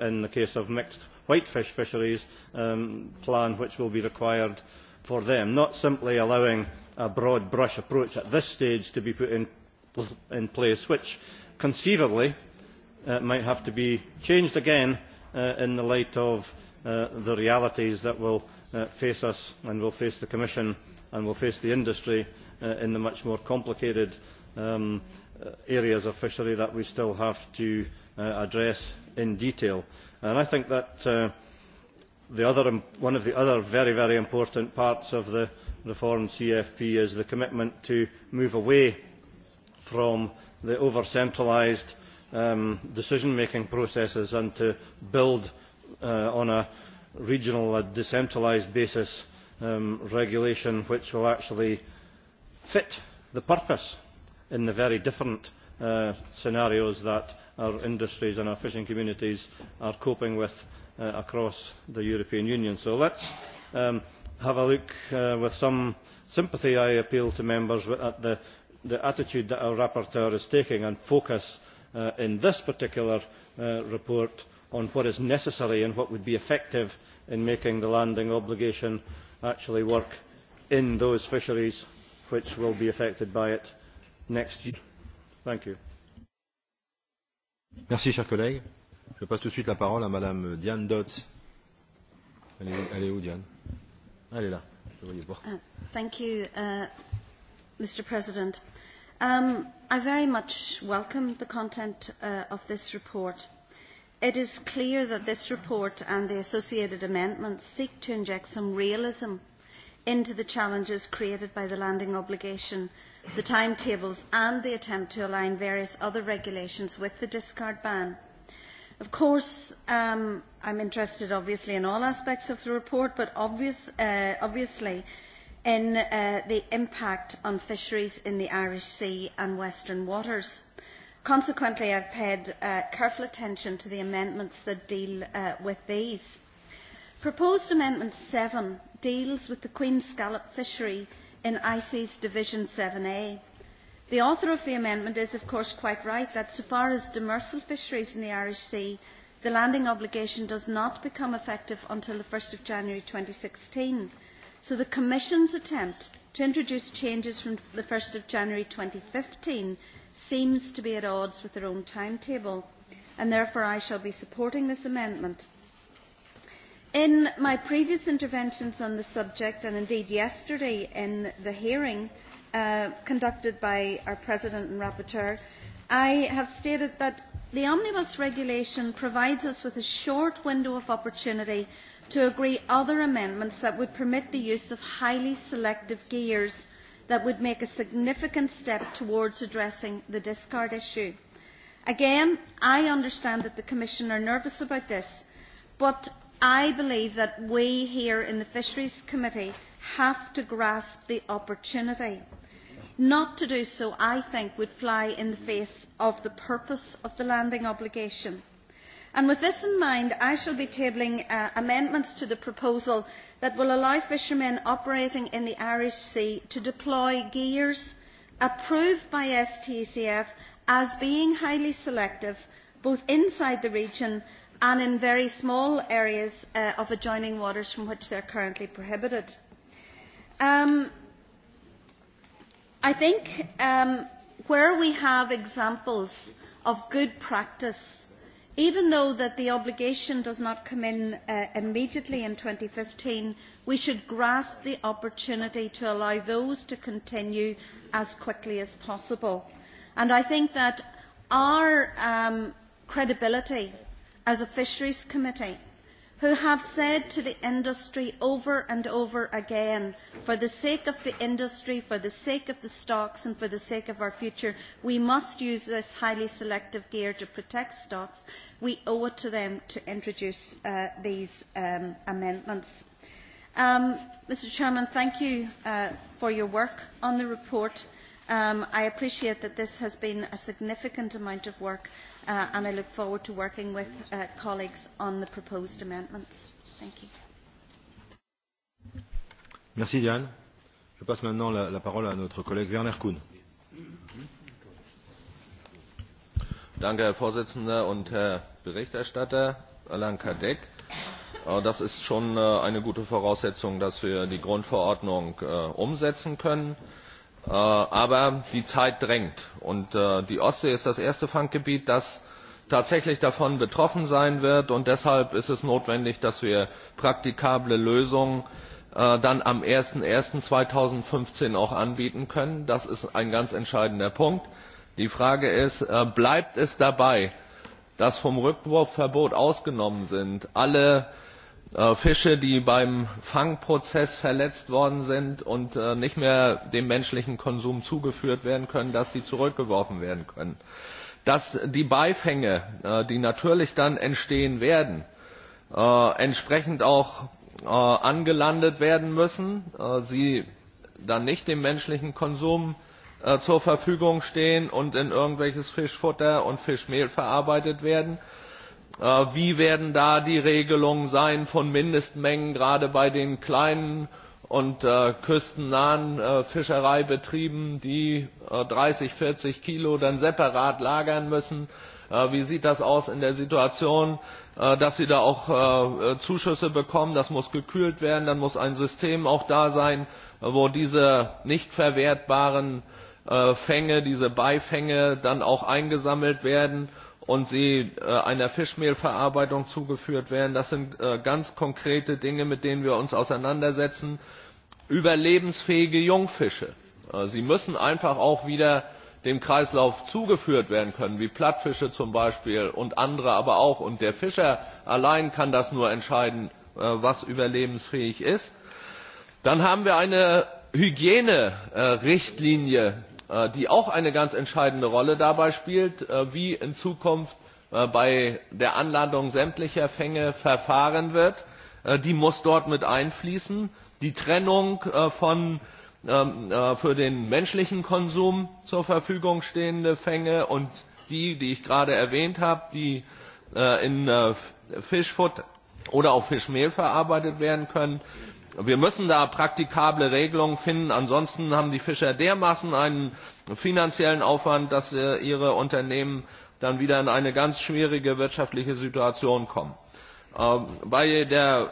in the case of mixed whitefish fisheries um, plan which will be required for them not simply allowing a broad brush approach at this stage to be put in, place which conceivably uh, might have to be changed again uh, in the light of uh, the realities that will face us and will face the commission and will face the industry in the much more complicated um, Uh, areas of fishery that we still have to uh, address in detail. I think that uh, one of the other very, very important parts of the reformed CFP is the commitment to move away from the over centralised um, decision making processes and to build on a regional and decentralised basis um, regulation which will actually fit the purpose in the very different uh, scenarios that our industries and our fishing communities are coping with uh, across the European Union. So let's um, have a look uh, with some sympathy, I appeal to members, at the, the attitude that our rapporteur is taking and focus in this particular report on what is necessary and what would be effective in making the landing obligation actually work in those fisheries which will be affected by it next year. Thank you. Merci, chers collègues. Je passe tout de suite la parole à Madame Diane Dodds. Elle est, elle est où, Diane Elle est là. Je voyais pas. Uh, thank you, uh, Mr. President. Um, I very much welcome the content uh, of this report. It is clear that this report and the associated amendments seek to inject some realism into the challenges created by the landing obligation, the timetables and the attempt to align various other regulations with the discard ban. Of course, um, I'm interested obviously in all aspects of the report, but uh, obviously in uh, the impact on fisheries in the Irish Sea and Western waters. Consequently, I've paid uh, careful attention to the amendments that deal with these proposed amendment 7 deals with the queen scallop fishery in ices division 7 a. the author of the amendment is of course quite right that so far as demersal fisheries in the irish sea the landing obligation does not become effective until the january two thousand and sixteen so the commission's attempt to introduce changes from the january two thousand and fifteen seems to be at odds with their own timetable and therefore i shall be supporting this amendment in my previous interventions on the subject and indeed yesterday in the hearing uh, conducted by our president and rapporteur i have stated that the omnibus regulation provides us with a short window of opportunity to agree other amendments that would permit the use of highly selective gears that would make a significant step towards addressing the discard issue. again i understand that the commission is nervous about this but i believe that we here in the Fisheries Committee have to grasp the opportunity. Not to do so, I think, would fly in the face of the purpose of the landing obligation. And with this in mind, I shall be tabling uh, amendments to the proposal that will allow fishermen operating in the Irish Sea to deploy gears approved by STCF as being highly selective both inside the region and in very small areas uh, of adjoining waters from which they are currently prohibited. Um, I think um, where we have examples of good practice, even though that the obligation does not come in uh, immediately in 2015, we should grasp the opportunity to allow those to continue as quickly as possible. And I think that our um, credibility as a fisheries committee who have said to the industry over and over again for the sake of the industry for the sake of the stocks and for the sake of our future we must use this highly selective gear to protect stocks we owe it to them to introduce uh, these um, amendments. Um, Mr Chairman, thank you uh, for your work on the report. Um, I appreciate that this has been a significant amount of work uh, and I look forward to working with uh, colleagues on the proposed amendments. Thank you. Merci Diane. Je passe maintenant la, la parole à notre collègue Werner Kuhn. Danke, Herr Vorsitzender und Herr Berichterstatter Alain Kadek. Äh, das ist schon äh, eine gute Voraussetzung, dass wir die Grundverordnung äh, umsetzen können Äh, aber die zeit drängt und äh, die ostsee ist das erste fanggebiet das tatsächlich davon betroffen sein wird und deshalb ist es notwendig dass wir praktikable lösungen äh, dann am. eins januar zweitausendfünfzehn auch anbieten können. das ist ein ganz entscheidender punkt. die frage ist bleibt es dabei dass vom rückwurfverbot ausgenommen sind alle Äh, fische die beim fangprozess verletzt worden sind und äh, nicht mehr dem menschlichen konsum zugeführt werden können dass sie zurückgeworfen werden können dass die beifänge äh, die natürlich dann entstehen werden entsprechend auch angelandet werden müssen sie dann nicht dem menschlichen konsum zur verfügung stehen und in irgendwelches fischfutter und fischmehl verarbeitet werden Äh, wie werden da die regelungen sein von mindestmengen gerade bei den kleinen und äh, küstennahen äh, fischereibetrieben die dreißig vierzig kilo dann separat lagern müssen? wie sieht das aus in der situation dass sie da auch zuschüsse bekommen? das muss gekühlt werden dann muss ein system auch da sein wo diese nicht verwertbaren fänge diese beifänge dann auch eingesammelt werden und sie äh, einer Fischmehlverarbeitung zugeführt werden. Das sind äh, ganz konkrete Dinge, mit denen wir uns auseinandersetzen. Überlebensfähige Jungfische. Äh, sie müssen einfach auch wieder dem Kreislauf zugeführt werden können, wie Plattfische zum Beispiel und andere aber auch. Und der Fischer allein kann das nur entscheiden, äh, was überlebensfähig ist. Dann haben wir eine Hygienerichtlinie Äh, die auch eine ganz entscheidende Rolle dabei spielt, äh, wie in Zukunft äh, bei der Anlandung sämtlicher Fänge verfahren wird. Die muss dort mit einfließen. Die Trennung von ähm, für den menschlichen Konsum zur Verfügung stehende Fänge und die, die ich gerade erwähnt habe, die in Fischfutter oder auch Fischmehl verarbeitet werden können, wir müssen da praktikable regelungen finden ansonsten haben die fischer dermaßen einen finanziellen aufwand dass äh, ihre unternehmen dann wieder in eine ganz schwierige wirtschaftliche situation kommen. bei ähm, der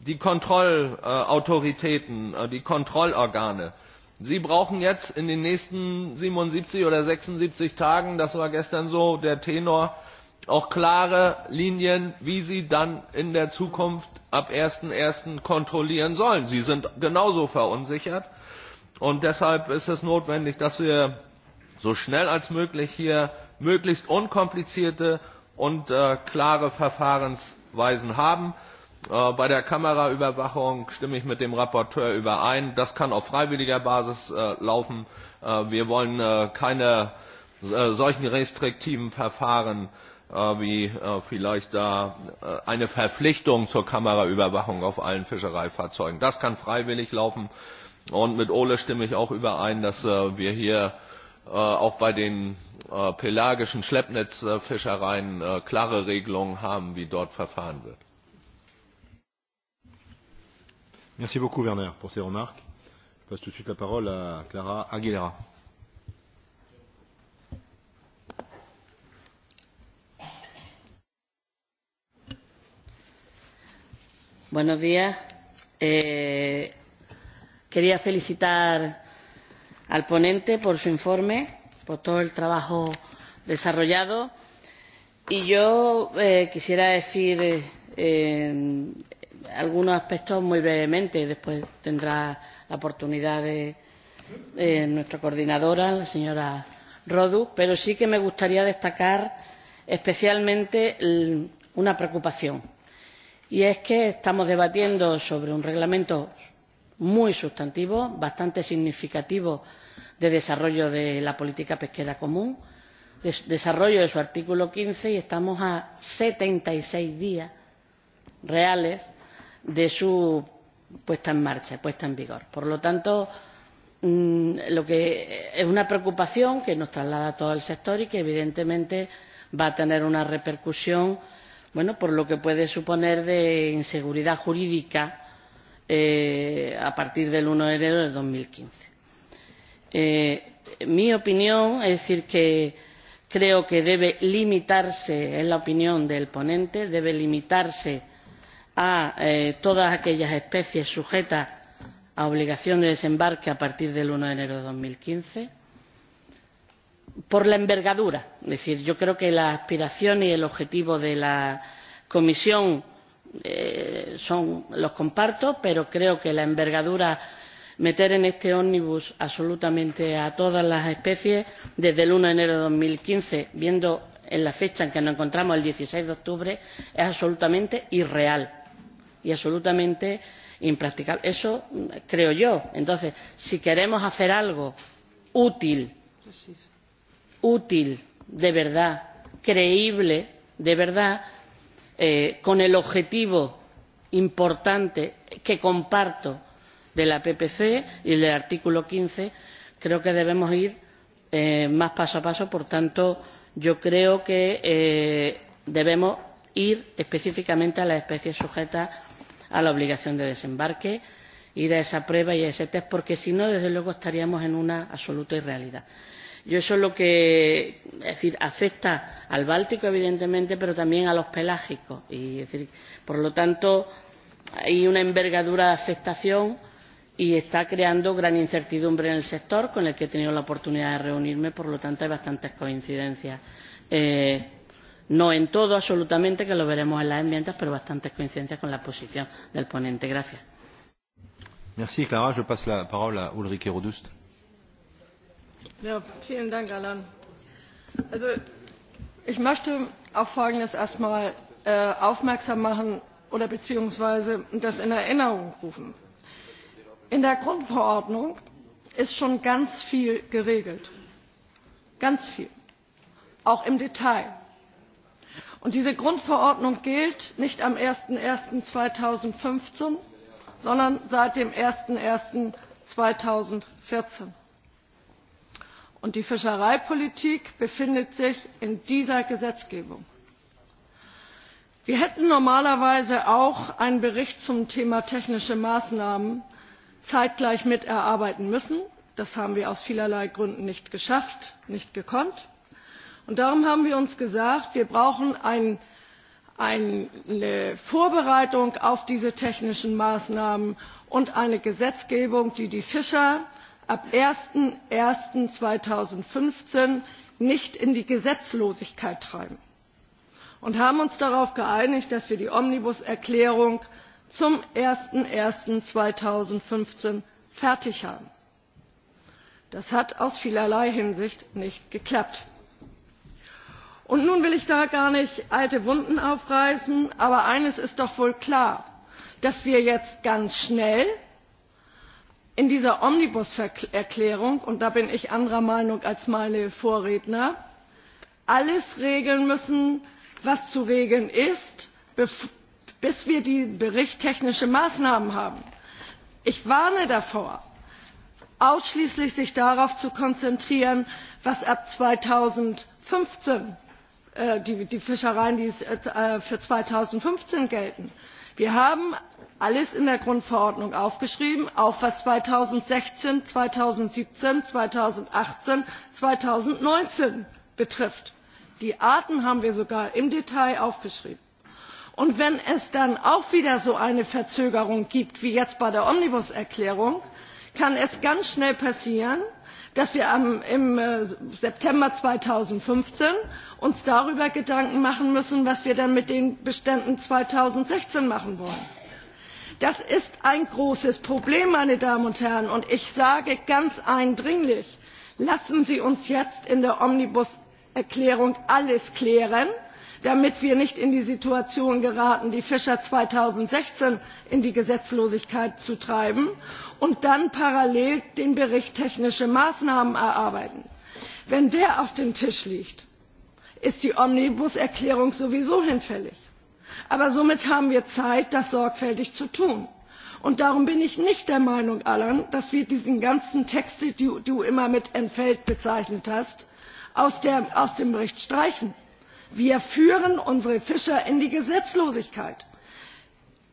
die kontrollautoritäten äh, die kontrollorgane sie brauchen jetzt in den nächsten 77 oder sechsundsiebzig tagen das war gestern so der tenor auch klare linien wie sie dann in der zukunft ab. 1.1. kontrollieren sollen. sie sind genauso verunsichert und deshalb ist es notwendig dass wir so schnell als möglich hier möglichst unkomplizierte und äh, klare verfahrensweisen haben. Äh, bei der kameraüberwachung stimme ich mit dem rapporteur überein das kann auf freiwilliger basis äh, laufen. wir wollen keine solchen restriktiven verfahren Äh, wie äh, vielleicht da äh, eine Verpflichtung zur Kameraüberwachung auf allen Fischereifahrzeugen. Das kann freiwillig laufen. Und mit Ole stimme ich auch überein, dass wir hier auch bei den pelagischen Schleppnetzfischereien klare Regelungen haben, wie dort verfahren wird. Merci beaucoup, Werner, pour ces remarques. Je passe tout de suite la parole à Clara Aguilera. buenos días eh, quería felicitar al ponente por su informe por todo el trabajo desarrollado y yo eh, quisiera decir eh, algunos aspectos muy brevemente después tendrá la oportunidad de nuestra coordinadora la señora rodu pero sí que me gustaría destacar especialmente una preocupación y es que estamos debatiendo sobre un reglamento muy sustantivo bastante significativo de desarrollo de la política pesquera común desarrollo de su artículo quince y estamos a setenta y seis días reales de su puesta en marcha puesta en vigor. por lo tanto mm, lo que es una preocupación que nos traslada todo el sector y que evidentemente va a tener una repercusión bueno, por lo que puede suponer de inseguridad jurídica eh, a partir del 1 de enero de 2015. Eh, mi opinión es decir que creo que debe limitarse, es la opinión del ponente, debe limitarse a eh, todas aquellas especies sujetas a obligación de desembarque a partir del 1 de enero de 2015 por la envergadura es decir yo creo que la aspiración y el objetivo de la comisión eh, son, los comparto pero creo que la envergadura meter en este ómnibus absolutamente a todas las especies desde el uno de enero de dos mil quince viendo en la fecha en que nos encontramos el dieciseis de octubre es absolutamente irreal y absolutamente impracticable. eso mm, creo yo. entonces si queremos hacer algo útil útil de verdad creíble de verdad eh, con el objetivo importante que comparto de la ppc y del artículo quince creo que debemos ir eh, más paso a paso por tanto yo creo que eh, debemos ir específicamente a las especies sujetas a la obligación de desembarque ir a esa prueba y a ese test porque si no desde luego estaríamos en una absoluta irrealidad yo eso es lo que es decir, afecta al báltico evidentemente pero también a los pelágicos y decir, por lo tanto hay una envergadura de afectación y está creando gran incertidumbre en el sector con el que he tenido la oportunidad de reunirme por lo tanto hay bastantes coincidencias eh, no en todo absolutamente que lo veremos en las enmiendas pero bastantes coincidencias con la posición del ponente. gracias. Merci Clara, la parole à Ulrique Herr vielen ich möchte auf Folgendes erst einmal äh, aufmerksam machen oder beziehungsweise das in Erinnerung rufen. In der Grundverordnung ist schon ganz viel geregelt. Ganz viel. Auch im Detail. Und diese Grundverordnung gilt nicht am zweitausendfünfzehn sondern seit dem zweitausendvierzehn und die fischereipolitik befindet sich in dieser gesetzgebung. wir hätten normalerweise auch einen bericht zum thema technische maßnahmen zeitgleich mit erarbeiten müssen das haben wir aus vielerlei gründen nicht geschafft nicht gekonnt und darum haben wir uns gesagt wir brauchen eine vorbereitung auf diese technischen maßnahmen und eine gesetzgebung die die fischer ab. eins januar zweitausendfünfzehn nicht in die gesetzlosigkeit treiben und haben uns darauf geeinigt dass wir die omnibus erklärung zum. eins januar zweitausendfünfzehn fertig haben. das hat aus vielerlei hinsicht nicht geklappt. und nun will ich da gar nicht alte wunden aufreißen aber eines ist doch wohl klar dass wir jetzt ganz schnell in dieser omnibus erklärung und da bin ich anderer meinung als meine vorredner alles regeln müssen was zu regeln ist bis wir den bericht technische maßnahmen haben. ich warne davor sich ausschließlich darauf zu konzentrieren was ab zweitausendfünfzehn äh, die fischereien die äh, für zweitausendfünfzehn gelten wir haben alles in der grundverordnung aufgeschrieben auch was zweitausendsechzehn zweitausendsiebzehn zweitausendachtzehn zweitausendneunzehn betrifft. die arten haben wir sogar im detail aufgeschrieben. und wenn es dann auch wieder so eine verzögerung gibt wie jetzt bei der omnibus erklärung kann es ganz schnell passieren dass wir uns im äh, september zweitausendfünfzehn uns darüber gedanken machen müssen was wir denn mit den beständen zweitausendsechzehn machen wollen. das ist ein großes problem meine damen und herren und ich sage ganz eindringlich lassen sie uns jetzt in der omnibus erklärung alles klären damit wir nicht in die situation geraten die fischer zweitausendsechzehn in die gesetzlosigkeit zu treiben und dann parallel den bericht technische maßnahmen erarbeiten. wenn der auf dem tisch liegt ist die omnibus erklärung sowieso hinfällig. aber somit haben wir zeit das sorgfältig zu tun. und darum bin ich nicht der meinung alain dass wir diesen ganzen text den du immer mit entfällt bezeichnet hast aus dem bericht streichen wir führen unsere fischer in die gesetzlosigkeit.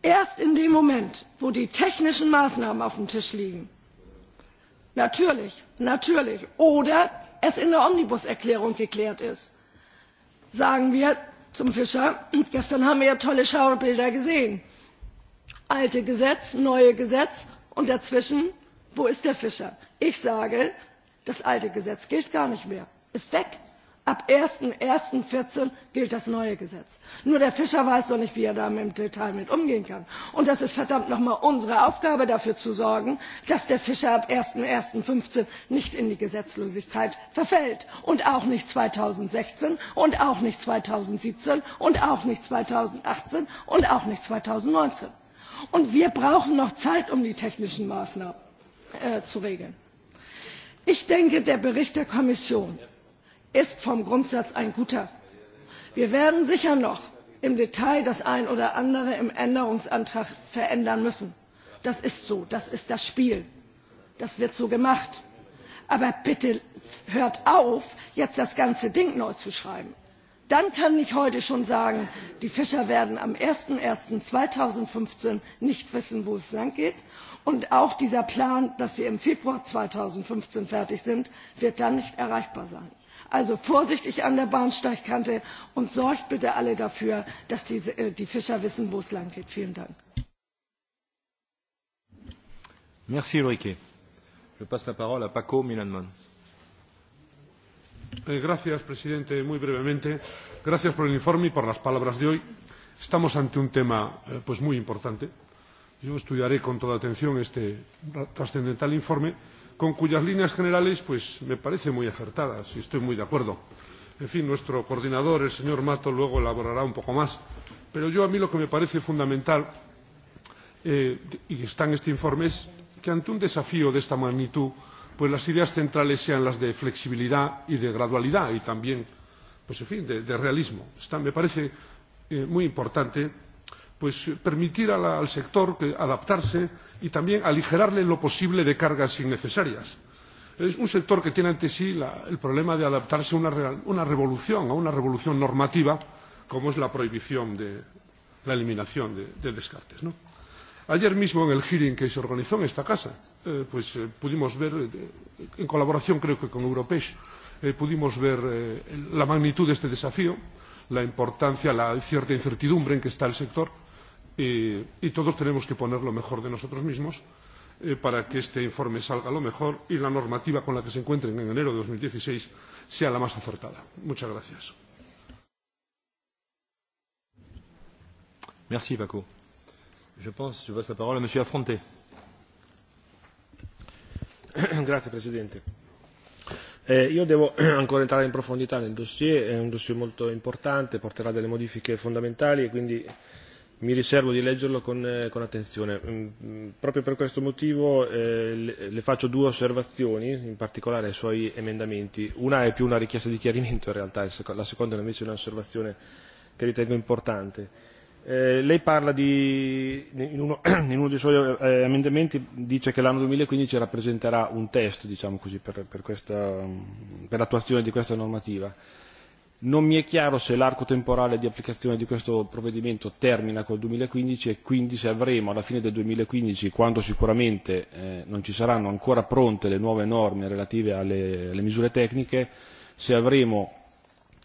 erst in dem moment wo die technischen maßnahmen auf dem tisch liegen natürlich natürlich oder es in der omnibus erklärung geklärt ist sagen wir zum fischer gestern haben wir ja tolle schaubilder gesehen alte gesetz neue gesetz und dazwischen wo ist der fischer? ich sage das alte gesetz gilt gar nicht mehr ist weg ab. eins vierzehn gilt das neue gesetz. nur der fischer weiß noch nicht wie er damit im detail mit umgehen kann. und das ist verdammt noch mal unsere aufgabe dafür zu sorgen dass der fischer ab. eins fünfzehn nicht in die gesetzlosigkeit verfällt und auch nicht zweitausendsechzehn und auch nicht zweitausendsiebzehn und auch nicht zweitausendachtzehn und auch nicht. zweitausendneunzehn und wir brauchen noch zeit um die technischen maßnahmen äh, zu regeln. ich denke der bericht der kommission ist vom grundsatz ein guter. wir werden sicher noch im detail das eine oder andere im änderungsantrag verändern müssen das ist so das ist das spiel das wird so gemacht. aber bitte hört auf jetzt das ganze ding neu zu schreiben! dann kann ich heute schon sagen die fischer werden am. eins zweitausendfünfzehn nicht wissen wo es lang geht und auch dieser plan dass wir im februar zweitausendfünfzehn fertig sind wird dann nicht erreichbar sein also vorsichtig an der bahnsteigkante und sorgt bitte alle dafür dass äh, die, fischer wissen wo es lang geht. vielen dank. Merci Ulrike. Je passe la parole à Paco Milanman. Eh, gracias, presidente. Muy brevemente, gracias por el informe y por las palabras de hoy. Estamos ante un tema eh, pues, muy importante. Yo estudiaré con toda atención este trascendental informe con cuyas líneas generales pues me parece muy acertadas y estoy muy de acuerdo. en fin nuestro coordinador el señor mato luego elaborará un poco más pero yo a mí lo que me parece fundamental eh, y está en este informe es que ante un desafío de esta magnitud pues las ideas centrales sean las de flexibilidad y de gradualidad y también pues en fin de, de realismo. Está, me parece eh, muy importante pues permitir al sector adaptarse y también aligerarle en lo posible de cargas innecesarias. Es un sector que tiene ante sí el problema de adaptarse a una, una revolución, a una revolución normativa, como es la prohibición de la eliminación de, descartes. ¿no? Ayer mismo en el hearing que se organizó en esta casa, eh, pues eh, pudimos ver, eh, en colaboración creo que con Europesh, pudimos ver la magnitud de este desafío, la importancia, la cierta incertidumbre en que está el sector y todos tenemos que poner lo mejor de nosotros mismos eh, para que este informe salga lo mejor y la normativa con la que se encuentren en enero de 2016 sea la más acertada. Muchas gracias. Merci Paco. Je pense, je passe la parole à Monsieur Affronté. Grazie Presidente. Eh, io devo ancora entrare in profondità nel dossier, è un dossier molto importante, porterà delle modifiche fondamentali e quindi mi riservo di leggerlo con, eh, con attenzione. Mm, mm, proprio per questo motivo eh, le faccio due osservazioni, in particolare ai suoi emendamenti. Una è più una richiesta di chiarimento in realtà, e la seconda invece è un'osservazione che ritengo importante. Eh, lei parla di, in, uno, in uno dei suoi emendamenti dice che l'anno 2015 rappresenterà un test, diciamo così, per, per, mm, per l'attuazione di questa normativa non mi è chiaro se l'arco temporale di applicazione di questo provvedimento termina col 2015 e quindi se avremo alla fine del 2015 quando sicuramente eh, non ci saranno ancora pronte le nuove norme relative alle, alle misure tecniche se avremo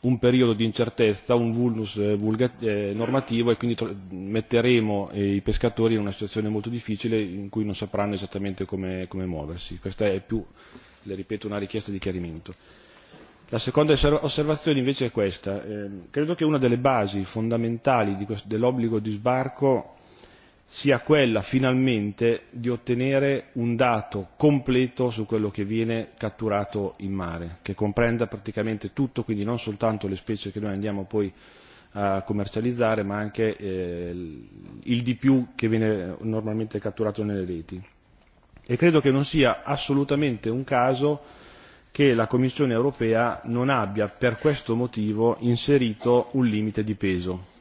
un periodo di incertezza un vulnus eh, eh, normativo e quindi metteremo i pescatori in una situazione molto difficile in cui non sapranno esattamente come come muoversi questa è più le ripeto una richiesta di chiarimento La seconda osservazione invece è questa. Eh, credo che una delle basi fondamentali di dell'obbligo di sbarco sia quella finalmente di ottenere un dato completo su quello che viene catturato in mare, che comprenda praticamente tutto, quindi non soltanto le specie che noi andiamo poi a commercializzare, ma anche eh, il di più che viene normalmente catturato nelle reti. E credo che non sia assolutamente un caso che la Commissione europea non abbia per questo motivo inserito un limite di peso.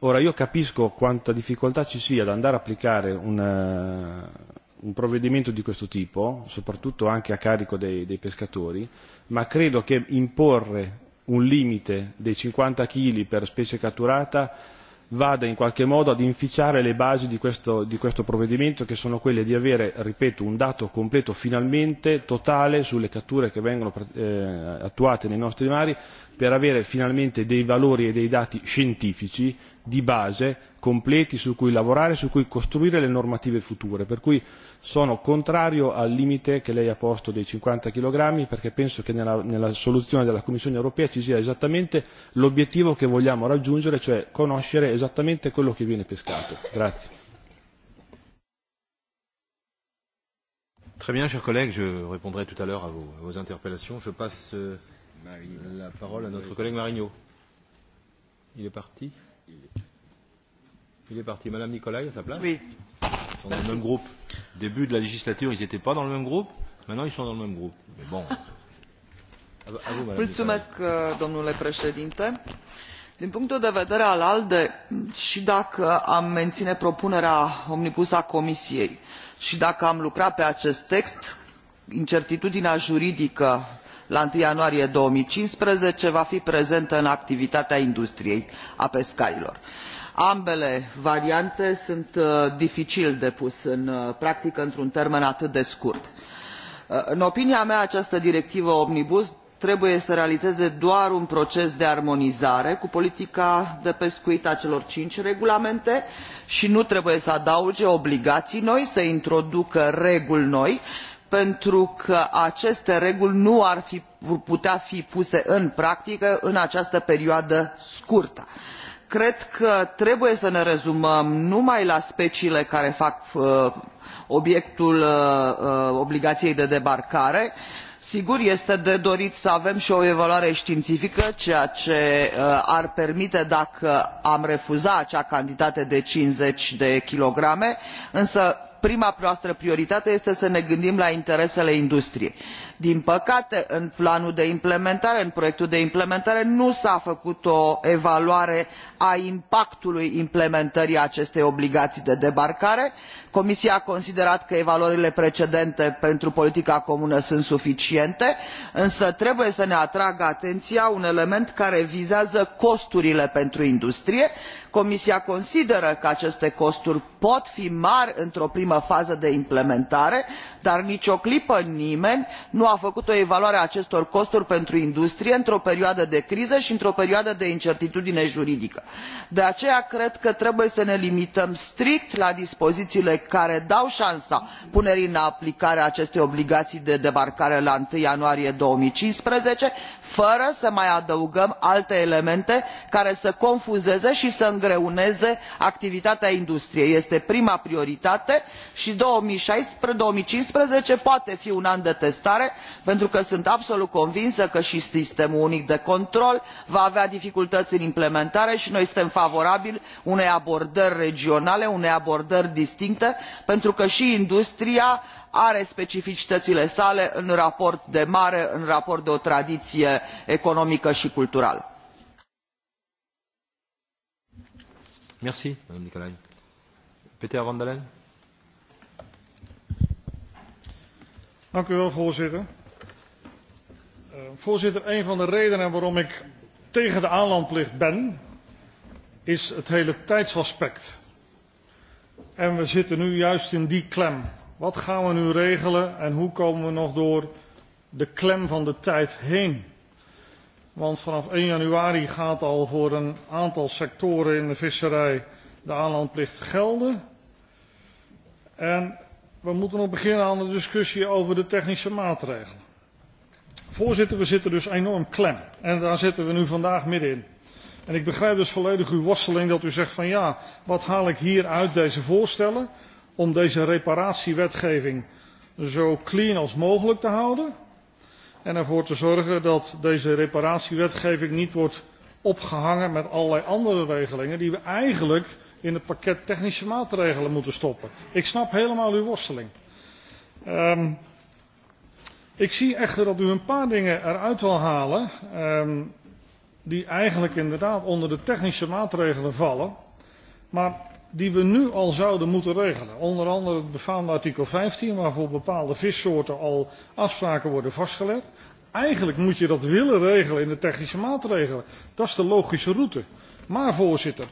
Ora io capisco quanta difficoltà ci sia ad andare a applicare un, eh, provvedimento di questo tipo, soprattutto anche a carico dei, dei pescatori, ma credo che imporre un limite dei 50 kg per specie catturata vada in qualche modo ad inficiare le basi di questo, di questo provvedimento che sono quelle di avere ripeto un dato completo finalmente totale sulle catture che vengono eh, attuate nei nostri mari per avere finalmente dei valori e dei dati scientifici di base completi su cui lavorare su cui costruire le normative future per cui sono contrario al limite che lei ha posto dei 50 kg perché penso che nella, nella soluzione della Commissione europea ci sia esattamente l'obiettivo che vogliamo raggiungere cioè conoscere esattamente quello che viene pescato grazie Très bien, je répondrai tout à l'heure à, vos interpellations. Je passe euh, la parole à notre collègue Il est parti Il est parti. Madame Nicolai, à sa place Oui. Ils sont Merci. dans le même groupe. Début de la législature, ils n'étaient pas dans le même groupe. Maintenant, ils sont dans le même groupe. Mais bon. Mulțumesc, euh, domnule președinte. Din punctul de vedere al ALDE, și dacă am menține propunerea omnibus a Comisiei și dacă am lucrat pe acest text, incertitudinea juridică la unu ianuarie două mii cincisprezece va fi prezentă în activitatea industriei a pescarilor. ambele variante sunt uh, dificil de pus în uh, practică într un termen atât de scurt. Uh, în opinia mea această directivă omnibus trebuie să realizeze doar un proces de armonizare cu politica de pescuit a celor cinci regulamente și nu trebuie să adauge obligații noi să introducă reguli noi pentru că aceste reguli nu ar fi, putea fi puse în practică în această perioadă scurtă. cred că trebuie să ne rezumăm numai la speciile care fac uh, obiectul uh, uh, obligației de debarcare sigur este de dorit să avem și o evaluare științifică ceea ce ar permite dacă am refuza acea cantitate de 50 de kilograme însă prima noastră prioritate este să ne gândim la interesele industriei din păcate în planul de implementare în proiectul de implementare nu s a făcut o evaluare a impactului implementării acestei obligații de debarcare comisia a considerat că evaluările precedente pentru politica comună sunt suficiente însă trebuie să ne atragă atenția un element care vizează costurile pentru industrie comisia consideră că aceste costuri pot fi mari într o primă fază de implementare dar nici o clipă nimeni nu a făcut o evaluare a acestor costuri pentru industrie într o perioadă de criză și într o perioadă de incertitudine juridică. de aceea cred că trebuie să ne limităm strict la dispozițiile care dau șansa punerii în aplicare a acestei obligații de debarcare la unu ianuarie două fără să mai adăugăm alte elemente care să confuzeze și să îngreuneze activitatea industriei. este prima prioritate și două mii cincisprezece poate fi un an de testare pentru că sunt absolut convinsă că și sistemul unic de control va avea dificultăți în implementare și noi suntem favorabili unei abordări regionale unei abordări distincte pentru că și industria are specificitățile sale în raport de mare în raport de o tradiție economică i culturală. voorzitter. Eh, voorzitter, een van de redenen waarom ik tegen de aanlandplicht ben, is het hele tijdsaspect. En we zitten nu juist in die klem. Wat gaan we nu regelen en hoe komen we nog door de klem van de tijd heen? Want vanaf 1 januari gaat al voor een aantal sectoren in de visserij de aanlandplicht gelden. En we moeten nog beginnen aan de discussie over de technische maatregelen. Voorzitter, we zitten dus enorm klem. En daar zitten we nu vandaag middenin. En ik begrijp dus volledig uw worsteling dat u zegt van ja, wat haal ik hier uit deze voorstellen? om deze reparatiewetgeving zo clean als mogelijk te houden en ervoor te zorgen dat deze reparatiewetgeving niet wordt opgehangen met allerlei andere regelingen die we eigenlijk in het pakket technische maatregelen moeten stoppen. Ik snap helemaal uw worsteling. Ehm, ik zie echter dat u een paar dingen eruit wil halen ehm, die eigenlijk inderdaad onder de technische maatregelen vallen. Maar die we nu al zouden moeten regelen. Onder andere het befaamde artikel 15 waarvoor bepaalde vissoorten al afspraken worden vastgelegd. Eigenlijk moet je dat willen regelen in de technische maatregelen. Dat is de logische route. Maar voorzitter,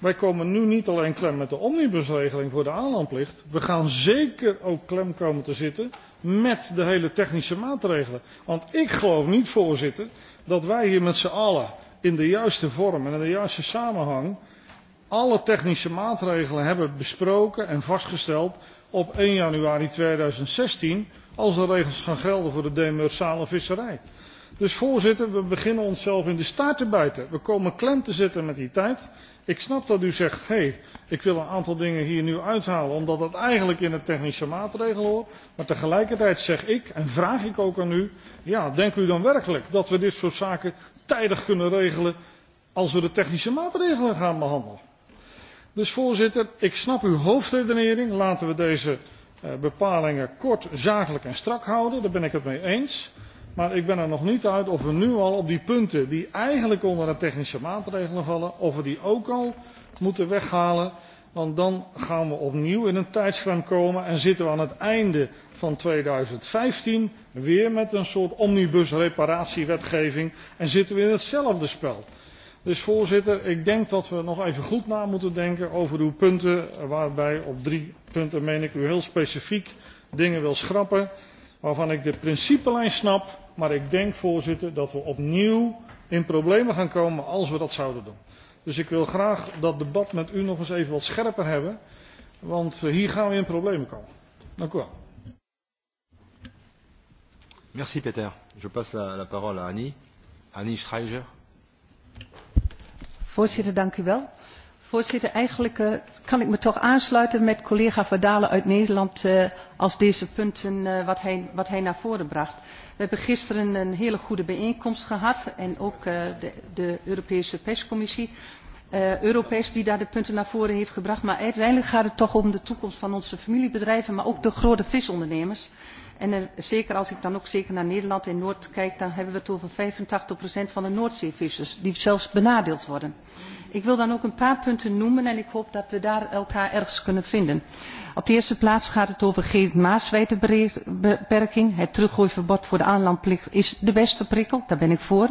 wij komen nu niet alleen klem met de omnibusregeling voor de aanlandplicht. We gaan zeker ook klem komen te zitten met de hele technische maatregelen. Want ik geloof niet voorzitter dat wij hier met z'n allen in de juiste vorm en in de juiste samenhang alle technische maatregelen hebben besproken en vastgesteld op 1 januari 2016 als de regels gaan gelden voor de demersale visserij. Dus voorzitter, we beginnen onszelf in de staart te bijten. We komen klem te zitten met die tijd. Ik snap dat u zegt, hé, hey, ik wil een aantal dingen hier nu uithalen, omdat dat eigenlijk in de technische maatregelen hoort. Maar tegelijkertijd zeg ik, en vraag ik ook aan u, ja, denkt u dan werkelijk dat we dit soort zaken tijdig kunnen regelen als we de technische maatregelen gaan behandelen? dus voorzitter ik snap uw hoofdredenering laten we deze eh, bepalingen kort zakelijk en strak houden daar ben ik het mee eens maar ik ben er nog niet uit of we nu al op die punten die eigenlijk onder de technische maatregelen vallen of we die ook al moeten weghalen want dan gaan we opnieuw in een tijdsklem komen en zitten we aan het einde van 2015 weer met een soort omnibus reparatiewetgeving en zitten we in hetzelfde spel. Dus voorzitter, ik denk dat we nog even goed na moeten denken over uw punten, waarbij op drie punten, meen ik, u heel specifiek dingen wil schrappen, waarvan ik de principelijn snap, maar ik denk, voorzitter, dat we opnieuw in problemen gaan komen als we dat zouden doen. Dus ik wil graag dat debat met u nog eens even wat scherper hebben, want eh, hier gaan we in problemen komen. Dank u wel. Merci Peter. Je passe la, parole à Annie. Annie Schreiger. Voorzitter, dank u wel. Voorzitter, eigenlijk eh, kan ik me toch aansluiten met collega Verdalen uit Nederland eh, als deze punten die eh, wat, hij, naar voren bracht. We hebben gisteren een hele goede bijeenkomst gehad en ook de, Europese perscommissie. Europees die daar de punten naar voren heeft gebracht. Maar uiteindelijk gaat het toch om de toekomst van onze familiebedrijven, maar ook de grote visondernemers en eh, zeker als ik dan ook zeker naar nederland en noord kijk dan hebben we het over vijfentachtig van de noordzeevissers die zelfs benadeeld worden. ik wil dan ook een paar punten noemen en ik hoop dat we daar elkaar ergens kunnen vinden. op de eerste plaats gaat het over geen maaswijdtebeperking. het teruggooiverbod voor de aanlandplicht is de beste prikkel daar ben ik voor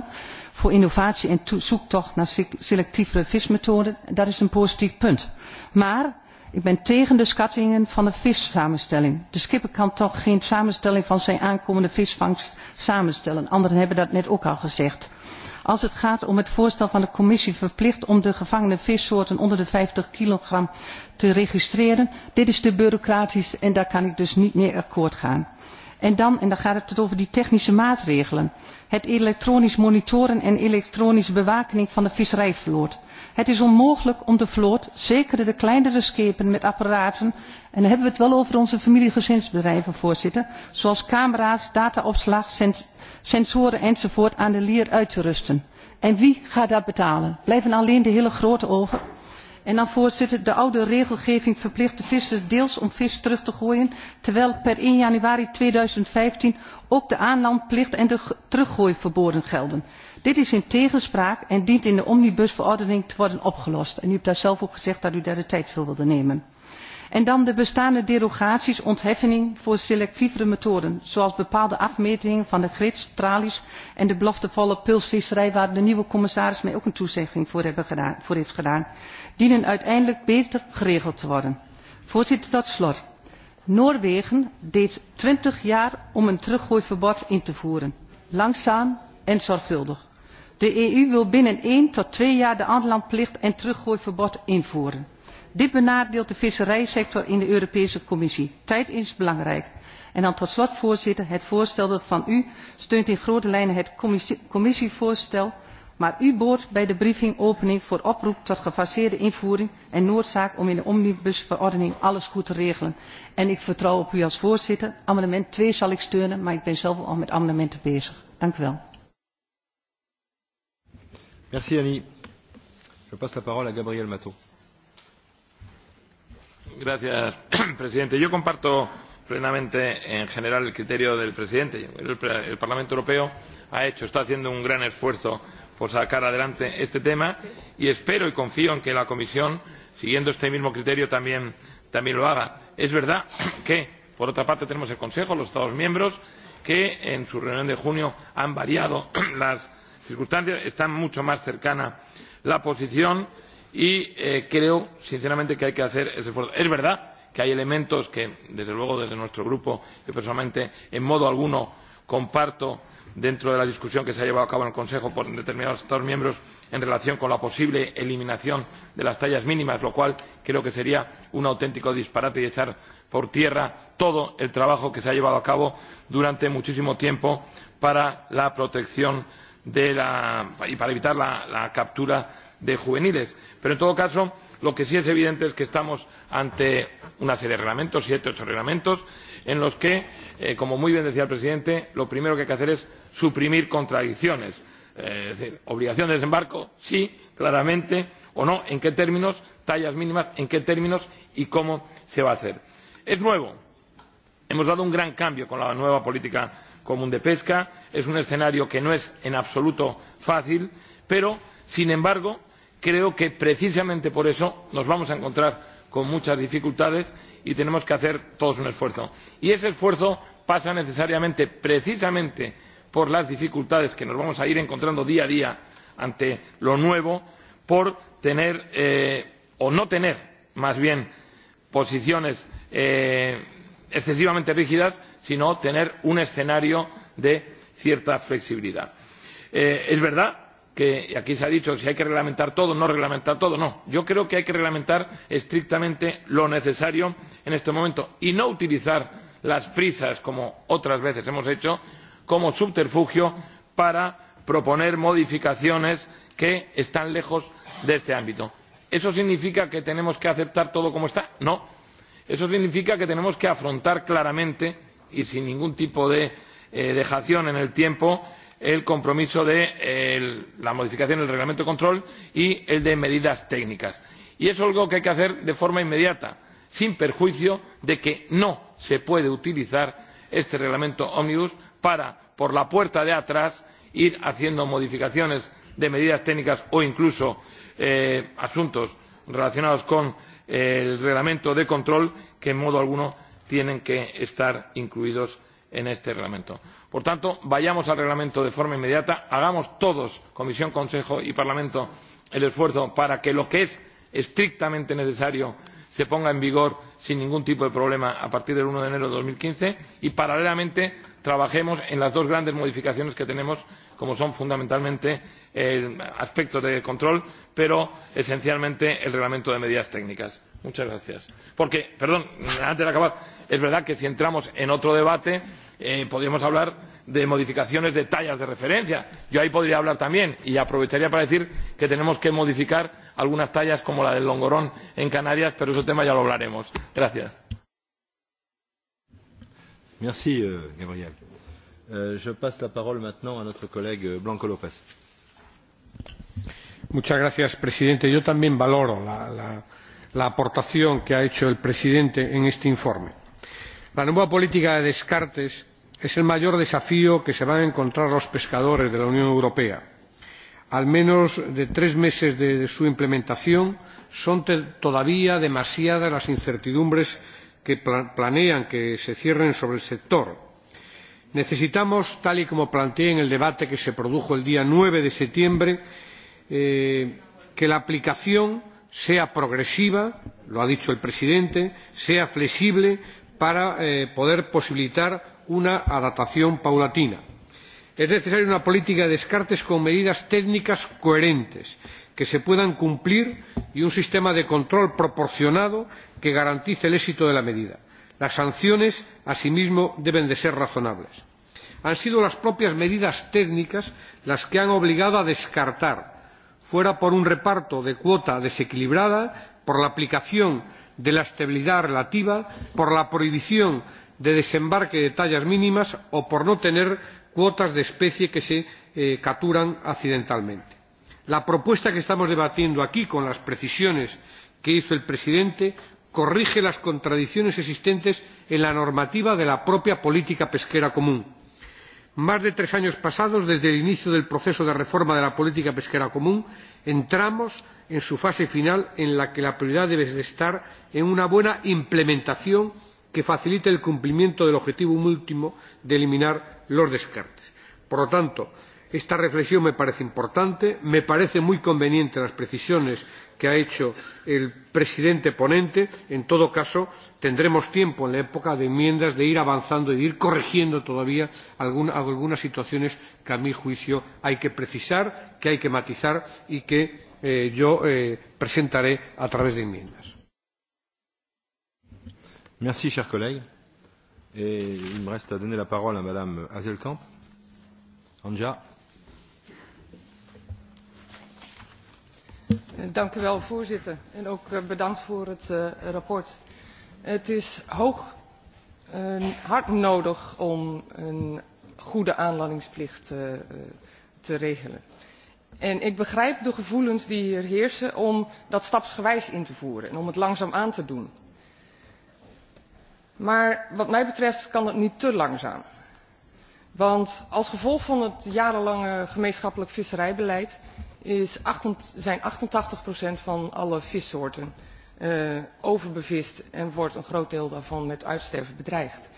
voor innovatie en zoektocht naar selectievere vismethoden dat is een positief punt. maar Ik ben tegen de schattingen van de vissamenstelling. De schipper kan toch geen samenstelling van zijn aankomende visvangst samenstellen. Anderen hebben dat net ook al gezegd. Als het gaat om het voorstel van de commissie verplicht om de gevangene vissoorten onder de 50 kilogram te registreren. Dit is te bureaucratisch en daar kan ik dus niet meer akkoord gaan. En dan, en dan gaat het over die technische maatregelen. Het elektronisch monitoren en elektronische bewaking van de visserijvloot het is onmogelijk om de vloot zeker de kleinere schepen met apparaten en dan hebben we het wel over onze familiegezinsbedrijven voorzitter zoals camera's dataopslag sensoren enzovoort aan de lier uit te rusten. en wie gaat dat betalen? blijven alleen de hele grote over? en dan voorzitter de oude regelgeving verplicht de vissers deels om vis terug te gooien terwijl per één januari tweeduizendvijftien ook de aanlandplicht en de teruggooi verboden gelden dit is in tegenspraak en dient in de omnibusverordening te worden opgelost en u hebt daar zelf ook gezegd dat u daar de tijd voor wilde nemen. en dan de bestaande derogaties ontheffening voor selectievere methoden zoals bepaalde afmetingen van de grids tralies en de beloftevolle pulsvisserij waar de nieuwe commissaris mij ook een toezegging voor heeft gedaan dienen uiteindelijk beter geregeld te worden. voorzitter tot slot noorwegen deed twintig jaar om een teruggooiverbod in te voeren langzaam en zorgvuldig de eu wil binnen één tot twee jaar de aanlandplicht en teruggooiverbod invoeren. dit benadeelt de visserijsector in de europese commissie. tijd is belangrijk. en dan tot slot voorzitter het voorstel van u steunt in grote lijnen het commissievoorstel maar u boort bij de briefing opening voor oproep tot gefaseerde invoering en noodzaak om in de omnibusverordening alles goed te regelen. En ik vertrouw op u als voorzitter. amendement 2 zal ik steunen maar ik ben zelf al met amendementen bezig. dank u wel. Merci Annie. Je passe la parole à Gabriel Mato. Gracias, presidente. Yo comparto plenamente en general el criterio del presidente. El, el Parlamento Europeo ha hecho, está haciendo un gran esfuerzo por sacar adelante este tema y espero y confío en que la Comisión, siguiendo este mismo criterio, también, también lo haga. Es verdad que, por otra parte, tenemos el Consejo, los Estados miembros, que en su reunión de junio han variado las circunstancias está mucho más cercana la posición y eh, creo sinceramente que hay que hacer ese esfuerzo. es verdad que hay elementos que desde luego desde nuestro grupo yo personalmente en modo alguno comparto dentro de la discusión que se ha llevado a cabo en el consejo por determinados estados miembros en relación con la posible eliminación de las tallas mínimas lo cual creo que sería un auténtico disparate y echar por tierra todo el trabajo que se ha llevado a cabo durante muchísimo tiempo para la protección de de la, y para evitar la, la captura de juveniles. pero en todo caso lo que sí es evidente es que estamos ante una serie de reglamentos siete ocho reglamentos en los que eh, como muy bien decía el presidente lo primero que hay que hacer es suprimir contradicciones eh, es decir obligación de desembarco sí claramente o no en qué términos tallas mínimas en qué términos y cómo se va a hacer. es nuevo hemos dado un gran cambio con la nueva política común de pesca es un escenario que no es en absoluto fácil pero sin embargo creo que precisamente por eso nos vamos a encontrar con muchas dificultades y tenemos que hacer todos un esfuerzo y ese esfuerzo pasa necesariamente precisamente por las dificultades que nos vamos a ir encontrando día a día ante lo nuevo por tener eh, o no tener más bien posiciones eh, excesivamente rígidas sino tener un escenario de cierta flexibilidad. Eh, es verdad que aquí se ha dicho si hay que reglamentar todo no reglamentar todo no yo creo que hay que reglamentar estrictamente lo necesario en este momento y no utilizar las prisas como otras veces hemos hecho como subterfugio para proponer modificaciones que están lejos de este ámbito. eso significa que tenemos que aceptar todo como está? no. eso significa que tenemos que afrontar claramente y sin ningún tipo de Eh, dejación en el tiempo el compromiso de la modificación del reglamento de control y el de medidas técnicas y es algo que hay que hacer de forma inmediata sin perjuicio de que no se puede utilizar este reglamento ómnibus para por la puerta de atrás ir haciendo modificaciones de medidas técnicas o incluso eh, asuntos relacionados con eh, el reglamento de control que en modo alguno tienen que estar incluidos en este reglamento. por tanto vayamos al reglamento de forma inmediata hagamos todos comisión consejo y parlamento el esfuerzo para que lo que es estrictamente necesario se ponga en vigor sin ningún tipo de problema a partir del uno de enero de dos mil quince y paralelamente trabajemos en las dos grandes modificaciones que tenemos como son fundamentalmente el aspectos de control pero esencialmente el reglamento de medidas técnicas. Porque, perdón, antes de acabar, es verdad que si entramos en otro debate eh, podríamos hablar de modificaciones de tallas de referencia. Yo ahí podría hablar también y aprovecharía para decir que tenemos que modificar algunas tallas como la del Longorón en Canarias, pero ese tema ya lo hablaremos. Gracias. presidente. Yo también valoro la la aportación que ha hecho el presidente en este informe. la nueva política de descartes es el mayor desafío que se van a encontrar los pescadores de la unión europea. a menos de tres meses de su implementación son todavía demasiadas las incertidumbres que planean que se cierren sobre el sector. necesitamos tal y como planteé en el debate que se produjo el día nueve de septiembre eh, que la aplicación sea progresiva lo ha dicho el presidente sea flexible para eh, poder posibilitar una adaptación paulatina. es necesaria una política de descartes con medidas técnicas coherentes que se puedan cumplir y un sistema de control proporcionado que garantice el éxito de la medida. las sanciones asimismo deben ser razonables. han sido las propias medidas técnicas las que han obligado a descartar fuera por un reparto de cuota desequilibrada por la aplicación de la estabilidad relativa por la prohibición de desembarque de tallas mínimas o por no tener cuotas de especie que se eh, capturan accidentalmente. la propuesta que estamos debatiendo aquí con las precisiones que hizo el presidente corrige las contradicciones existentes en la normativa de la propia política pesquera común más de tres años pasados desde el inicio del proceso de reforma de la política pesquera común entramos en su fase final en la que la prioridad debe estar en una buena implementación que facilite el cumplimiento del objetivo último de eliminar los descartes. por lo tanto esta reflexión me parece importante me parecen muy convenientes las precisiones que ha hecho el presidente ponente en todo caso tendremos tiempo en la época de enmiendas de ir avanzando y de ir corrigiendo todavía algunas situaciones que a mi juicio hay que precisar que hay que matizar y que eh, yo eh, presentaré a través de enmiendas. Merci, cher collègue. Et il me reste à donner la parole à Madame Hazelkamp. Anja. voorzitter en ook eh, bedankt voor het verslag. Eh, het is hard nodig om een goede aanlandingsplicht eh, te regelen en ik begrijp de gevoelens die hier heersen om dat stapsgewijs in te voeren en om het langzaam aan te doen. maar wat mij betreft kan dat niet te langzaam want als gevolg van het jarenlange gemeenschappelijk visserijbeleid zijn 88, procent van alle vissoorten eh, overbevist en wordt een groot deel daarvan met uitsterven bedreigd.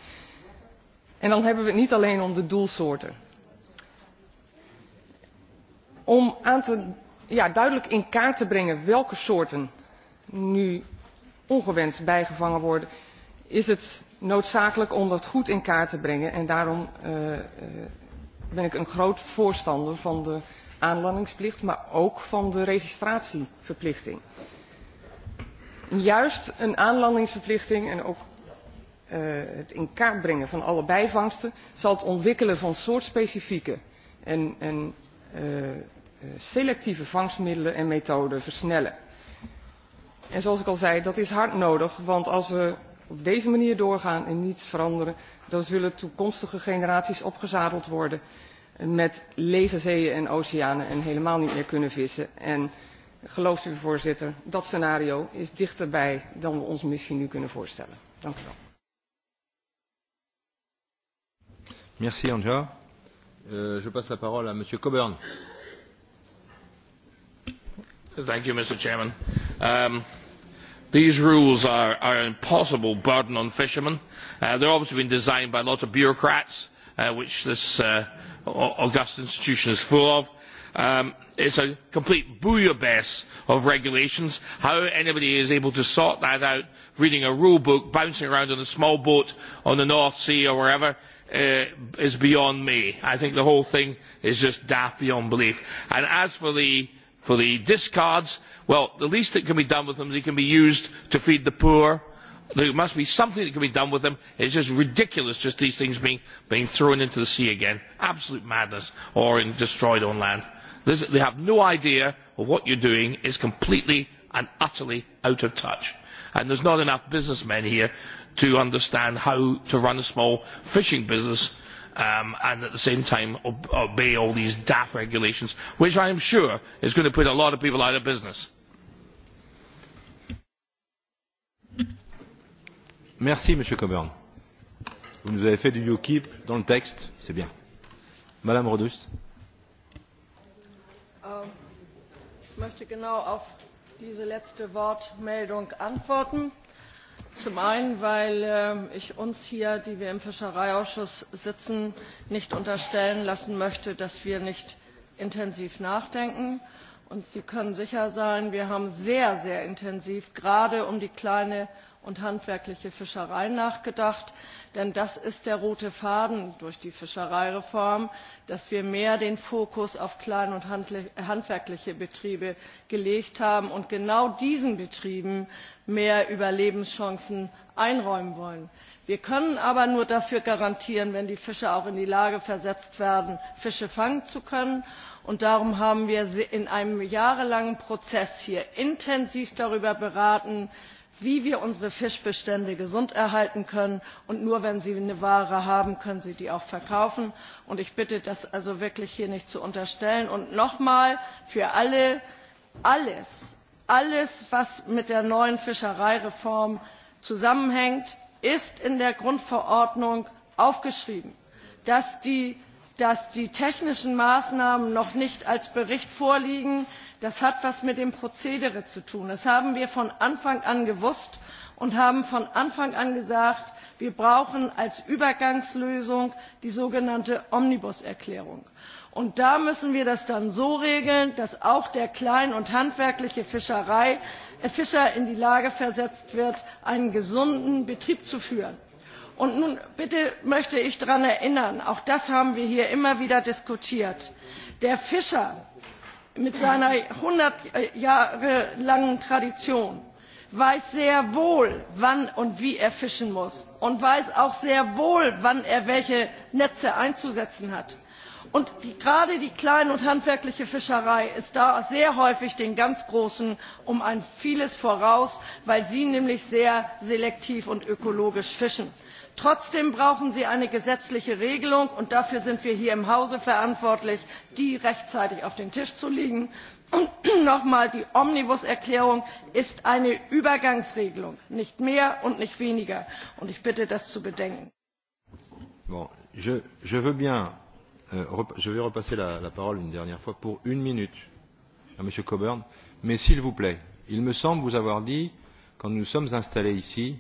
En dan hebben we het niet alleen om de doelsoorten. Om duidelijk in kaart te brengen welke soorten nu ongewenst bijgevangen worden, is het noodzakelijk om dat goed in kaart te brengen. En daarom eh, eh, ben ik een groot voorstander van de aanlandingsplicht maar ook van de registratieverplichting. juist een aanlandingsverplichting en ook eh, het in kaart brengen van alle bijvangsten zal het ontwikkelen van soortspecifieke en, eh, eh, selectieve vangstmiddelen en methoden versnellen. En zoals ik al zei, dat is hard nodig, want als we op deze manier doorgaan en niets veranderen, dan zullen toekomstige generaties opgezadeld worden met lege zeeën en oceanen en helemaal niet meer kunnen vissen. En gelooft u voorzitter dat scenario is dichterbij dan we ons misschien nu kunnen voorstellen. Dank u wel. Merci Anja. Uh, je passe la parole à monsieur Coburn. Thank you Mr Chairman. Um, these rules are, are an impossible burden on fishermen. Uh, they've obviously been designed by lot of bureaucrats Uh, which this uh, august institution is full of. Um, it is a complete bouillabaisse of regulations. how anybody is able to sort that out reading a rule book bouncing around on a small boat on the north sea or wherever uh, is beyond me. i think the whole thing is just daft beyond belief. And as for the, discards well the least that can be done with them is they can be used to feed the poor there must be something that can be done with them. It is just ridiculous just these things being, being thrown into the sea again. Absolute madness or in, destroyed on land. they have no idea of what are doing. is completely and utterly out of touch. And there's not enough businessmen here to understand how to run a small fishing business um, and at the same time obey all these daft regulations, which I am sure is going to put a lot of people out of business Merci, Monsieur Coburn. Vous nous avez fait du UKIP dans le texte, c'est bien. Madame Rodust. Ähm, ich möchte genau auf diese letzte Wortmeldung antworten. Zum einen, weil ähm, ich uns hier, die wir im Fischereiausschuss sitzen, nicht unterstellen lassen möchte, dass wir nicht intensiv nachdenken. Und Sie können sicher sein, wir haben sehr, sehr intensiv gerade um die kleine und handwerkliche fischerei nachgedacht denn das ist der rote faden durch die fischereireform dass wir mehr den fokus auf klein und handwerkliche betriebe gelegt haben und genau diesen betrieben mehr überlebenschancen einräumen wollen. wir können aber nur dafür garantieren wenn die fischer auch in die lage versetzt werden fische fangen zu können und darum haben wir in einem jahrelangen prozess hier intensiv darüber beraten wie wir unsere fischbestände gesund erhalten können und nur wenn sie eine ware haben können sie die auch verkaufen. ich bitte das also wirklich hier nicht zu unterstellen. und nochmal für alle alles alles was mit der neuen fischereireform zusammenhängt ist in der grundverordnung aufgeschrieben dass die dass die technischen maßnahmen noch nicht als bericht vorliegen das hat etwas mit dem prozedere zu tun. das haben wir von anfang an gewusst und haben von anfang an gesagt wir brauchen als übergangslösung die sogenannte omnibus erklärung. und da müssen wir das dann so regeln dass auch der klein und handwerkliche äh, fischer in die lage versetzt wird einen gesunden betrieb zu führen und nun bitte möchte ich daran erinnern auch das haben wir hier immer wieder diskutiert der fischer mit seiner hundert äh, jahre langen tradition weiß sehr wohl wann und wie er fischen muss und weiß auch sehr wohl wann er welche netze einzusetzen hat. und gerade die kleine und handwerkliche fischerei ist da sehr häufig den ganz großen um ein vieles voraus weil sie nämlich sehr selektiv und ökologisch fischen trotzdem brauchen sie eine gesetzliche regelung und dafür sind wir hier im hause verantwortlich die rechtzeitig auf den tisch zu legen. nochmals die omnibus erklärung ist eine übergangsregelung nicht mehr und nicht weniger und ich bitte das zu bedenken. mais s'il vous plaît il me semble vous avoir dit quand nous sommes installés ici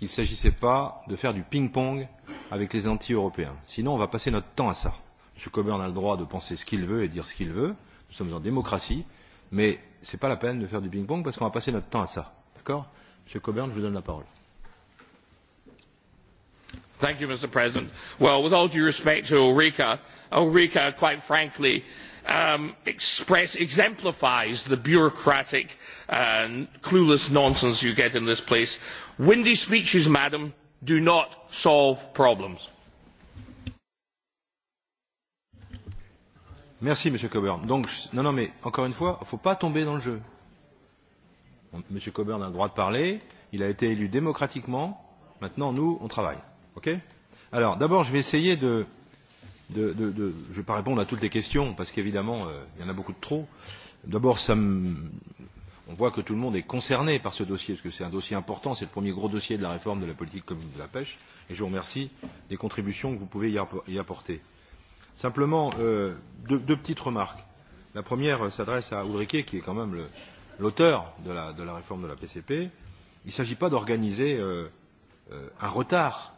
qu'il ne s'agissait pas de faire du ping-pong avec les anti-européens. Sinon, on va passer notre temps à ça. M. Coburn a le droit de penser ce qu'il veut et dire ce qu'il veut. Nous sommes en démocratie, mais ce n'est pas la peine de faire du ping-pong parce qu'on va passer notre temps à ça. D'accord M. Coburn, je vous donne la parole. Thank you, Mr. President. Well, with all due respect to Ulrika, Ulrika, quite frankly, Um, express, exemplifies the bureaucratic and clueless nonsense you get in this place. windy speeches madam do not solve problems. Merci, Monsieur Coburn. Donc, non, non, mais encore une fois, il ne faut pas tomber dans le jeu. Monsieur Coburn a le droit de parler. Il a été élu démocratiquement. Maintenant, nous, on travaille. OK Alors, d'abord, je vais essayer de de, de, je ne vais pas répondre à toutes les questions parce qu'évidemment euh, il y en a beaucoup de trop. D'abord, on voit que tout le monde est concerné par ce dossier parce que c'est un dossier important, c'est le premier gros dossier de la réforme de la politique commune de la pêche et je vous remercie des contributions que vous pouvez y apporter. Simplement, euh, deux, deux petites remarques. La première euh, s'adresse à Oudriquet, qui est quand même l'auteur de la, de la réforme de la PCP. Il ne s'agit pas d'organiser euh, euh, un retard,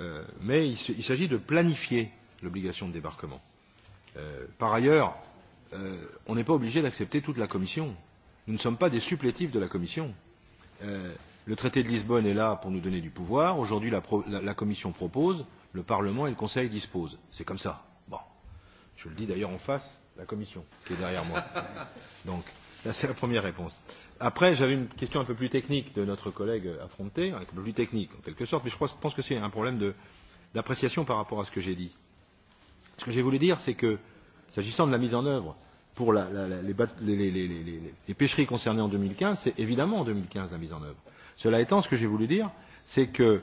euh, mais il s'agit de planifier l'obligation de débarquement. Euh, par ailleurs, euh, on n'est pas obligé d'accepter toute la Commission. Nous ne sommes pas des supplétifs de la Commission. Euh, le traité de Lisbonne est là pour nous donner du pouvoir. Aujourd'hui, la, la, la Commission propose, le Parlement et le Conseil disposent. C'est comme ça. Bon. Je le dis d'ailleurs en face, la Commission qui est derrière moi. Donc, ça c'est la première réponse. Après, j'avais une question un peu plus technique de notre collègue affronté, un peu plus technique en quelque sorte, mais je pense que c'est un problème d'appréciation par rapport à ce que j'ai dit. Ce que j'ai voulu dire, c'est que, s'agissant de la mise en œuvre pour la, la, la, les, les, les, les, les pêcheries concernées en 2015, c'est évidemment en 2015 la mise en œuvre. Cela étant, ce que j'ai voulu dire, c'est que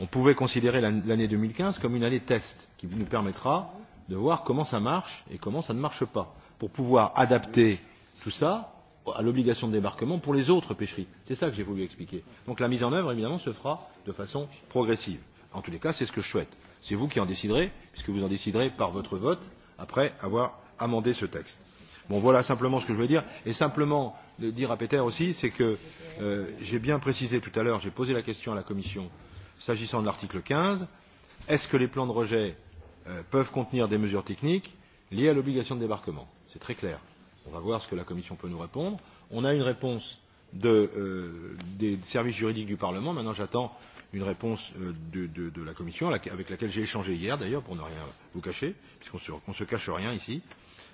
on pouvait considérer l'année 2015 comme une année test qui nous permettra de voir comment ça marche et comment ça ne marche pas pour pouvoir adapter tout ça à l'obligation de débarquement pour les autres pêcheries. C'est ça que j'ai voulu expliquer. Donc la mise en œuvre, évidemment, se fera de façon progressive. En tous les cas, c'est ce que je souhaite c'est vous qui en déciderez puisque vous en déciderez par votre vote après avoir amendé ce texte. Bon, voilà simplement ce que je voulais dire et simplement dire à Peter aussi c'est que euh, j'ai bien précisé tout à l'heure j'ai posé la question à la commission s'agissant de l'article 15 est-ce que les plans de rejet euh, peuvent contenir des mesures techniques liées à l'obligation de débarquement c'est très clair on va voir ce que la commission peut nous répondre on a une réponse de, euh, des services juridiques du parlement maintenant j'attends une réponse euh, de, de, de la Commission, avec laquelle j'ai échangé hier d'ailleurs, pour ne rien vous cacher, puisqu'on se, ne se cache rien ici.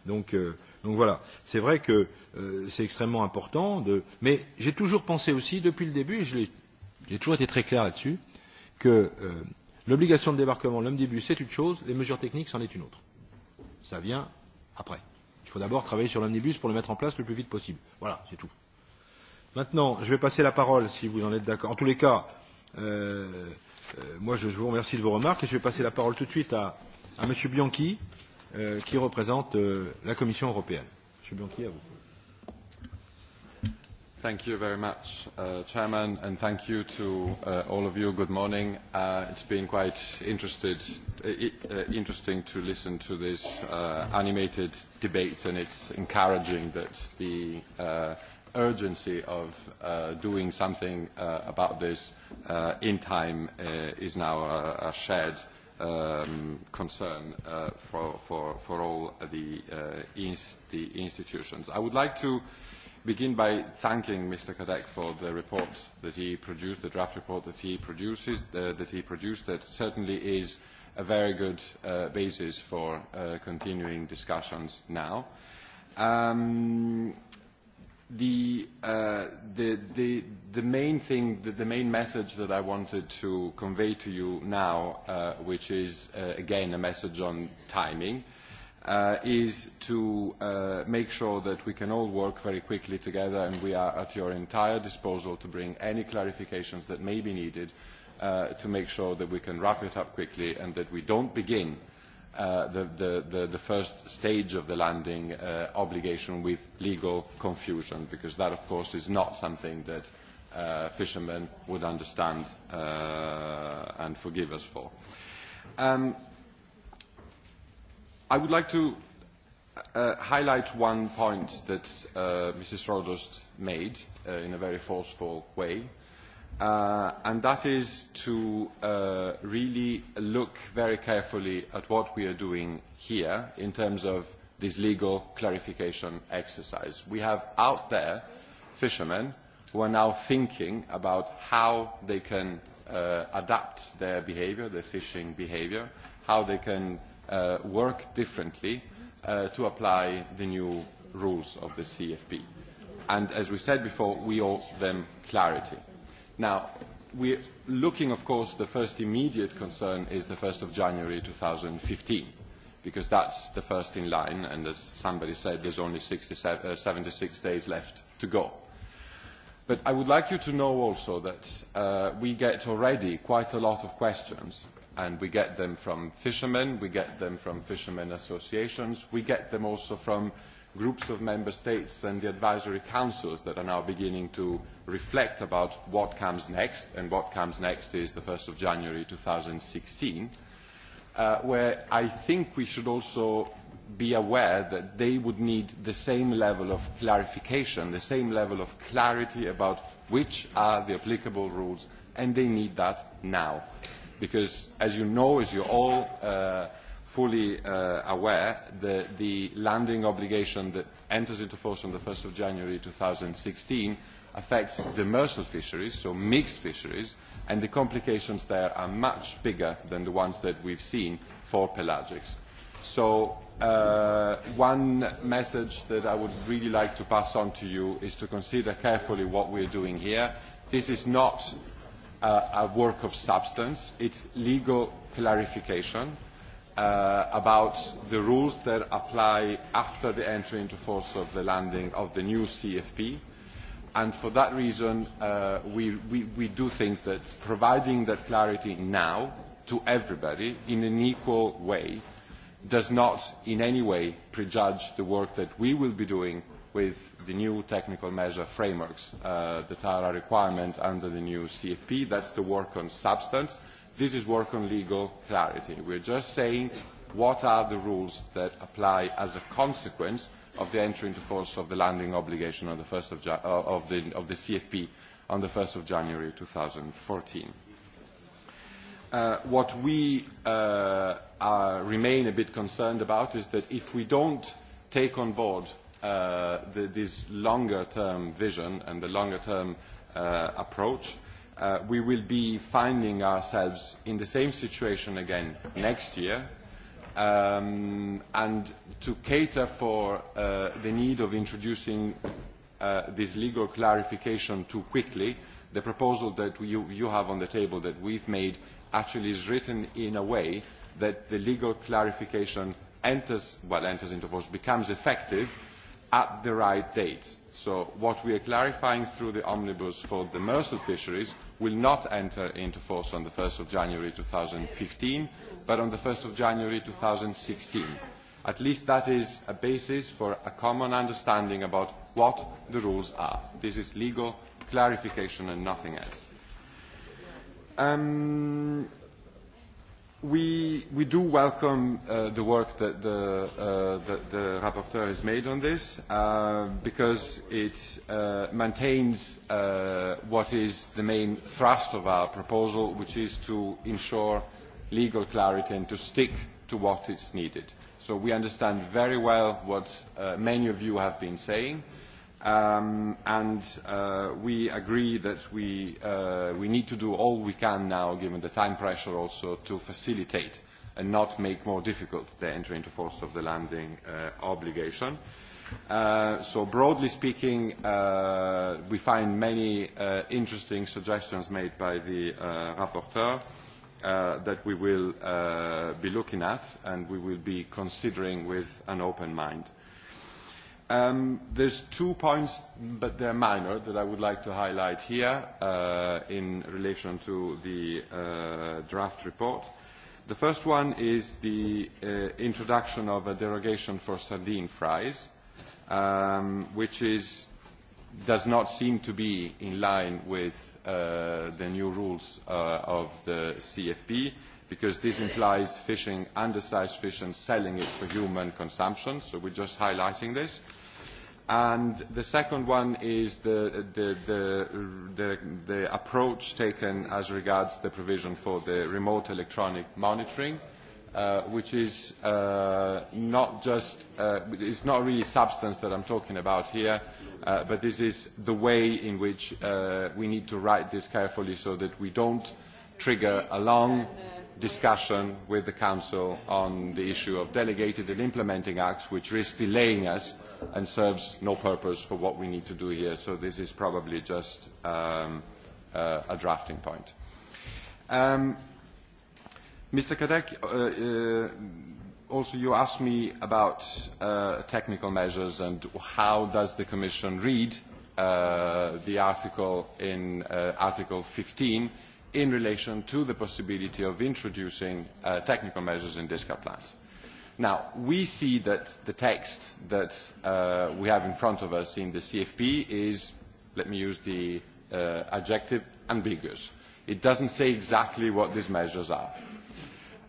Donc, euh, donc voilà, c'est vrai que euh, c'est extrêmement important, de... mais j'ai toujours pensé aussi, depuis le début, et j'ai toujours été très clair là-dessus, que euh, l'obligation de débarquement, l'homme l'omnibus, c'est une chose, les mesures techniques, c'en est une autre. Ça vient après. Il faut d'abord travailler sur l'omnibus pour le mettre en place le plus vite possible. Voilà, c'est tout. Maintenant, je vais passer la parole, si vous en êtes d'accord. En tous les cas, Euh, euh, moi, je, je vous remercie de vos remarques et je vais passer la parole tout de suite à, à M. Bianchi, euh, qui représente euh, la Commission européenne. M. Bianchi, à vous. Thank you very much, uh, Chairman, and thank you to uh, all of you. Good morning. Uh, it's been quite interested, uh, interesting to listen to this uh, animated debate, and it's encouraging that the uh, urgency of uh, doing something uh, about this uh, in time is now a, shared um, concern for, for, for all the, the institutions. I would like to begin by thanking Mr. Kadek for the report that he produced, the draft report that he, produces, that he produced that certainly is a very good basis for continuing discussions now. Um, Uh, the, the, the, main thing, the, main message that I wanted to convey to you now, uh, which is uh, again a message on timing, is to make sure that we can all work very quickly together and we are at your entire disposal to bring any clarifications that may be needed to make sure that we can wrap it up quickly and that we don't begin Uh, the, the, the, first stage of the landing uh, obligation with legal confusion because that of course is not something that uh, fishermen would understand and forgive us for. Um, I would like to highlight one point that Mrs. Rodost made in a very forceful way Uh, and that is to uh, really look very carefully at what we are doing here in terms of this legal clarification exercise. We have out there fishermen who are now thinking about how they can uh, adapt their behaviour, their fishing behaviour, how they can work differently to apply the new rules of the CFP. And as we said before, we owe them clarity Now, we are looking, of course, the first immediate concern is the january two of January fifteen, because that's the first in line, and as somebody said, there's only uh, seventy six days left to go. But I would like you to know also that uh, we get already quite a lot of questions and we get them from fishermen, we get them from fishermen associations, we get them also from groups of member states and the advisory councils that are now beginning to reflect about what comes next and what comes next is the 1 of January 2016 uh, where I think we should also be aware that they would need the same level of clarification the same level of clarity about which are the applicable rules and they need that now because as you know as you all uh, fully uh, aware the, the landing obligation that enters into force on the 1st of January 2016 affects demersal fisheries, so mixed fisheries, and the complications there are much bigger than the ones that we've seen for pelagics. So uh, one message that I would really like to pass on to you is to consider carefully what we are doing here. This is not uh, a work of substance, it's legal clarification Uh, about the rules that apply after the entry into force of the landing of the new CFP. And for that reason, uh, we, we, do think that providing that clarity now to everybody in an equal way does not in any way prejudge the work that we will be doing with the new technical measure frameworks uh, that are a requirement under the new CFP. That's the work on substance This is work on legal clarity. We are just saying what are the rules that apply as a consequence of the entry into force of the landing obligation on the 1 of, uh, of, the, of the CFP on the 1st of January 2014. Uh, what we uh, are, remain a bit concerned about is that if we don't take on board uh, the, this longer term vision and the longer term uh, approach, Uh, we will be finding ourselves in the same situation again next year um, and to cater for uh, the need of introducing uh, this legal clarification too quickly, the proposal that you, you have on the table that we've made actually is written in a way that the legal clarification enters, well, enters into force, becomes effective at the right date. So what we are clarifying through the omnibus for the fisheries will not enter into force on the 1st of January 2015, but on the 1st of January 2016. At least that is a basis for a common understanding about what the rules are. This is legal clarification and nothing else. Um, We, we do welcome uh, the work that the, uh, the, the rapporteur has made on this uh, because it uh, maintains uh, what is the main thrust of our proposal, which is to ensure legal clarity and to stick to what is needed. So we understand very well what uh, many of you have been saying Um, and uh, we agree that uh, we, need to do all we can now, given the time pressure also, to facilitate and not make more difficult the entry into force of the landing uh, obligation. So broadly speaking, we find many interesting suggestions made by the rapporteur that we will be looking at and we will be considering with an open mind. Um, There are two points, but they are minor, that I would like to highlight here uh, in relation to the uh, draft report. The first one is the uh, introduction of a derogation for sardine fries, um, which does not seem to be in line with the new rules of the CFP because this implies fishing undersized fish and selling it for human consumption, so we are just highlighting this and the second one is the, the, the, approach taken as regards the provision for the remote electronic monitoring, uh, which is uh, not just, uh, not really substance that I'm talking about here, uh, but this is the way in which we need to write this carefully so that we don't trigger a long discussion with the Council on the issue of delegated and implementing acts, which risk delaying us and serves no purpose for what we need to do here. So this is probably just um, uh, a drafting point. Um, Mr. Kadek, uh, uh, also you asked me about uh, technical measures and how does the Commission read uh, the article in uh, Article 15 in relation to the possibility of introducing uh, technical measures in discard plans. Now, we see that the text that uh, we have in front of us in the CFP is, let me use the uh, adjective, ambiguous. It doesn't say exactly what these measures are.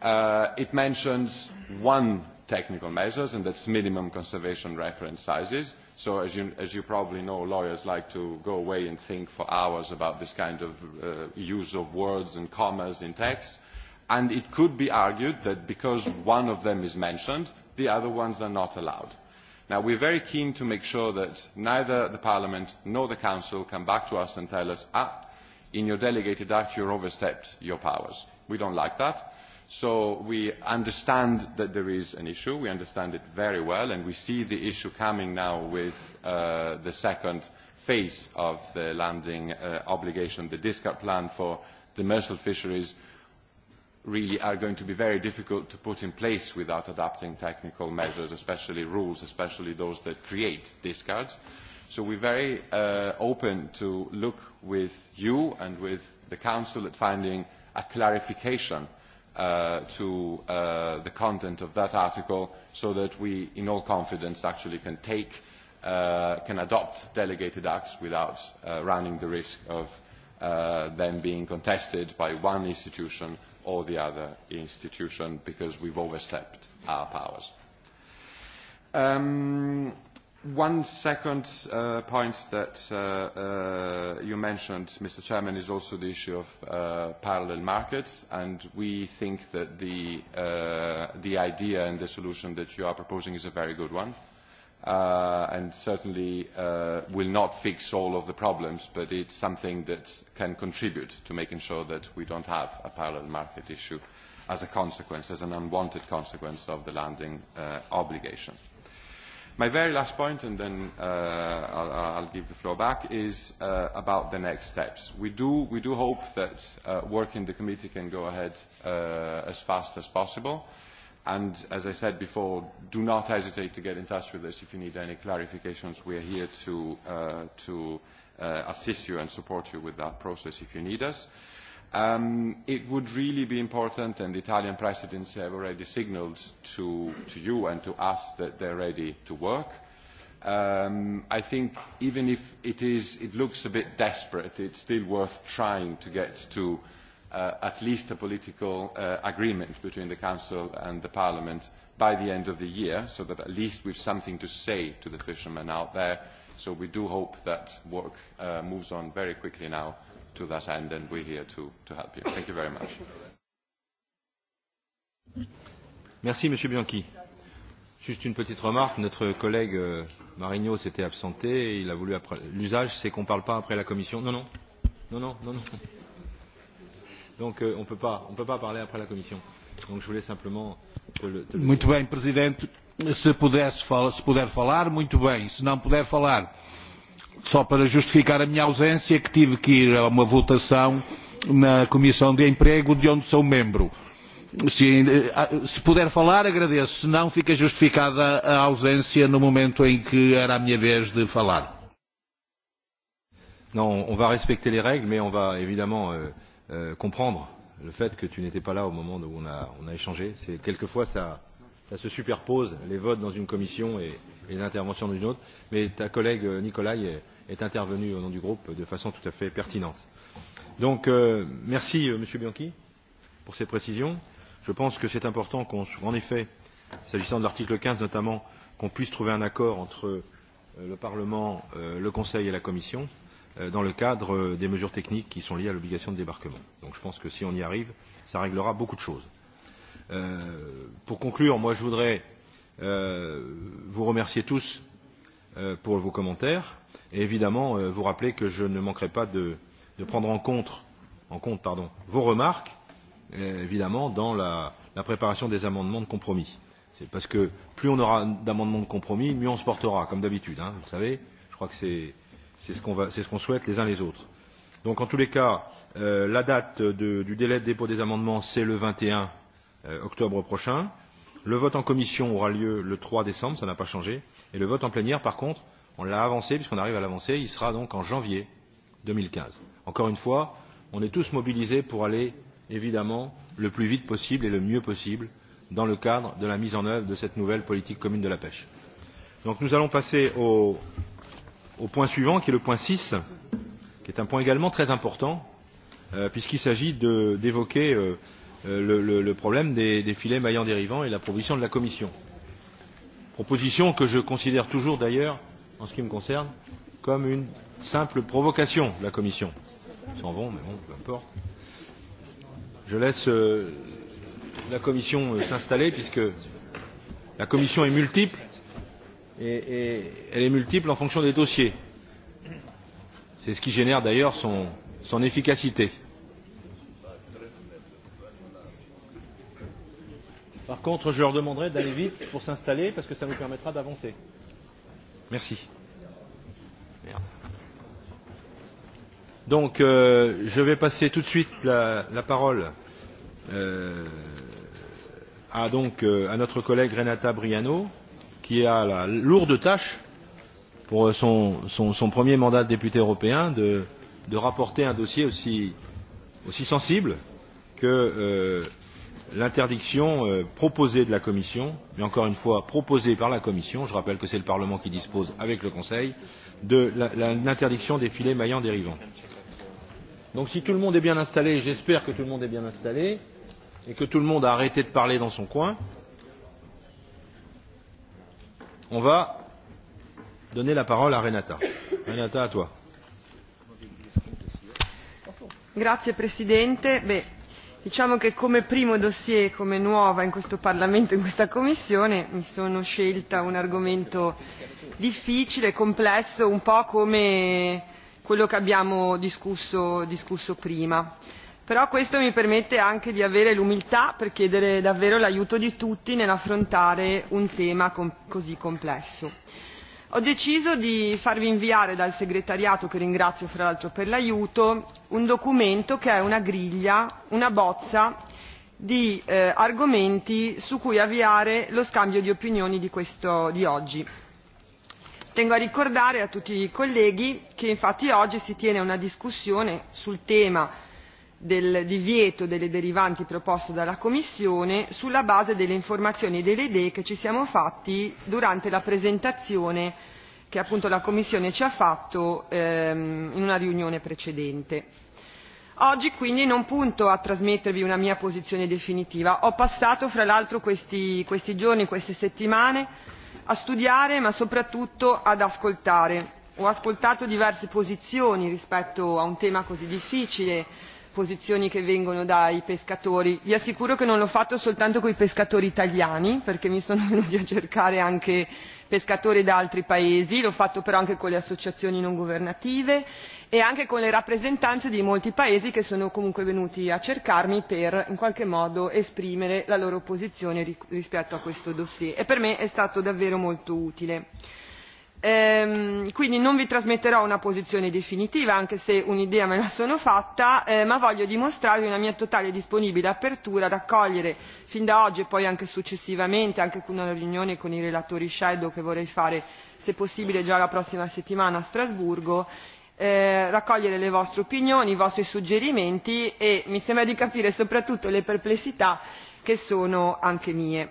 Uh, it mentions one technical measures, and that's minimum conservation reference sizes. So as you, as you probably know, lawyers like to go away and think for hours about this kind of use of words and commas in text and it could be argued that because one of them is mentioned the other ones are not allowed. we are very keen to make sure that neither parliament nor the council come back to us and tell us that ah, in your delegated act you have overstepped your powers. we do not like that so we understand that there is an issue we understand it very well and we see the issue coming now with uh, the second phase of the landing uh, obligation the discard plan for demersal fisheries really are going to be very difficult to put in place without adopting technical measures, especially rules, especially those that create discards. So we are very uh, open to look with you and with the Council at finding a clarification uh, to uh, the content of that article so that we, in all confidence, actually can take, can adopt delegated acts without running the risk of them being contested by one institution or the other institution because we've overstepped our powers. Um, one second uh, point that uh, uh, you mentioned, Mr. Chairman, is also the issue of uh, parallel markets, and we think that the, the idea and the solution that you are proposing is a very good one Uh, and certainly uh, will not fix all of the problems, but it is something that can contribute to making sure that we do not have a parallel market issue as a consequence, as an unwanted consequence of the landing uh, obligation. My very last point, and then uh, I'll, give the floor back, is about the next steps. We do, we do hope that work in the committee can go ahead as fast as possible and as I said before, do not hesitate to get in touch with us if you need any clarifications. We are here to, uh, to uh, assist you and support you with that process if you need us. Um, it would really be important, and the Italian presidency have already signalled to, you and to us that they are ready to work. Um, I think even if it, is, it looks a bit desperate, it's still worth trying to get to Uh, at least a political uh, agreement between the Council and the Parliament by the end of the year, so that at least we have something to say to the fishermen out there. So we do hope that work uh, moves on very quickly now to that end, and we're here to, help you. Thank you very much. Merci, Monsieur Bianchi. Juste une petite remarque. Notre collègue euh, Marigno s'était absenté. Et il a voulu L'usage, c'est qu'on ne parle pas après la Commission. Non, non, non, non. Donc euh, on ne peut pas parler après la Commission. Donc je voulais simplement te le, te Muito bem, Presidente. Se, pudesse, se puder falar, muito bem. Se não puder falar, só para justificar a minha ausência, que tive que ir a uma votação na Comissão de Emprego, de onde sou membro. Se, ah, se puder falar, agradeço. Se não, fica justificada a ausência no momento em que era a minha vez de falar. Non, on va respecter les règles, mais on va évidemment... Euh euh, comprendre le fait que tu n'étais pas là au moment où on a, on a échangé. C'est quelquefois ça, ça se superpose les votes dans une commission et, et les interventions dans une autre. Mais ta collègue euh, Nicolai est, est intervenue au nom du groupe de façon tout à fait pertinente. Donc euh, merci euh, Monsieur Bianchi pour ces précisions. Je pense que c'est important qu'on, en effet, s'agissant de l'article 15 notamment, qu'on puisse trouver un accord entre euh, le Parlement, le Conseil et la Commission Euh, dans le cadre des mesures techniques qui sont liées à l'obligation de débarquement. Donc je pense que si on y arrive, ça réglera beaucoup de choses. Euh, pour conclure, moi je voudrais euh, vous remercier tous euh, pour vos commentaires et évidemment euh, vous rappeler que je ne manquerai pas de, de prendre en compte, en compte pardon, vos remarques, euh, évidemment, dans la, la préparation des amendements de compromis. C'est parce que plus on aura d'amendements de compromis, mieux on se portera, comme d'habitude. Hein, vous savez, je crois que c'est c'est ce qu'on ce souhaite les uns les autres. donc en tous les cas euh, la date de, du délai de dépôt des amendements c'est le vingt et un euh, octobre prochain le vote en commission aura lieu le trois décembre ça n'a pas changé et le vote en plénière par contre on l'a avancé puisqu'on arrive à l'avancer il sera donc en janvier deux mille quinze encore une fois on est tous mobilisés pour aller évidemment le plus vite possible et le mieux possible dans le cadre de la mise en œuvre de cette nouvelle politique commune de la pêche. Donc, nous allons passer au au point suivant, qui est le point 6, qui est un point également très important, euh, puisqu'il s'agit d'évoquer euh, euh, le, le, le problème des, des filets maillants dérivants et la proposition de la Commission. Proposition que je considère toujours d'ailleurs, en ce qui me concerne, comme une simple provocation de la Commission. Ils s'en vont, mais bon, peu importe. Je laisse euh, la Commission euh, s'installer, puisque la Commission est multiple et, et elle est multiple en fonction des dossiers. C'est ce qui génère d'ailleurs son, son efficacité. Par contre, je leur demanderai d'aller vite pour s'installer parce que ça nous permettra d'avancer. Merci. Donc, euh, je vais passer tout de suite la, la parole euh, à, donc, euh, à notre collègue Renata Briano qui a la lourde tâche pour son, son, son premier mandat de député européen de, de rapporter un dossier aussi, aussi sensible que euh, l'interdiction euh, proposée de la Commission, mais encore une fois proposée par la Commission, je rappelle que c'est le Parlement qui dispose avec le Conseil, de l'interdiction des filets maillants dérivants. Donc si tout le monde est bien installé, j'espère que tout le monde est bien installé et que tout le monde a arrêté de parler dans son coin, on va donner la parole à Renata. Renata, à toi. Grazie Presidente. Beh, diciamo che come primo dossier, come nuova in questo Parlamento, in questa Commissione, mi sono scelta un argomento difficile, complesso, un po' come quello che abbiamo discusso, discusso prima però questo mi permette anche di avere l'umiltà per chiedere davvero l'aiuto di tutti nell'affrontare un tema così complesso. Ho deciso di farvi inviare dal segretariato, che ringrazio fra l'altro per l'aiuto, un documento che è una griglia, una bozza di eh, argomenti su cui avviare lo scambio di opinioni di, questo, di oggi. Tengo a ricordare a tutti i colleghi che infatti oggi si tiene una discussione sul tema del divieto delle derivanti proposto dalla Commissione sulla base delle informazioni e delle idee che ci siamo fatti durante la presentazione che appunto la Commissione ci ha fatto ehm, in una riunione precedente. Oggi quindi non punto a trasmettervi una mia posizione definitiva. Ho passato fra l'altro questi, questi giorni, queste settimane a studiare ma soprattutto ad ascoltare. Ho ascoltato diverse posizioni rispetto a un tema così difficile posizioni che vengono dai pescatori vi assicuro che non l'ho fatto soltanto con i pescatori italiani perché mi sono venuti a cercare anche pescatori da altri paesi l'ho fatto però anche con le associazioni non governative e anche con le rappresentanze di molti paesi che sono comunque venuti a cercarmi per in qualche modo esprimere la loro posizione rispetto a questo dossier e per me è stato davvero molto utile. Ehm, quindi non vi trasmetterò una posizione definitiva anche se un'idea me la sono fatta eh, ma voglio dimostrarvi una mia totale e disponibile apertura ad accogliere fin da oggi e poi anche successivamente anche con una riunione con i relatori shadow che vorrei fare se possibile già la prossima settimana a strasburgo eh, raccogliere le vostre opinioni i vostri suggerimenti e mi sembra di capire soprattutto le perplessità che sono anche mie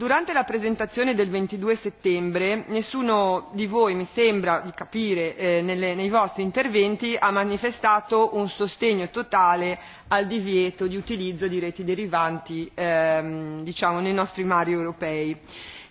durante la presentazione del 22 settembre nessuno di voi mi sembra di capire eh, nei vostri interventi ha manifestato un sostegno totale al divieto di utilizzo di reti derivanti ehm, diciamo nei nostri mari europei.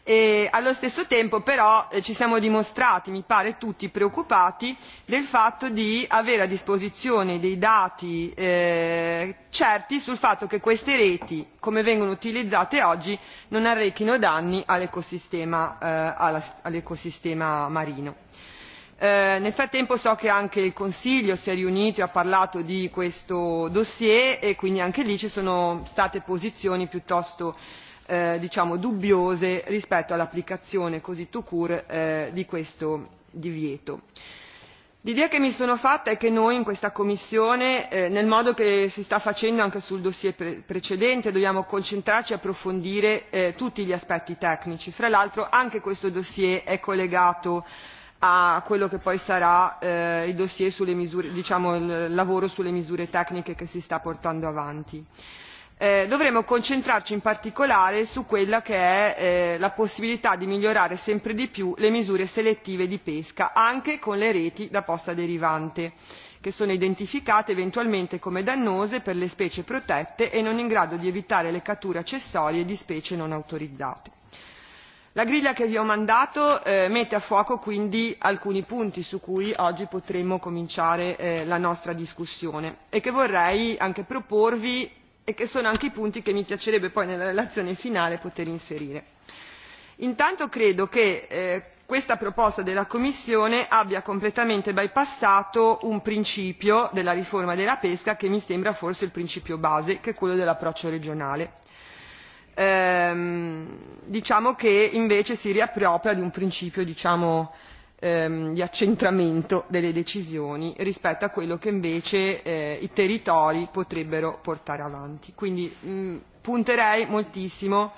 E, allo stesso tempo però eh, ci siamo dimostrati mi pare tutti preoccupati del fatto di avere a disposizione dei dati eh, certi sul fatto che queste reti come vengono utilizzate oggi non arrechino danni all'ecosistema, eh, marino. nel frattempo so che anche il consiglio si è riunito e ha parlato di questo dossier e quindi anche lì ci sono state posizioni piuttosto Eh, diciamo dubbiose rispetto all'applicazione così to cure eh, di questo divieto. L'idea che mi sono fatta è che noi in questa commissione eh, nel modo che si sta facendo anche sul dossier precedente dobbiamo concentrarci e approfondire tutti gli aspetti tecnici fra l'altro anche questo dossier è collegato a quello che poi sarà il dossier sulle misure diciamo il lavoro sulle misure tecniche che si sta portando avanti. Eh, dovremo concentrarci in particolare su quella che è eh, la possibilità di migliorare sempre di più le misure selettive di pesca anche con le reti da posta derivante che sono identificate eventualmente come dannose per le specie protette e non in grado di evitare le catture accessorie di specie non autorizzate. La griglia che vi ho mandato eh, mette a fuoco quindi alcuni punti su cui oggi potremmo cominciare la nostra discussione e che vorrei anche proporvi e che sono anche i punti che mi piacerebbe poi nella relazione finale poter inserire. intanto credo che eh, questa proposta della commissione abbia completamente bypassato un principio della riforma della pesca che mi sembra forse il principio base che è quello dell'approccio regionale. Ehm, diciamo che invece si riappropria di un principio diciamo ehm, di accentramento delle decisioni rispetto a quello che invece eh, i territori potrebbero portare avanti. Quindi mm, punterei moltissimo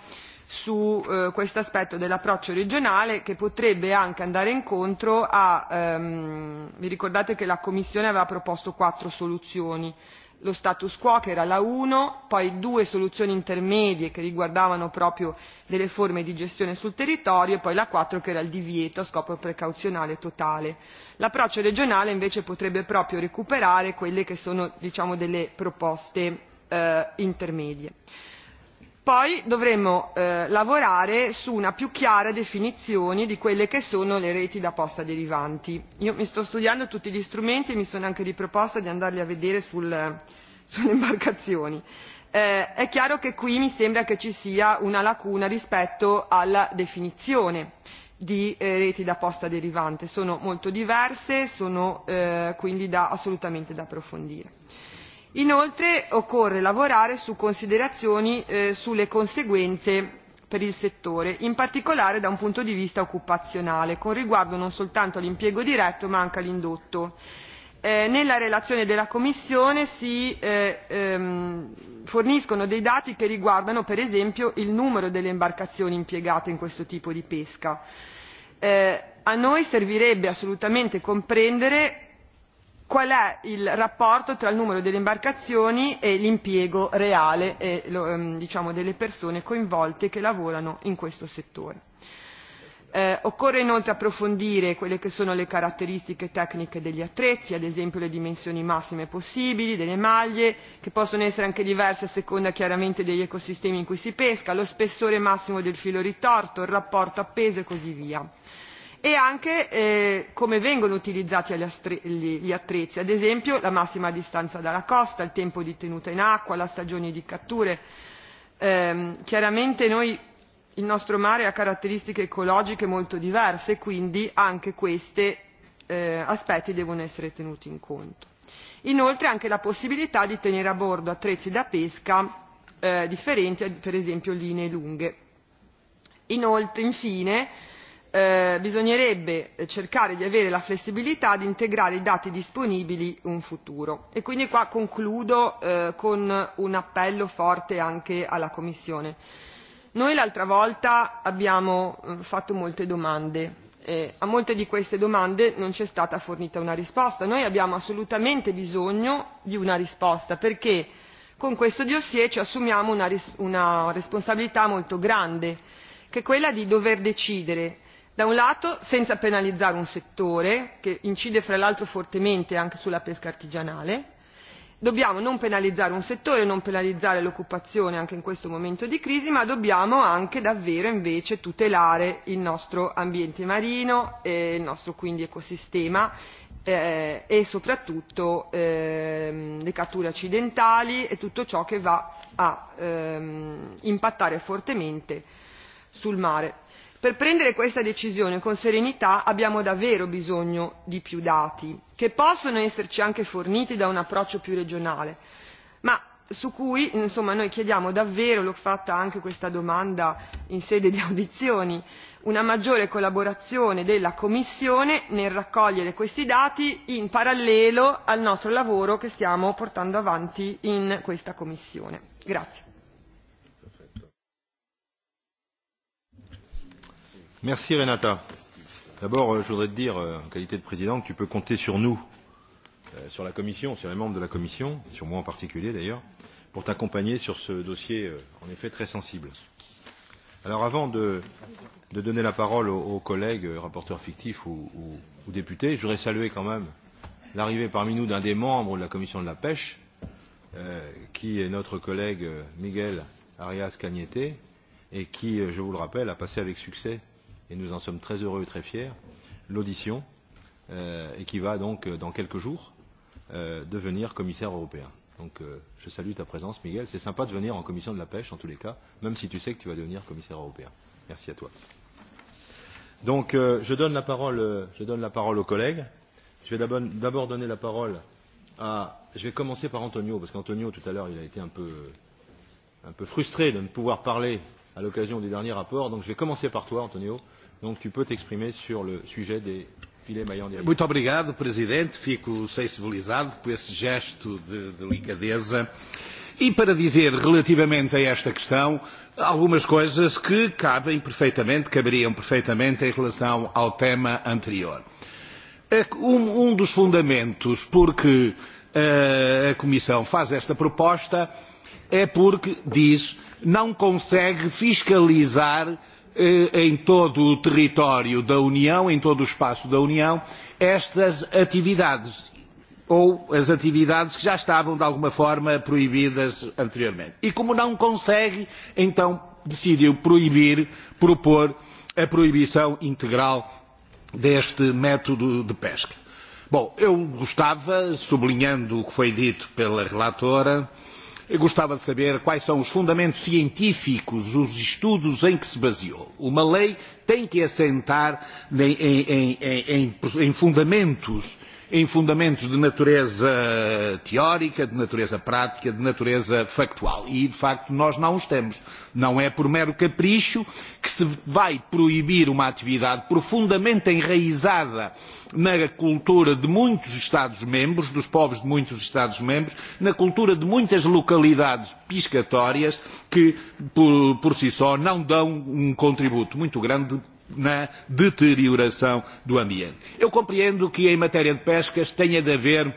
su eh, questo aspetto dell'approccio regionale che potrebbe anche andare incontro a ehm, vi ricordate che la Commissione aveva proposto quattro soluzioni lo status quo che era la 1, poi due soluzioni intermedie che riguardavano proprio delle forme di gestione sul territorio e poi la 4 che era il divieto a scopo precauzionale totale. L'approccio regionale invece potrebbe proprio recuperare quelle che sono diciamo delle proposte eh, intermedie poi dovremo eh, lavorare su una più chiara definizione di quelle che sono le reti da posta derivanti io mi sto studiando tutti gli strumenti e mi sono anche riproposta di andarli a vedere sulle imbarcazioni eh, è chiaro che qui mi sembra che ci sia una lacuna rispetto alla definizione di eh, reti da posta derivante sono molto diverse sono quindi da, assolutamente da approfondire inoltre occorre lavorare su considerazioni eh, sulle conseguenze per il settore in particolare da un punto di vista occupazionale con riguardo non soltanto all'impiego diretto ma anche all'indotto. Eh, nella relazione della commissione si eh, ehm, forniscono dei dati che riguardano per esempio il numero delle imbarcazioni impiegate in questo tipo di pesca. a noi servirebbe assolutamente comprendere qual è il rapporto tra il numero delle imbarcazioni e l'impiego reale e ehm, delle persone coinvolte che lavorano in questo settore. Eh, occorre inoltre approfondire quelle che sono le caratteristiche tecniche degli attrezzi, ad esempio le dimensioni massime possibili delle maglie, che possono essere anche diverse a seconda chiaramente degli ecosistemi in cui si pesca, lo spessore massimo del filo ritorto, il rapporto appeso e così via e anche eh, come vengono utilizzati gli attrezzi ad esempio la massima distanza dalla costa il tempo di tenuta in acqua la stagione di catture eh, chiaramente noi il nostro mare ha caratteristiche ecologiche molto diverse quindi anche questi eh, aspetti devono essere tenuti in conto inoltre anche la possibilità di tenere a bordo attrezzi da pesca eh, differenti per esempio linee lunghe inoltre infine Eh, bisognerebbe cercare di avere la flessibilità di integrare i dati disponibili in futuro e quindi qua concludo eh, con un appello forte anche alla commissione noi l'altra volta abbiamo eh, fatto molte domande e a molte di queste domande non c'è stata fornita una risposta noi abbiamo assolutamente bisogno di una risposta perché con questo dossier ci assumiamo una, una responsabilità molto grande che è quella di dover decidere da un lato senza penalizzare un settore che incide fra l'altro fortemente anche sulla pesca artigianale dobbiamo non penalizzare un settore non penalizzare l'occupazione anche in questo momento di crisi ma dobbiamo anche davvero invece tutelare il nostro ambiente marino e il nostro quindi ecosistema eh, e soprattutto ehm, le catture accidentali e tutto ciò che va a ehm, impattare fortemente sul mare per prendere questa decisione con serenità abbiamo davvero bisogno di più dati che possono esserci anche forniti da un approccio più regionale ma su cui insomma noi chiediamo davvero l'ho fatta anche questa domanda in sede di audizioni una maggiore collaborazione della commissione nel raccogliere questi dati in parallelo al nostro lavoro che stiamo portando avanti in questa commissione grazie Merci Renata. D'abord, euh, je voudrais te dire, euh, en qualité de président, que tu peux compter sur nous, euh, sur la Commission, sur les membres de la Commission, sur moi en particulier d'ailleurs, pour t'accompagner sur ce dossier, en effet, très sensible. Alors avant de, de donner la parole aux, aux collègues, rapporteurs fictifs ou, ou, ou députés, je voudrais saluer quand même l'arrivée parmi nous d'un des membres de la Commission de la pêche, euh, qui est notre collègue Miguel Arias Cagnete, et qui, je vous le rappelle, a passé avec succès et nous en sommes très heureux et très fiers, l'audition, euh, et qui va donc, euh, dans quelques jours, euh, devenir commissaire européen. Donc je salue ta présence, Miguel. C'est sympa de venir en commission de la pêche, en tous les cas, même si tu sais que tu vas devenir commissaire européen. Merci à toi. Donc je donne la parole, je donne la parole aux collègues. Je vais d'abord donner la parole à... Je vais commencer par Antonio, parce qu'Antonio, tout à l'heure, il a été un peu, un peu frustré de ne pouvoir parler à l'occasion du dernier rapport. Donc je vais commencer par toi, Antonio, Donc tu peux t'exprimer sur le sujet des filets Muito obrigado, Presidente. Fico sensibilizado por esse gesto de delicadeza. E para dizer relativamente a esta questão, algumas coisas que cabem perfeitamente, caberiam perfeitamente em relação ao tema anterior. Um, um dos fundamentos porque a, eh, a Comissão faz esta proposta é porque diz não consegue fiscalizar Eh, em todo o território da União, em todo o espaço da União, estas atividades ou as atividades que já estavam de alguma forma proibidas anteriormente. E como não consegue, então decidiu proibir, propor a proibição integral deste método de pesca. Bom, eu gostava, sublinhando o que foi dito pela relatora, gostava de saber quais são os fundamentos científicos, os estudos em que se baseou. Uma lei tem que assentar em, em, em, em fundamentos em fundamentos de natureza teórica, de natureza prática, de natureza factual. E, de facto, nós não os temos. Não é por mero capricho que se vai proibir uma atividade profundamente enraizada na cultura de muitos Estados membros, dos povos de muitos Estados membros, na cultura de muitas localidades piscatórias que, por, por si só, não dão um contributo muito grande na deterioração do ambiente. Eu compreendo que em matéria de pescas tenha de haver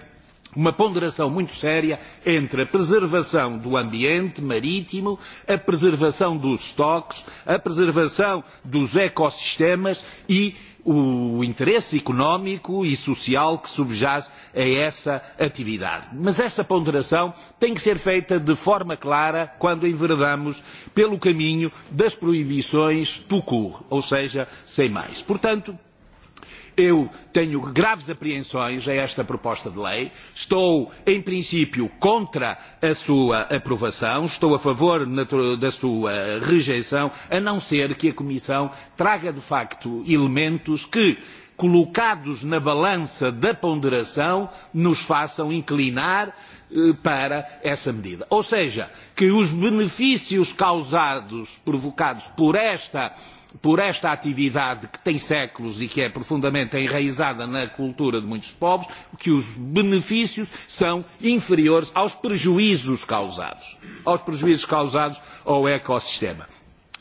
uma ponderação muito séria entre a preservação do ambiente marítimo, a preservação dos estoques, a preservação dos ecossistemas e o interesse económico e social que subjaz a essa atividade. Mas essa ponderação tem que ser feita de forma clara quando enveredamos pelo caminho das proibições tout ou seja, sem mais. Portanto, eu tenho graves apreensões a esta proposta de lei estou em princípio contra a sua aprovação estou a favor da sua rejeição a não ser que a comissão traga de facto elementos que colocados na balança da ponderação nos façam inclinar eh, para essa medida ou seja que os benefícios causados provocados por esta por esta atividade que tem séculos e que é profundamente enraizada na cultura de muitos povos, que os benefícios são inferiores aos prejuízos causados, aos prejuízos causados ao ecossistema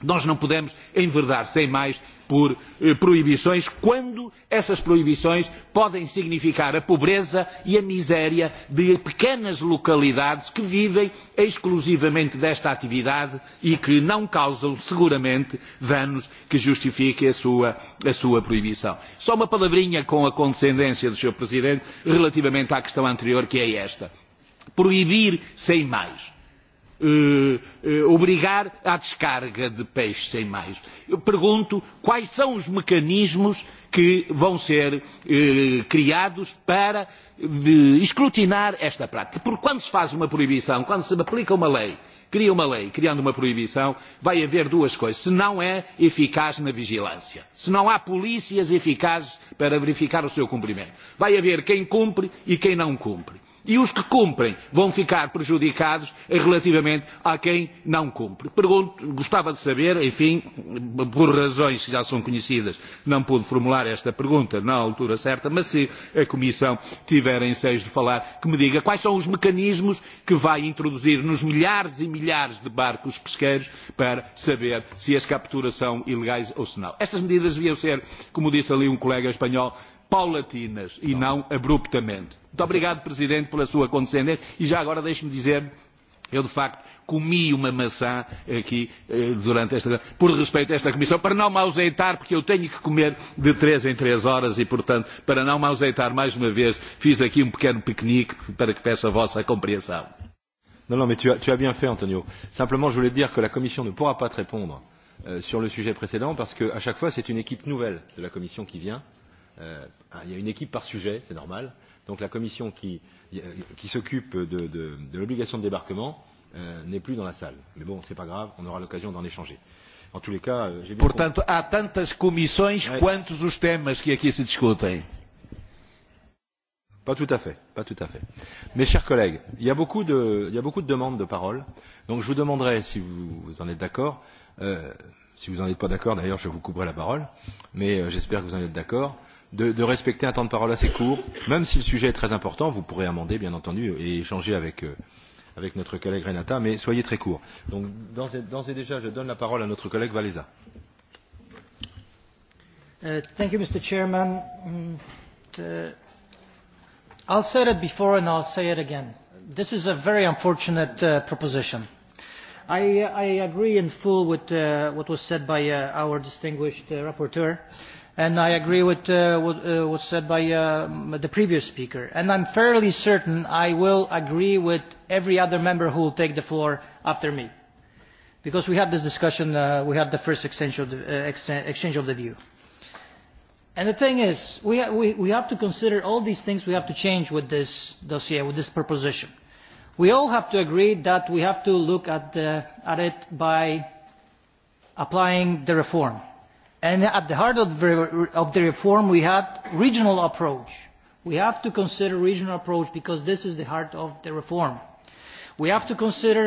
nós não podemos enverdar sem mais por eh, proibições quando essas proibições podem significar a pobreza e a miséria de pequenas localidades que vivem exclusivamente desta atividade e que não causam seguramente danos que justifiquem a sua, a sua proibição. Só uma palavrinha com a condescendência do Sr. Presidente relativamente à questão anterior que é esta. Proibir sem mais Eh, eh, obrigar à descarga de peixes sem maio. Eu pergunto quais são os mecanismos que vão ser eh, criados para escrutinar esta prática. Porque quando se faz uma proibição, quando se aplica uma lei, cria uma lei criando uma proibição vai haver duas coisas se não é eficaz na vigilância se não há polícias eficazes para verificar o seu cumprimento vai haver quem cumpre e quem não cumpre E os que cumprem vão ficar prejudicados relativamente a quem não cumpre. gostava de saber, enfim, por razões que já são conhecidas, não pude formular esta pergunta na altura certa, mas se a Comissão tiver em de falar, que me diga quais são os mecanismos que vai introduzir nos milhares e milhares de barcos pesqueiros para saber se as capturas são ilegais ou se não. Estas medidas deviam ser, como disse ali um colega espanhol, paulatinas e não abruptamente. Muito obrigado, Presidente, pela sua condescendência. E já agora deixe-me dizer eu, de facto, comi uma maçã aqui eh, durante esta... Por respeito a esta comissão, para não me ausentar, porque eu tenho que comer de três em três horas e, portanto, para não me ausentar mais uma vez, fiz aqui um pequeno piquenique para que peço a vossa compreensão. Não, não, mas tu as, tu as bien fait, Antonio. Simplement, je voulais dire que a Comissão não pourra pas te répondre euh, sur le sujet précédent, parce qu'à chaque fois, c'est une équipe nouvelle de la Commission qui vient Euh, il y a une équipe par sujet, c'est normal. Donc la commission qui, euh, qui s'occupe de, de, de l'obligation de débarquement euh, n'est plus dans la salle. Mais bon, ce n'est pas grave, on aura l'occasion d'en échanger. En tous les cas, j'ai Portanto, há tantas comissões quantos os temas que aqui se discutem. Pas tout à fait, pas tout à fait. Mes chers collègues, il y a beaucoup de, il y a beaucoup de demandes de parole. Donc je vous demanderai, si vous, en êtes d'accord, euh, si vous n'en êtes pas d'accord, d'ailleurs je vous couperai la parole, mais j'espère que vous en êtes d'accord, de, de respecter un temps de parole assez court. Même si le sujet est très important, vous pourrez amender, bien entendu, et échanger avec, euh, avec notre collègue Renata, mais soyez très court. Donc, d'ores et déjà, je donne la parole à notre collègue Valéza. Uh, thank you, Mr. Chairman. Mm, uh, I'll say it before and I'll say it again. This is a very unfortunate uh, proposition. I, I agree in full with what was said by our distinguished rapporteur and i agree with what uh, was uh, said by uh, the previous speaker and i'm fairly certain i will agree with every other member who will take the floor after me because we had this discussion uh, we had the first exchange of the, exchange of the view and the thing is we, we, have to consider all these things we have to change with this dossier with this proposition we all have to agree that we have to look at, the, at it by applying the reform and at the heart of the, reform we had regional approach we have to consider regional approach because this is the heart of the reform we have to consider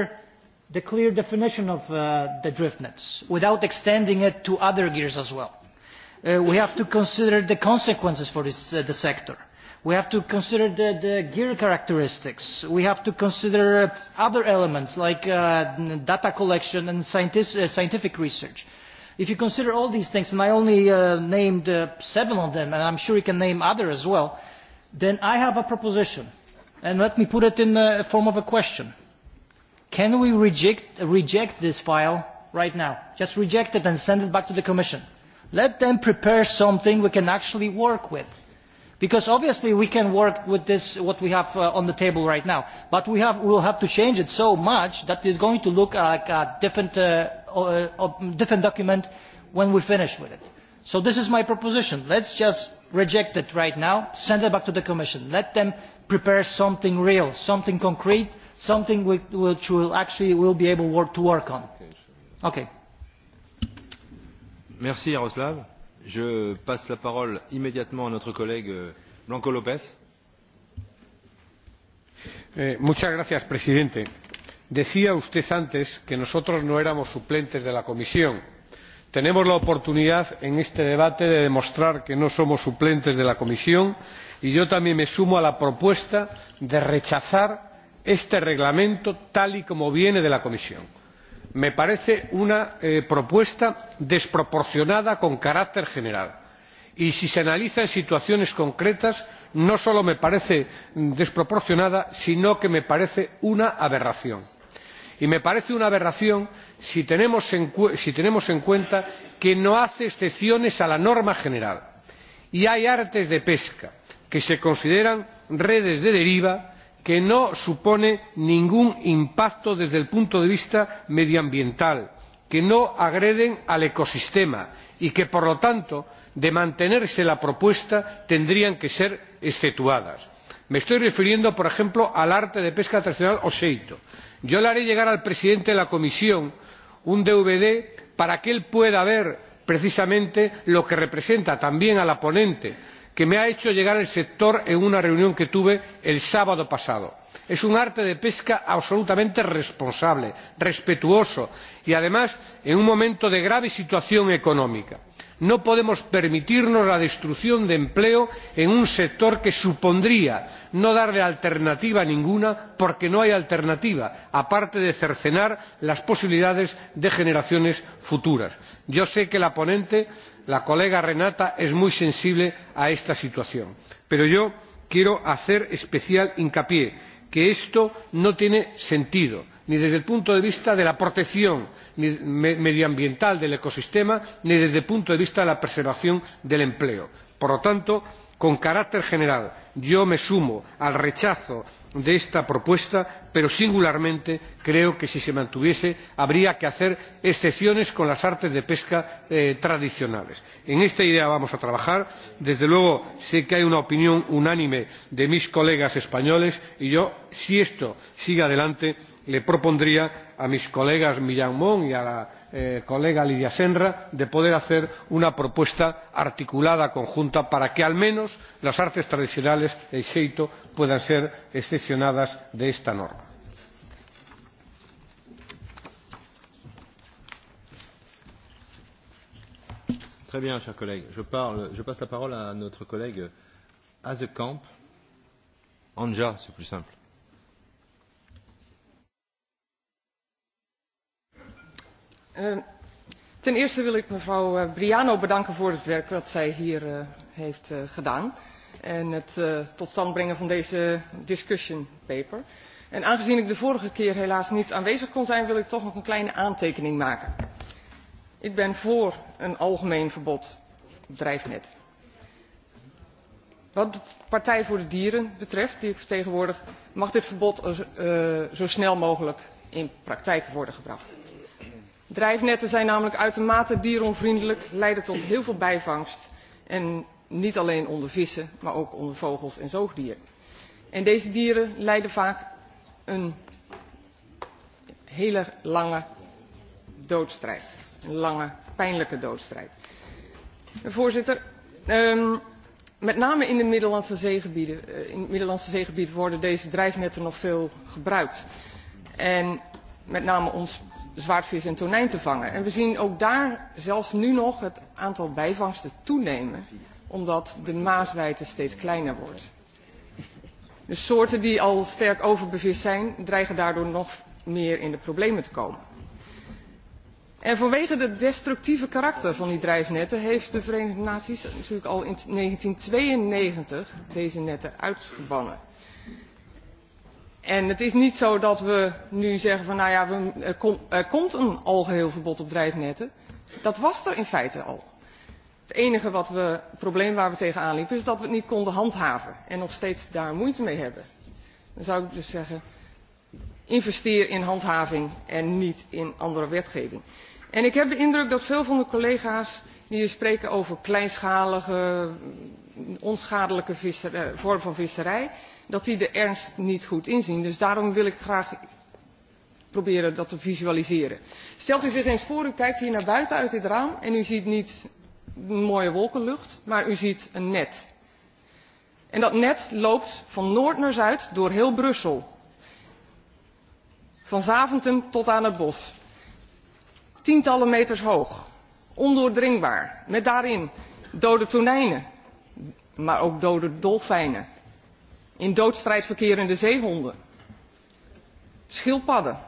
the clear definition of uh, the drift nets without extending it to other gears as well uh, we have to consider the consequences for this, uh, the sector we have to consider the, the gear characteristics we have to consider other elements like uh, data collection and uh, scientific research If you consider all these things, and I only uh, named uh, seven of them, and I'm sure you can name others as well, then I have a proposition. And let me put it in the form of a question. Can we reject, reject this file right now? Just reject it and send it back to the Commission. Let them prepare something we can actually work with. Because obviously we can work with this, what we have uh, on the table right now. But we have, will have to change it so much that it's going to look like a different uh, a uh, different document when we finish with it. So this is my proposition. Let's just reject it right now, send it back to the Commission. Let them prepare something real, something concrete, something which will actually will be able work, to work on. Okay. Merci Jaroslav. Je passe la parole immédiatement à notre collègue euh, Blanco Lopez. Eh, muchas gracias, presidente decía usted antes que nosotros no éramos suplentes de la comisión. tenemos la oportunidad en este debate de demostrar que no somos suplentes de la comisión y yo también me sumo a la propuesta de rechazar este reglamento tal y como viene de la comisión. me parece una eh, propuesta desproporcionada con carácter general y si se analiza en situaciones concretas no solo me parece mm, desproporcionada sino que me parece una aberración y me parece una aberración si tenemos en cuenta que no hace excepciones a la norma general y hay artes de pesca que se consideran redes de deriva que no suponen ningún impacto desde el punto de vista medioambiental que no agreden al ecosistema y que por lo tanto de mantenerse la propuesta tendrían que ser exceptuadas. me estoy refiriendo por ejemplo al arte de pesca tradicional o seito yo le haré llegar al presidente de la comisión un dvd para que él pueda ver precisamente lo que representa también a la ponente que me ha hecho llegar el sector en una reunión que tuve el sábado pasado. es un arte de pesca absolutamente responsable respetuoso y además en un momento de grave situación económica no podemos permitirnos la destrucción de empleo en un sector que supondría no darle alternativa ninguna porque no hay alternativa aparte de cercenar las posibilidades de generaciones futuras. yo sé que la ponente la colega renata es muy sensible a esta situación pero yo quiero hacer especial hincapié en que esto no tiene sentido ni desde el punto de vista de la protección medioambiental del ecosistema ni desde el punto de vista de la preservación del empleo. por lo tanto con carácter general yo me sumo al rechazo de esta propuesta pero singularmente creo que si se mantuviese habría que hacer excepciones con las artes de pesca eh, tradicionales. en esta idea vamos a trabajar. desde luego sé que hay una opinión unánime de mis colegas españoles y yo si esto sigue adelante le propondría a mis colegas millán mon y a la eh, colega lidia senra de poder hacer una propuesta articulada conjunta para que al menos las artes tradicionales el xeito puedan ser excepcionadas de esta norma. Très bien, chers collègues. Je, parle, je passe la parole à notre collègue Azekamp. Anja, c'est plus simple. Eh, ten eerste wil ik mevrouw eh, Briano bedanken voor het werk dat zij hier eh, heeft gedaan en het tot stand brengen van deze discussion paper. En aangezien ik de vorige keer helaas niet aanwezig kon zijn, wil ik toch nog een kleine aantekening maken ik ben voor een algemeen verbod op drijfnet. wat de partij voor de dieren betreft die ik vertegenwoordig mag dit verbod eh, zo snel mogelijk in praktijk worden gebracht. drijfnetten zijn namelijk uitermate dieronvriendelijk leiden tot heel veel bijvangst en niet alleen onder vissen maar ook onder vogels en zoogdieren. en deze dieren leiden vaak een hele lange doodstrijd. Een lange pijnlijke doodstrijd. voorzitter ehm, met name in de middellandse zeegebieden, eh, in worden deze drijfnetten nog veel gebruikt en met name om zwaardvis en tonijn te vangen. En we zien ook daar zelfs nu nog het aantal bijvangsten toenemen omdat de maaswijte steeds kleiner wordt. De soorten die al sterk overbevist zijn dreigen daardoor nog meer in de problemen te komen en vanwege het destructieve karakter van die drijfnetten heeft de verenigde naties natuurlijk al in 1992 deze netten uitgebannen. en het is niet zo dat we nu zeggen van nou ja er, er, komt een algeheel verbod op drijfnetten dat was er in feite al. het enige wat we, probleem waar we tegenaan liepen is dat we het niet konden handhaven en nog steeds daar moeite mee hebben. dan zou ik dus zeggen investeer in handhaving en niet in andere wetgeving en ik heb de indruk dat veel van de collega's die hier spreken over kleinschalige onschadelijke eh, vorm van visserij dat die de ernst niet goed inzien. dus daarom wil ik graag proberen dat te visualiseren. stelt u zich eens voor u kijkt hier naar buiten uit dit raam en u ziet niet mooie wolkenlucht maar u ziet een net. en dat net loopt van noord naar zuid door heel brussel van zaventem tot aan het bos tientallen meters hoog ondoordringbaar met daarin dode tonijnen maar ook dode dolfijnen in doodstrijd verkerende zeehonden schildpadden.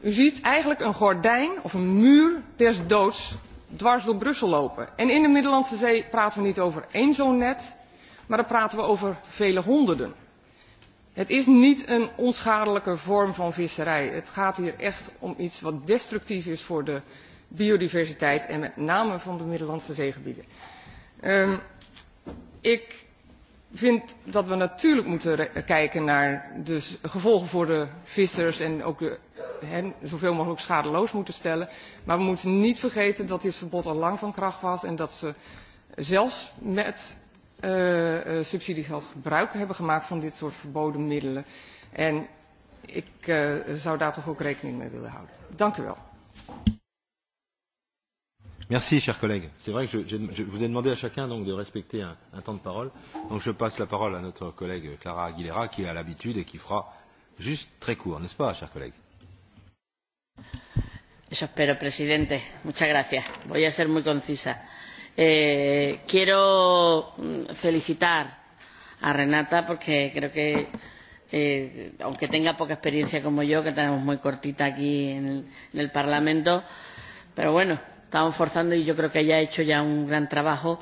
u ziet eigenlijk een gordijn of een muur des doods dwars door brussel lopen en in de middellandse zee praten we niet over één zo'n net maar dan praten we over vele honderden het is niet een onschadelijke vorm van visserij. het gaat hier echt om iets wat destructief is voor de biodiversiteit en met name van de middellandse zeegebieden. Ehm, ik vind dat we natuurlijk moeten kijken naar de gevolgen voor de vissers en ook hen zoveel mogelijk schadeloos moeten stellen. Maar we moeten niet vergeten dat dit verbod al lang van kracht was en dat ze zelfs met Eh, eh, subsidiegeld gebruik hebben gemaakt van dit soort verboden middelen. En ik eh, zou daar toch ook rekening mee willen houden. Dank u wel. Merci, chers collègues. C'est vrai que je, je, je vous ai demandé à chacun donc, de respecter un, un temps de parole. Donc je passe la parole à notre collègue Clara Aguilera, qui a l'habitude et qui fera juste très court, n'est-ce pas, chers collègues J'espère, espero, presidente. Muchas gracias. Voy a ser muy concisa Eh, quiero mm, felicitar a Renata porque creo que eh, aunque tenga poca experiencia como yo, que tenemos muy cortita aquí en el, Parlamento, pero bueno, estamos forzando y yo creo que ella ha hecho ya un gran trabajo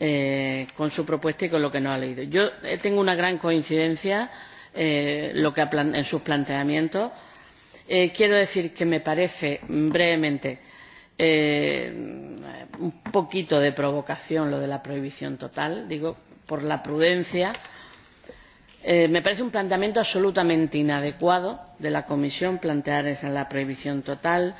eh, con su propuesta y con lo que nos ha leído. Yo eh, tengo una gran coincidencia eh, lo que en sus planteamientos. quiero decir que me parece brevemente eh, un poquito de provocación lo de la prohibición total digo por la prudencia eh, me parece un planteamiento absolutamente inadecuado de la comisión plantear esa la prohibición total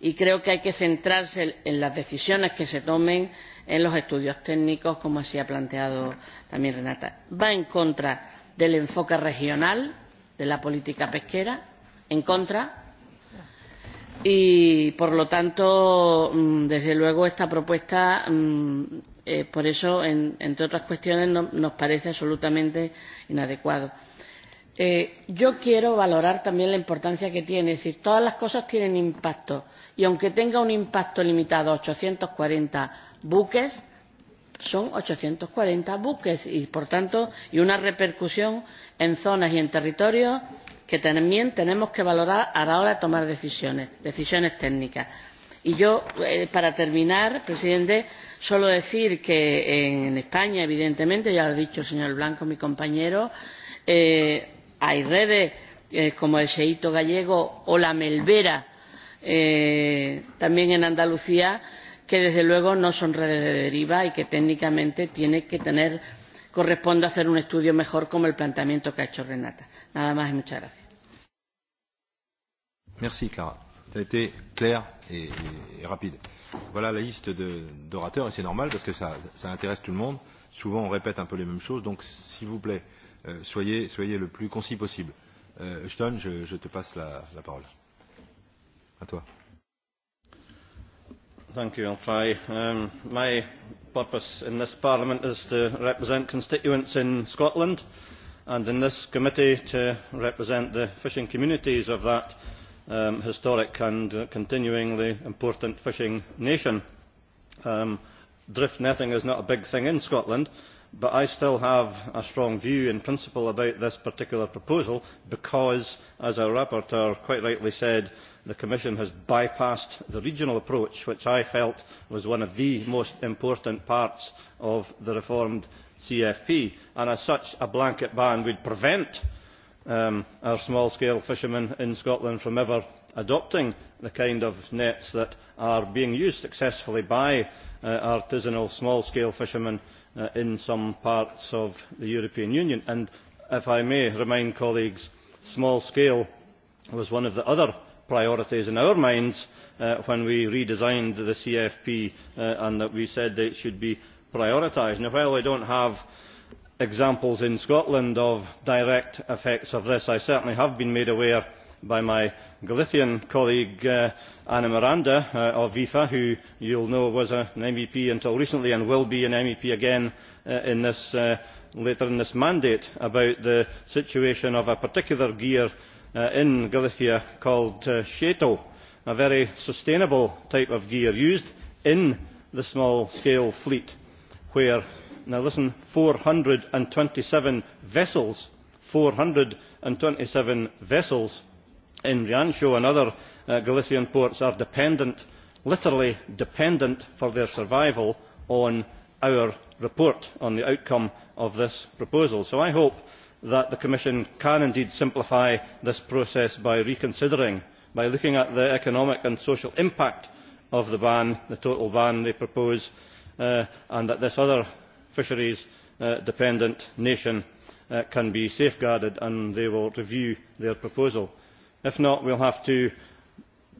y creo que hay que centrarse en las decisiones que se tomen en los estudios técnicos como así ha planteado también renata. va en contra del enfoque regional de la política pesquera en contra y por lo tanto mm, desde luego esta propuesta mm, eh, por eso en, entre otras cuestiones nos parece absolutamente inadecuado. Eh, yo quiero valorar también la importancia que tiene es decir todas las cosas tienen impacto y aunque tenga un impacto limitado a ochocientos cuarenta buques son ochocientos cuarenta buques y por tanto y una repercusión en zonas y en territorios que también tenemos que valorar a la hora de tomar decisiones decisiones técnicas. y yo eh, para terminar señor presidente solo decir que en españa evidentemente ya lo ha dicho el señor blanco mi compañero eh, hay redes eh, como el seíto gallego o la melvera también en andalucía que desde luego no son redes de deriva y que técnicamente tienen que tener corresponde hacer un estudio mejor como el planteamiento que ha hecho Renata. Nada más y muchas gracias. Merci Clara. Tu a été clair et, et, et rapide. Voilà la liste d'orateurs et c'est normal parce que ça, ça intéresse tout le monde. Souvent on répète un peu les mêmes choses donc s'il vous plaît euh, soyez, soyez le plus concis possible. Euh, Ashton, je, je te passe la, la parole. À toi. Thank you. I'll try. Um, my purpose in this parliament is to represent constituents in scotland and in this committee to represent the fishing communities of that um, historic and uh, continuingly important fishing nation. Um, drift netting is not a big thing in scotland but i still have a strong view in principle about this particular proposal because as our rapporteur quite rightly said the commission has bypassed the regional approach which i felt was one of the most important parts of the reformed cfp and as such a blanket ban would prevent um, our small scale fishermen in scotland from ever adopting the kind of nets that are being used successfully by uh, artisanal small scale fishermen Uh, in some parts of the European Union. And if I may remind colleagues, small scale was one of the other priorities in our minds uh, when we redesigned the CFP uh, and that we said that it should be prioritised. while I do not have examples in Scotland of direct effects of this, I certainly have been made aware by my galician colleague uh, ana miranda uh, of VIFA, who you will know was an mep until recently and will be an mep again uh, in later in this mandate about the situation of a particular gear in galicia called sheto a very sustainable type of gear used in the small scale fleet where now listen four hundred and twenty seven vessels four hundred and twenty seven vessels in Riancho and other uh, Galician ports are dependent, literally dependent for their survival on our report on the outcome of this proposal. So I hope that the Commission can indeed simplify this process by reconsidering, by looking at the economic and social impact of the ban, the total ban they propose, uh, and that this other fisheries uh, dependent nation can be safeguarded and they will review their proposal if not we will have to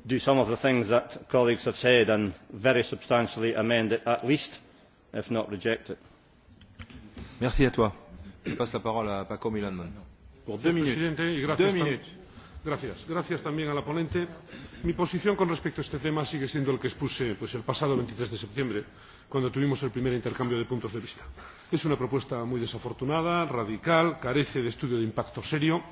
do some of the things that colleagues have said and very substantially amend it at least if not reject it. a toi. también a la ponente. Mi posición con respecto a este tema sigue siendo el que expuse pues, el pasado 23 de septiembre, cuando tuvimos el primer intercambio de puntos de vista. Es una propuesta muy desafortunada, radical, carece de estudio de impacto serio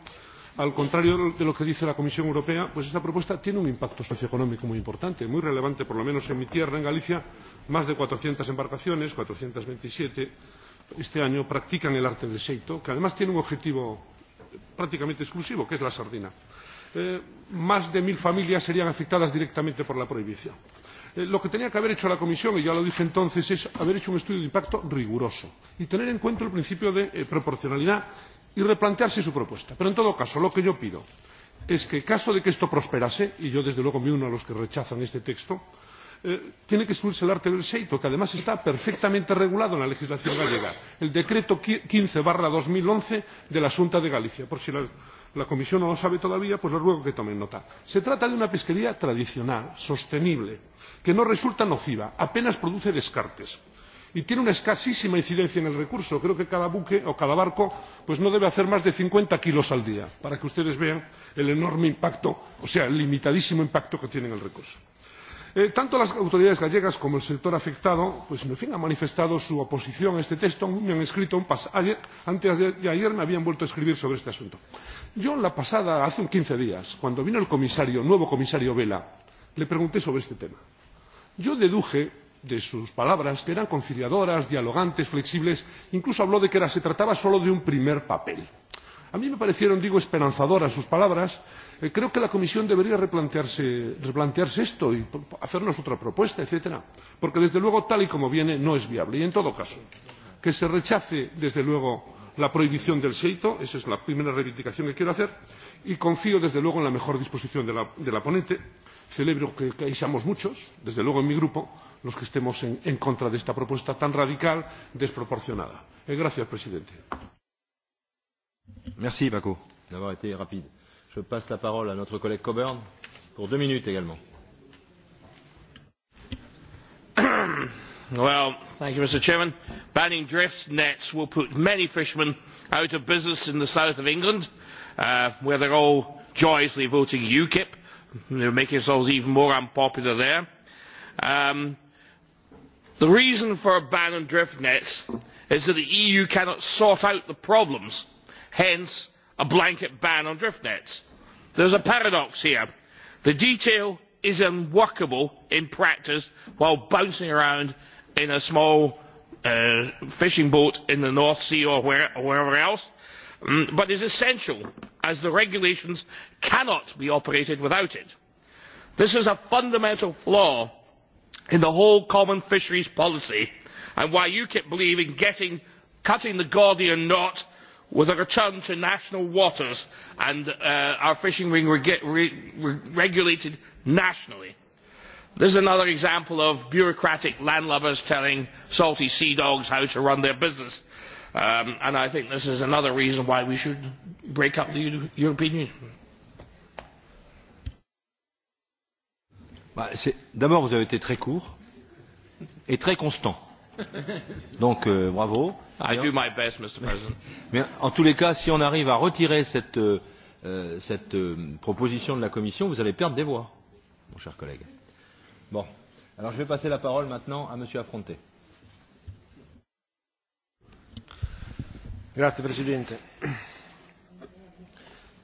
al contrario de lo que dice la comisión europea pues esta propuesta tiene un impacto socioeconómico muy importante muy relevante por lo menos en mi tierra en galicia más de cuatrocientos embarcaciones cuatrocientos veintisiete este año practican el arte del seito que además tiene un objetivo prácticamente exclusivo que es la sardina. Eh, más de mil familias serían afectadas directamente por la prohibición. Eh, lo que tenía que haber hecho la comisión y ya lo dije entonces es haber hecho un estudio de impacto riguroso y tener en cuenta el principio de eh, proporcionalidad y replantearse su propuesta. pero en todo caso lo que yo pido es que en caso de que esto prosperase y yo desde luego me uno a los que rechazan este texto eh, tiene que excluirse el arte del seito que además está perfectamente regulado en la legislación gallega el decreto quince dos mil once de la xunta de galicia por si la, comisión no lo sabe todavía pues le ruego que tomen nota. se trata de una pesquería tradicional sostenible que no resulta nociva apenas produce descartes y tiene una escasísima incidencia en el recurso creo que cada buque o cada barco no debe hacer más de cincuenta kilos al día para que ustedes vean el enorme impacto o sea el limitadísimo impacto que tiene el recurso. Eh, tanto las autoridades gallegas como el sector afectado en fin, han manifestado su oposición a este texto me han escrito antes de ayer me habían vuelto a escribir sobre este asunto. yo la pasada hace quince días cuando vino el comisario, nuevo comisario vella le pregunté sobre este tema. yo deduje de sus palabras que eran conciliadoras dialogantes flexibles incluso habló de que era, se trataba solo de un primer papel. a mí me parecieron digo esperanzadoras sus palabras. Eh, creo que la comisión debería replantearse, replantearse esto y hacernos otra propuesta etcétera, porque desde luego tal y como viene no es viable. y en todo caso que se rechace desde luego la prohibición del seito esa es la primera reivindicación que quiero hacer y confío desde luego en la mejor disposición de la, ponente celebro que, seamos muchos desde luego en mi grupo los que estemos en, contra de esta propuesta tan radical desproporcionada. Eh, gracias presidente. Merci Paco d'avoir été rapide. Je passe la parole à notre collègue Coburn pour deux minutes également. well, thank you, Mr. Chairman. Banning drift nets will put many fishermen out of business in the south of England, uh, where where are all joyously voting UKIP. They're making themselves even more unpopular there. Um, the reason for a ban on drift nets is that the eu cannot sort out the problems hence a blanket ban on drift nets. there is a paradox here the detail is unworkable in practice while bouncing around in a small uh, fishing boat in the north sea or, or wherever else mm, but is essential as the regulations cannot be operated without it. this is a fundamental flaw in the whole common fisheries policy and why ukip believe in cutting the gordian knot with a return to national waters and uh, our fishing being regulated nationally. this is another example of bureaucratic landlubbers telling salty sea dogs how to run their business um, and i think this is another reason why we should break up the european union. D'abord, vous avez été très court et très constant. Donc, euh, bravo. Mais en tous les cas, si on arrive à retirer cette, euh, euh, proposition de la Commission, vous allez perdre des voix, mon cher collègue. Bon. Alors, je vais passer la parole maintenant à M. Affronté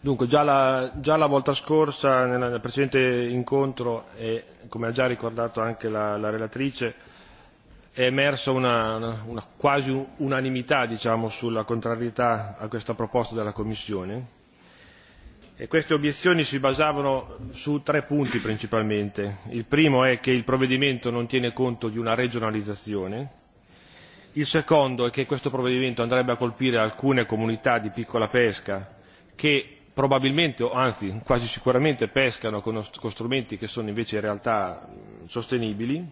dunque già la, già la volta scorsa nel, precedente incontro e come ha già ricordato anche la, relatrice è emersa una, una, una quasi unanimità diciamo sulla contrarietà a questa proposta della commissione e queste obiezioni si basavano su tre punti principalmente il primo è che il provvedimento non tiene conto di una regionalizzazione il secondo è che questo provvedimento andrebbe a colpire alcune comunità di piccola pesca che probabilmente anzi quasi sicuramente pescano con strumenti che sono invece in realtà sostenibili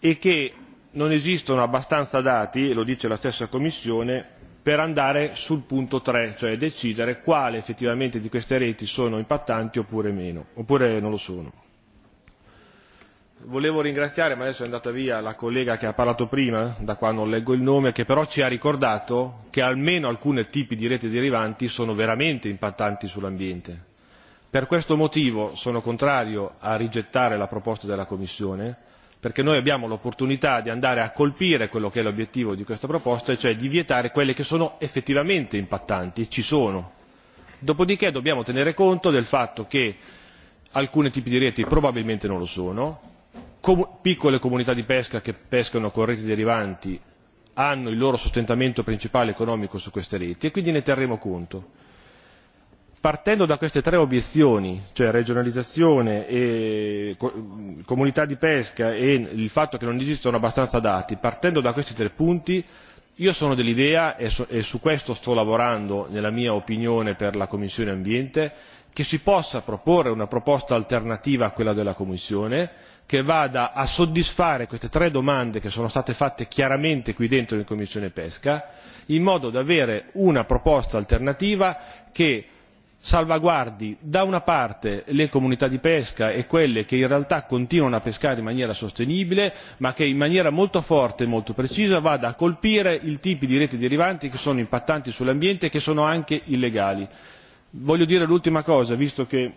e che non esistono abbastanza dati e lo dice la stessa commissione per andare sul punto 3, cioè decidere quale effettivamente di queste reti sono impattanti oppure meno, oppure non lo sono volevo ringraziare ma adesso è andata via la collega che ha parlato prima da qua non leggo il nome che però ci ha ricordato che almeno alcuni tipi di reti derivanti sono veramente impattanti sull'ambiente. per questo motivo sono contrario a rigettare la proposta della commissione perché noi abbiamo l'opportunità di andare a colpire quello che è l'obiettivo di questa proposta e cioè di vietare quelle che sono effettivamente impattanti ci sono. dopodiché dobbiamo tenere conto del fatto che alcuni tipi di reti probabilmente non lo sono piccole comunità di pesca che pescano con reti derivanti hanno il loro sostentamento principale economico su queste reti e quindi ne terremo conto. partendo da queste tre obiezioni cioè regionalizzazione e comunità di pesca e il fatto che non esistono abbastanza dati partendo da questi tre punti io sono dell'idea e, e su questo sto lavorando nella mia opinione per la commissione ambiente che si possa proporre una proposta alternativa a quella della commissione che vada a soddisfare queste tre domande che sono state fatte chiaramente qui dentro in commissione pesca in modo da avere una proposta alternativa che salvaguardi da una parte le comunità di pesca e quelle che in realtà continuano a pescare in maniera sostenibile ma che in maniera molto forte e molto precisa vada a colpire i tipi di reti derivanti che sono impattanti sull'ambiente e che sono anche illegali voglio dire l'ultima cosa visto che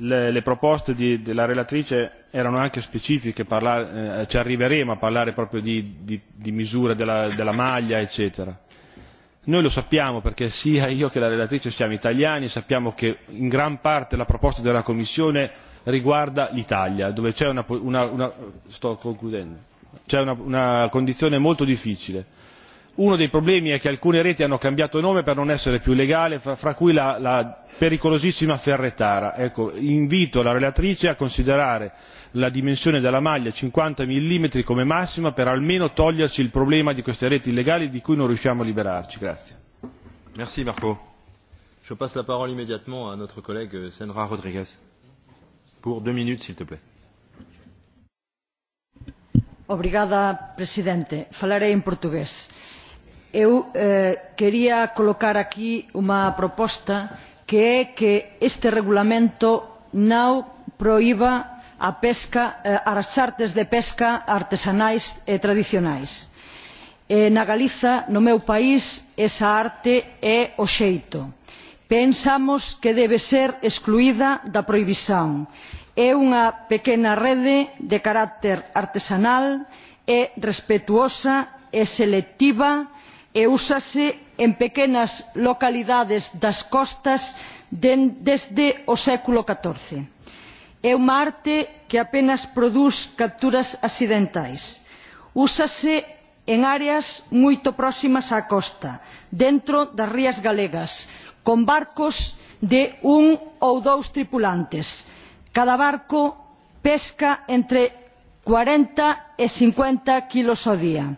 le, le proposte di, della relatrice erano anche specifiche parla, eh, ci arriveremo a parlare proprio di, di, di misure della, della maglia eccetera noi lo sappiamo perché sia io che la relatrice siamo italiani sappiamo che in gran parte la proposta della commissione riguarda l'italia dove c'è una, sto concludendo c'è una condizione molto difficile uno dei problemi è che alcune reti hanno cambiato nome per non essere più legali fra cui la, pericolosissima ferretara. Ecco, invito la relatrice a considerare la dimensione della maglia cinquanta mm come massima per almeno toglierci il problema di queste reti illegali di cui non riusciamo a liberarci eu eh, quería colocar aquí unha proposta que é que este regulamento non proíba a pesca eh, as artes de pesca artesanais e tradicionais. Eh, na no meu país, esa arte é o xeito. Pensamos que debe ser excluída da prohibición. É unha pequena rede de carácter artesanal, e respetuosa, é selectiva e úsase en pequenas localidades das costas desde o século xiv. é unha arte que apenas produce capturas accidentais. úsase en áreas moito próximas á costa dentro das rías galegas con barcos de un ou dous tripulantes. cada barco pesca entre cuarenta e cincuenta quilos ao día.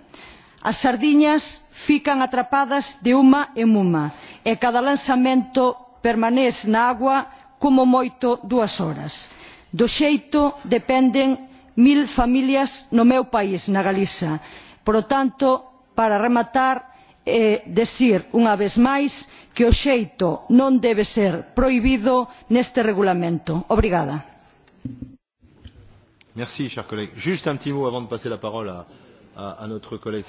as sardiñas fican atrapadas de uma en uma e cada lançamento permanece na água como moito dúas horas. do xeito dependen mil familias no meu país na galiza. por tanto para rematar e eh, dicir unha vez máis que o xeito non debe ser prohibido neste regulamento. obrigada. Merci, cher collègue. Juste un petit mot avant de passer la parole à, à, notre collègue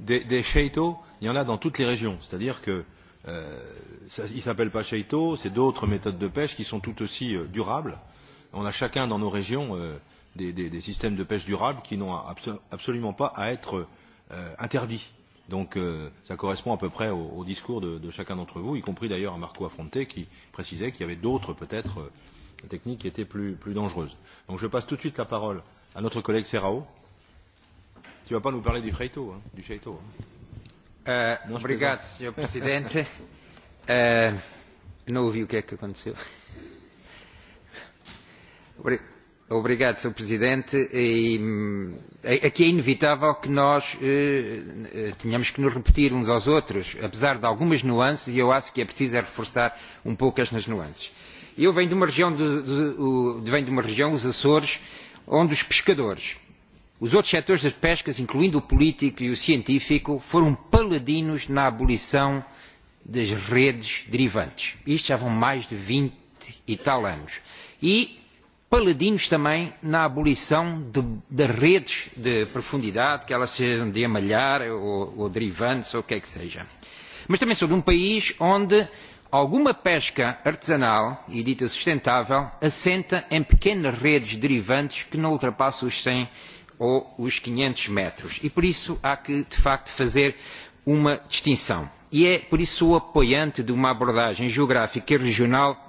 des, des Sheito, il y en a dans toutes les régions. C'est-à-dire que euh, ça, ne s'appellent pas Cheito, c'est d'autres méthodes de pêche qui sont tout aussi euh, durables. On a chacun dans nos régions euh, des, des, des systèmes de pêche durables qui n'ont abso absolument pas à être euh, interdits. Donc euh, ça correspond à peu près au, au discours de, de chacun d'entre vous, y compris d'ailleurs à Marco Affronte qui précisait qu'il y avait d'autres peut-être euh, techniques qui étaient plus, plus dangereuses. Donc je passe tout de suite la parole à notre collègue Serrao tu vas pas nous parler du Freito, hein, du Cheito. Hein. Euh, euh non, obrigado, Sr. Presidente. uh, não ouvi o que é que aconteceu. Obrigado, Sr. Presidente. E, aqui é inevitável que nós eh, eh, tenhamos que nos repetir uns aos outros, apesar de algumas nuances, e eu acho que é preciso reforçar um pouco estas nuances. Eu venho de uma região, de, de, de, venho de uma região os Açores, onde os pescadores, os outros setores das pescas incluindo o político e o científico foram paladinos na abolição das redes derivantes isto já vão mais de 20 e tal anos e paladinos também na abolição das redes de profundidade que elas sejam de amalhar ou, ou derivantes ou o que é que seja mas também sou de um país onde alguma pesca artesanal e dita sustentável assenta em pequenas redes derivantes que não ultrapassam os cem ou os 500 metros. E por isso há que, de facto, fazer uma distinção. E é, por isso, o apoiante de uma abordagem geográfica e regional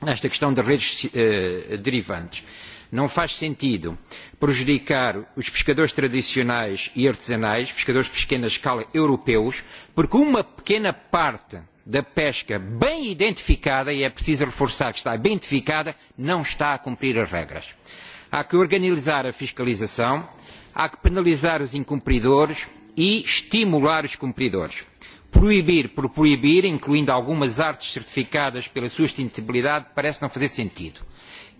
nesta questão das de redes eh, derivantes. Não faz sentido prejudicar os pescadores tradicionais e artesanais, pescadores de pequena escala europeus, porque uma pequena parte da pesca bem identificada, e é preciso reforçar que está bem identificada, não está a cumprir as regras há que organizar a fiscalização há que penalizar os incumpridores e estimular os cumpridores proibir por proibir incluindo algumas artes certificadas pela sustentabilidade parece não fazer sentido.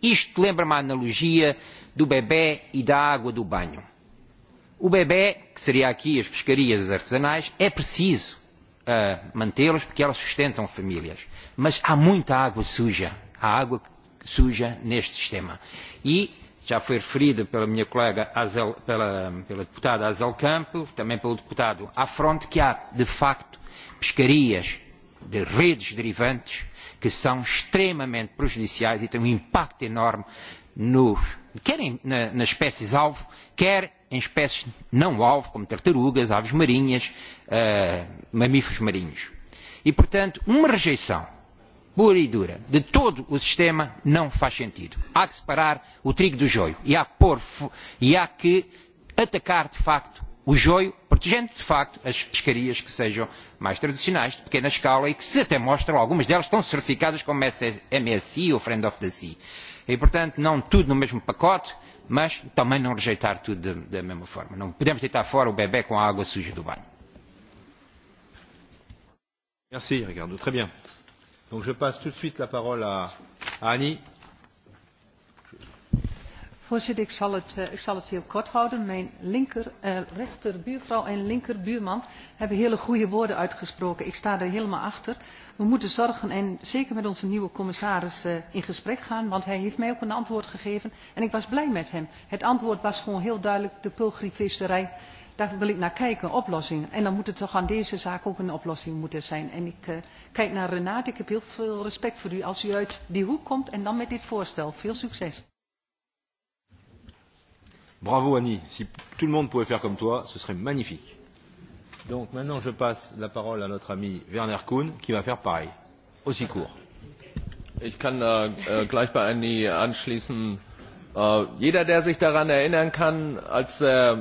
isto lembra me a analogia do bebê e da água do banho. o bebê que seria aqui as pescarias artesanais é preciso uh, ah, mantê los porque elas sustentam famílias mas há muita água suja há água suja neste sistema e já foi referida pela minha colega Azel, pela, pela deputada Azel Campos, também pelo deputado Afronte, que há, de facto, pescarias de redes derivantes que são extremamente prejudiciais e têm um impacto enorme nos, quer em, na, nas espécies alvo, quer em espécies não alvo, como tartarugas, aves marinhas, uh, mamíferos marinhos. E, portanto, uma rejeição e dura, de todo o sistema, não faz sentido. Há que separar o trigo do joio e há, e há que atacar, de facto, o joio, protegendo, de facto, as pescarias que sejam mais tradicionais, de pequena escala e que se até mostram, algumas delas estão certificadas como MSI ou Friend of the Sea. E, portanto, não tudo no mesmo pacote, mas também não rejeitar tudo da mesma forma. Não podemos deitar fora o bebê com a água suja do banho. Merci, Très bien. Donc je passe tout de suite la Annie. Voorzitter, ik zal, het, eh, ik zal het heel kort houden. Mijn linker, eh, rechterbuurvrouw en linkerbuurman hebben hele goede woorden uitgesproken. Ik sta er helemaal achter. We moeten zorgen en zeker met onze nieuwe commissaris eh, in gesprek gaan, want hij heeft mij ook een antwoord gegeven en ik was blij met hem. Het antwoord was gewoon heel duidelijk de pulgriefvisserij daar wil ik naar kijken, oplossingen. En dan moet het toch aan deze zaak ook een oplossing moeten zijn. En ik uh, kijk naar Renate, ik heb heel veel respect voor u als u uit die hoek komt en dan met dit voorstel. Veel succes. Bravo Annie, si tout le monde pouvait faire comme toi, ce serait magnifique. Donc maintenant je passe la parole à notre ami Werner Kuhn qui va faire pareil, aussi court. Ich kann da äh, äh, gleich bei Annie anschließen Äh, jeder, der sich daran erinnern kann, als der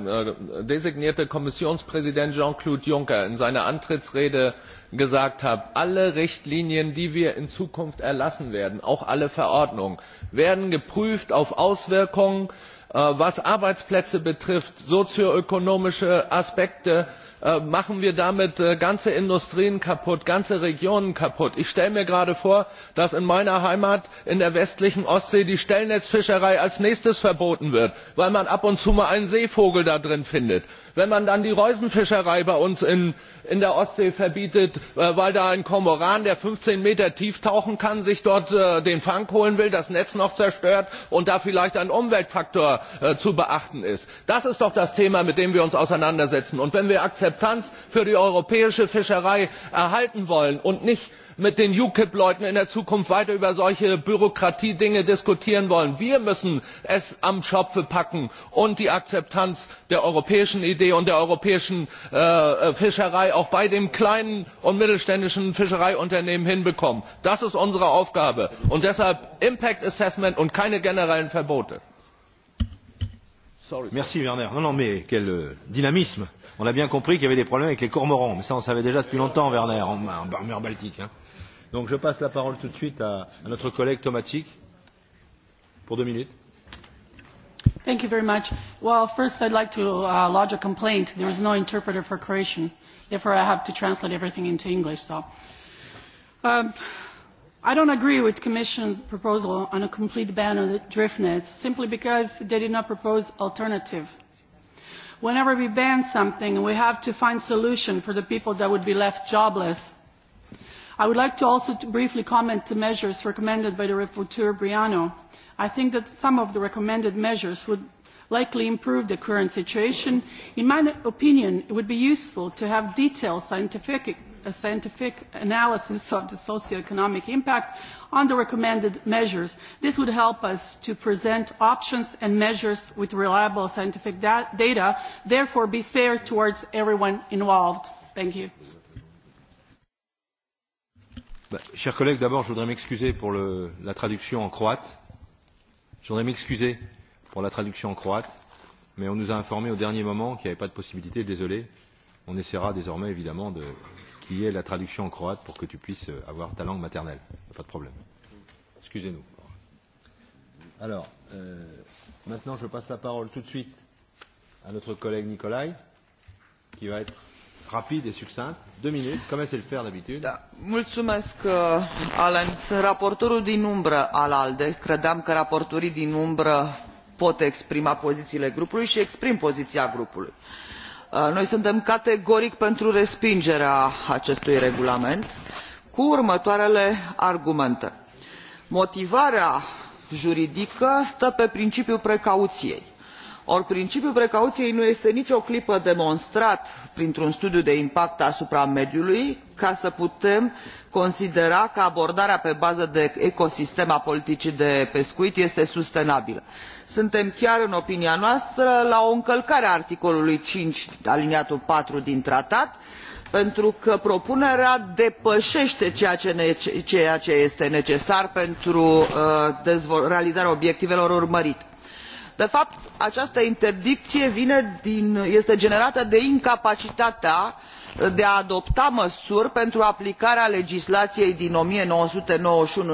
äh, designierte Kommissionspräsident Jean Claude Juncker in seiner Antrittsrede gesagt hat Alle Richtlinien, die wir in Zukunft erlassen werden, auch alle Verordnungen, werden geprüft auf Auswirkungen, äh, was Arbeitsplätze betrifft, sozioökonomische Aspekte Äh, machen wir damit äh, ganze industrien kaputt ganze regionen kaputt. ich stelle mir gerade vor dass in meiner heimat in der westlichen ostsee die stellnetzfischerei als nächstes verboten wird weil man ab und zu mal einen seevogel darin findet wenn man dann die reusenfischerei bei uns in der ostsee verbietet äh, weil da ein kormoran der fünfzehn meter tief tauchen kann sich dort äh, den fang holen will das netz noch zerstört und da vielleicht ein umweltfaktor äh, zu beachten ist das ist doch das thema mit dem wir uns auseinandersetzen. und wenn wir akzeptanz für die europäische fischerei erhalten wollen und nicht mit den ukip leuten in der zukunft weiter über solche bürokratiedinge diskutieren wollen. wir müssen es am schopfe packen und die akzeptanz der europäischen idee und der europäischen äh, äh, fischerei auch bei den kleinen und mittelständischen fischereiunternehmen hinbekommen. das ist unsere aufgabe und deshalb impact assessment und keine generellen verbote! merci werner. non mais quel euh, dynamisme! on a bien compris qu'il y avait des problèmes avec les cormorans mais ça on le savait déjà depuis longtemps werner en mer baltique. Donc je passe la parole tout de suite à, à notre collègue Tomatic pour deux minutes. Thank you very much. Well, first I'd like to uh, lodge a complaint. There is no interpreter for Croatian. Therefore, I have to translate everything into English. So. Um, i don't agree with the Commission's proposal on a complete ban on drift nets simply because they did not propose alternative. Whenever we ban something, we have to find solution for the people that would be left jobless i would like to also to briefly comment on the measures recommended by the rapporteur briano. i think that some of the recommended measures would likely improve the current situation. in my opinion it would be useful to have detailed scientific, uh, analysis of the socio economic impact on the recommended measures. this would help us to present options and measures with reliable scientific data therefore be fair towards everyone involved. thank you chers collègues, d'abord, je voudrais m'excuser pour le, la traduction en croate. Je voudrais m'excuser pour la traduction en croate, mais on nous a informé au dernier moment qu'il n'y avait pas de possibilité, désolé. On essaiera désormais, évidemment, de, qu'il y ait la traduction en croate pour que tu puisses euh, avoir ta langue maternelle. Pas de problème. Excusez-nous. Alors, euh, maintenant, je passe la parole tout de suite à notre collègue Nicolai, qui va être rapide et succinct. Deux minutes, comme c'est le faire d'habitude. Mulțumesc, uh, Alan. raportorul din umbră al ALDE. Credeam că raportorii din umbră pot exprima pozițiile grupului și exprim poziția grupului. Uh, noi suntem categoric pentru respingerea acestui regulament cu următoarele argumente. Motivarea juridică stă pe principiul precauției Or, principiul precauției nu este nici o clipă demonstrat printr un studiu de impact asupra mediului ca să putem considera că abordarea pe bază de ecosistem a politicii de pescuit este sustenabilă. suntem chiar în opinia noastră la o încălcare a articolului cinci alineatul patru din tratat pentru că propunerea depășește ceea ce, este necesar pentru uh, realizarea obiectivelor urmărite de fapt această interdicție este generată de incapacitatea de a adopta măsuri pentru aplicarea legislației din o mie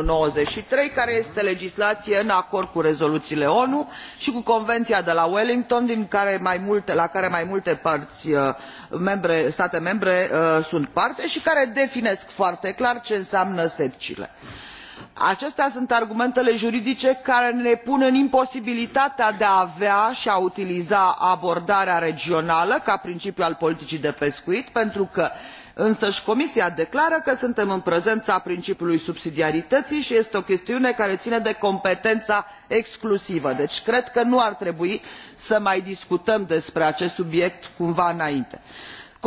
nouă și trei care este legislație în acord cu rezoluțiile onu și cu convenția de la wellington la care mai multe părți, uh, state membre uh, sunt parte și care definesc foarte clar ce înseamnă secile acestea sunt argumentele juridice care ne pun în imposibilitatea de a avea și a utiliza abordarea regională ca principiu al politicii de pescuit pentru că însăși comisia declară că suntem în prezența principiului subsidiarității și este o chestiune care ține de competența exclusivă deci cred că nu ar trebui să mai discutăm despre acest subiect cumva înainte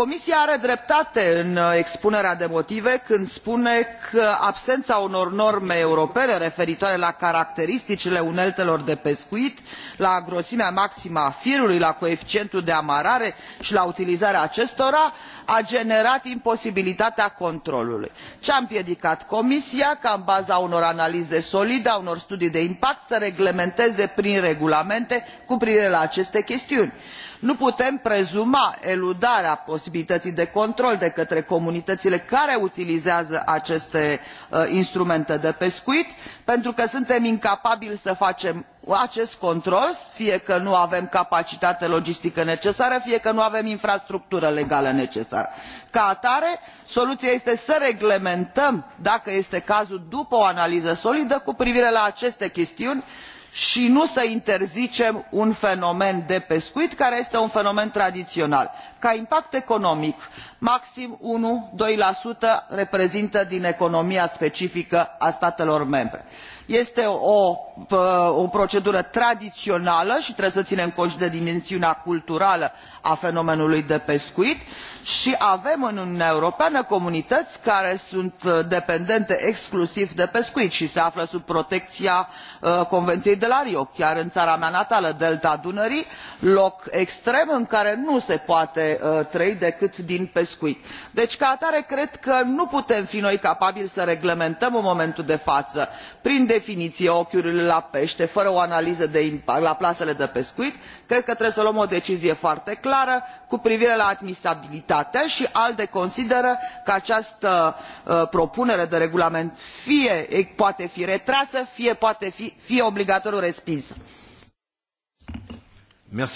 comisia are dreptate în expunerea de motive când spune că absența unor norme europene referitoare la caracteristicile uneltelor de pescuit la grosimea maximă a firului la coeficientul de amarare și la utilizarea acestora a generat imposibilitatea controlului. ce a împiedicat comisia ca în baza unor analize solide a unor studii de impact să reglementeze prin regulamente cu privire la aceste chestiuni? nu putem prezuma eludarea posibilității de control de către comunitățile care utilizează aceste uh, instrumente de pescuit pentru că suntem incapabili să facem acest control fie că nu avem capacitatea logistică necesară fie că nu avem infrastructura legală necesară. ca atare soluția este să reglementăm dacă este cazul după o analiză solidă cu privire la aceste chestiuni și nu să interzicem un fenomen de pescuit care este un fenomen tradițional. ca impact economic maxim unu doi reprezintă din economia specifică a statelor membre. este o Uh, o procedură tradițională și trebuie să ținem cont de dimensiunea culturală a fenomenului de pescuit și avem în uniunea europeană comunități care sunt uh, dependente exclusiv de pescuit și se află sub protecția uh, convenției de la rio chiar în țara mea natală delta dunării loc extrem în care nu se poate trăi decât din pescuit. deci ca atare cred că nu putem fi noi capabili să reglementăm în momentul de față prin definiție ochiurile la pește fără o analiză de impact la plasele de pescuit cred că trebuie să luăm o decizie foarte clară cu privire la admisabilitate și alde consideră că această uh, propunere de regulament fie e, poate fi retrasă fie poate fi fie obligatoriu respinsă. Merci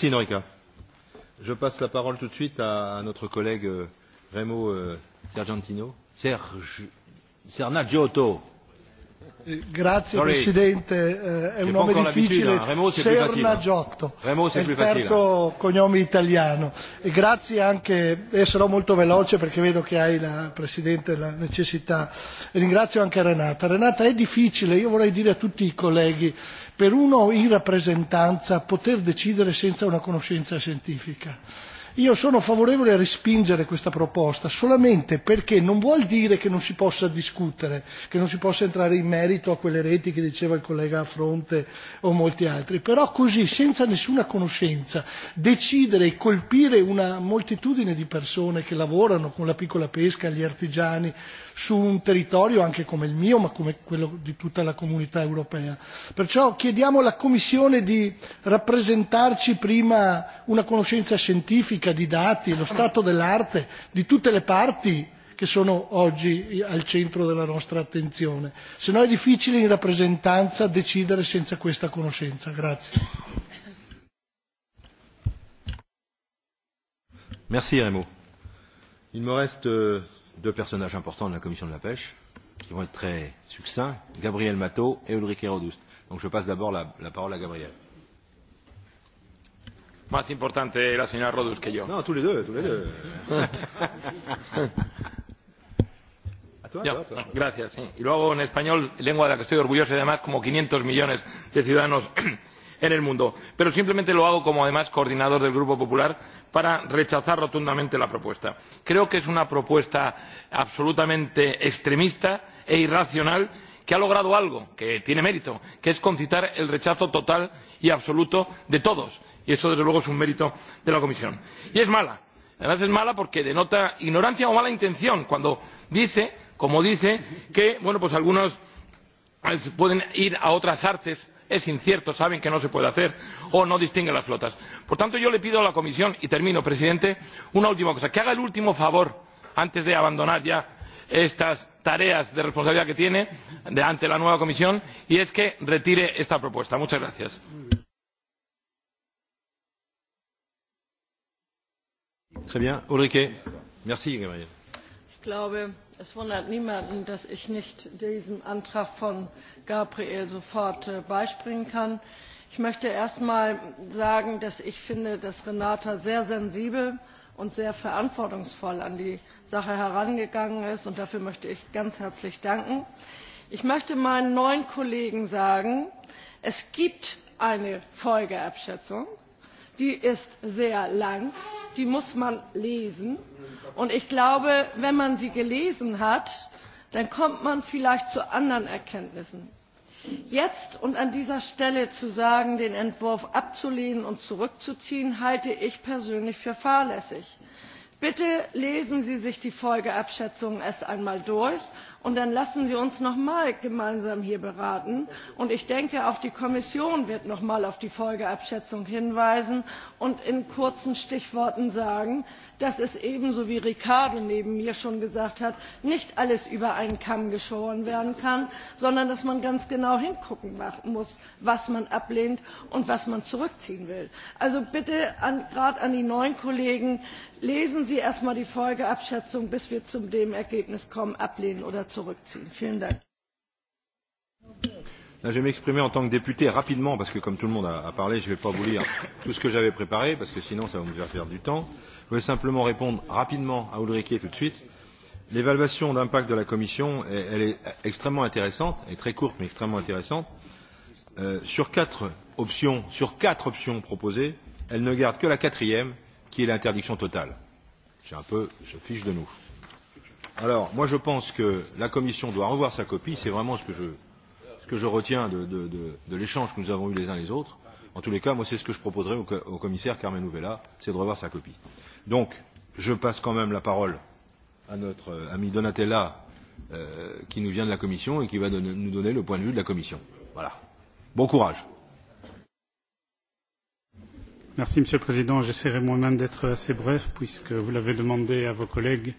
Je la parole tout de suite euh, Remo euh, Grazie Presidente, eh, è un nome difficile, Serna Giotto, è il terzo cognome italiano e grazie anche, e sarò molto veloce perché vedo che hai la Presidente la necessità, e ringrazio anche Renata. Renata è difficile, io vorrei dire a tutti i colleghi, per uno in rappresentanza poter decidere senza una conoscenza scientifica io sono favorevole a respingere questa proposta solamente perché non vuol dire che non si possa discutere che non si possa entrare in merito a quelle reti che diceva il collega Affronte o molti altri però così senza nessuna conoscenza decidere e colpire una moltitudine di persone che lavorano con la piccola pesca gli artigiani su un territorio anche come il mio ma come quello di tutta la comunità europea perciò chiediamo alla commissione di rappresentarci prima una conoscenza scientifica politica di dati lo stato dell'arte di tutte le parti che sono oggi al centro della nostra attenzione se no è difficile in rappresentanza decidere senza questa conoscenza. Merci Remo. Il me reste euh, deux personnages importants de la commission de la pêche qui vont être très succincts, Gabriel Mato et Ulrike Rodust. Donc je passe d'abord la, parola a Gabriel más importante la señora Rodus que yo. No, tous les deux, tous les deux. Gracias. Sí. Y luego en español, lengua de la que estoy orgulloso y además como 500 millones de ciudadanos en el mundo. Pero simplemente lo hago como además coordinador del Grupo Popular para rechazar rotundamente la propuesta. Creo que es una propuesta absolutamente extremista e irracional que ha logrado algo que tiene mérito, que es concitar el rechazo total y absoluto de todos y eso desde luego es un mérito de la comisión. y es mala además es mala porque denota ignorancia o mala intención cuando dice como dice que bueno pues algunos pueden ir a otras artes es incierto saben que no se puede hacer o no distinguen las flotas. por tanto yo le pido a la comisión y termino presidente una última cosa que haga el último favor antes de abandonar ya estas tareas de responsabilidad que tiene ante la nueva comisión y es que retire esta propuesta. muchas gracias. Ich glaube, es wundert niemanden, dass ich nicht diesem Antrag von Gabriel sofort äh, beispringen kann. Ich möchte erst einmal sagen, dass ich finde, dass Renata sehr sensibel und sehr verantwortungsvoll an die Sache herangegangen ist, und dafür möchte ich ganz herzlich danken. Ich möchte meinen neuen Kollegen sagen Es gibt eine Folgeabschätzung die ist sehr lang die muss man lesen und ich glaube wenn man sie gelesen hat dann kommt man vielleicht zu anderen erkenntnissen. jetzt und an dieser stelle zu sagen den entwurf abzulehnen und zurückzuziehen halte ich persönlich für fahrlässig. bitte lesen sie sich die folgenabschätzung erst einmal durch und dann lassen sie uns noch mal gemeinsam hier beraten und ich denke auch die kommission wird noch einmal auf die folgenabschätzung hinweisen und in kurzen stichworten sagen dass es ebenso wie ricardo neben mir schon gesagt hat nicht alles über einen kamm geschoren werden kann sondern dass man ganz genau hingucken muss was man ablehnt und was man zurückziehen will. also bitte gerade an die neuen kollegen lesen sie erst einmal die folgenabschätzung bis wir zu dem ergebnis kommen ablehnen oder zurückziehen. Vielen Dank. je vais m'exprimer en tant que député rapidement, parce que comme tout le monde a, parlé, je ne vais pas vous lire tout ce que j'avais préparé, parce que sinon ça va me faire perdre du temps. Je voulais simplement répondre rapidement à Ulrike tout de suite. L'évaluation d'impact de la Commission, elle, est extrêmement intéressante, elle est très courte mais extrêmement intéressante. Euh, sur, quatre options, sur quatre options proposées, elle ne garde que la quatrième, qui est l'interdiction totale. C'est un peu, je fiche de nous. Alors, moi, je pense que la Commission doit revoir sa copie. C'est vraiment ce que je, ce que je retiens de, de, de, de l'échange que nous avons eu les uns les autres. En tous les cas, moi, c'est ce que je proposerai au, au commissaire Carmen Nouvella, c'est de revoir sa copie. Donc, je passe quand même la parole à notre euh, ami Donatella, euh, qui nous vient de la Commission et qui va nous donner le point de vue de la Commission. Voilà. Bon courage. Merci, Monsieur le Président. J'essaierai moi-même d'être assez bref, puisque vous l'avez demandé à vos collègues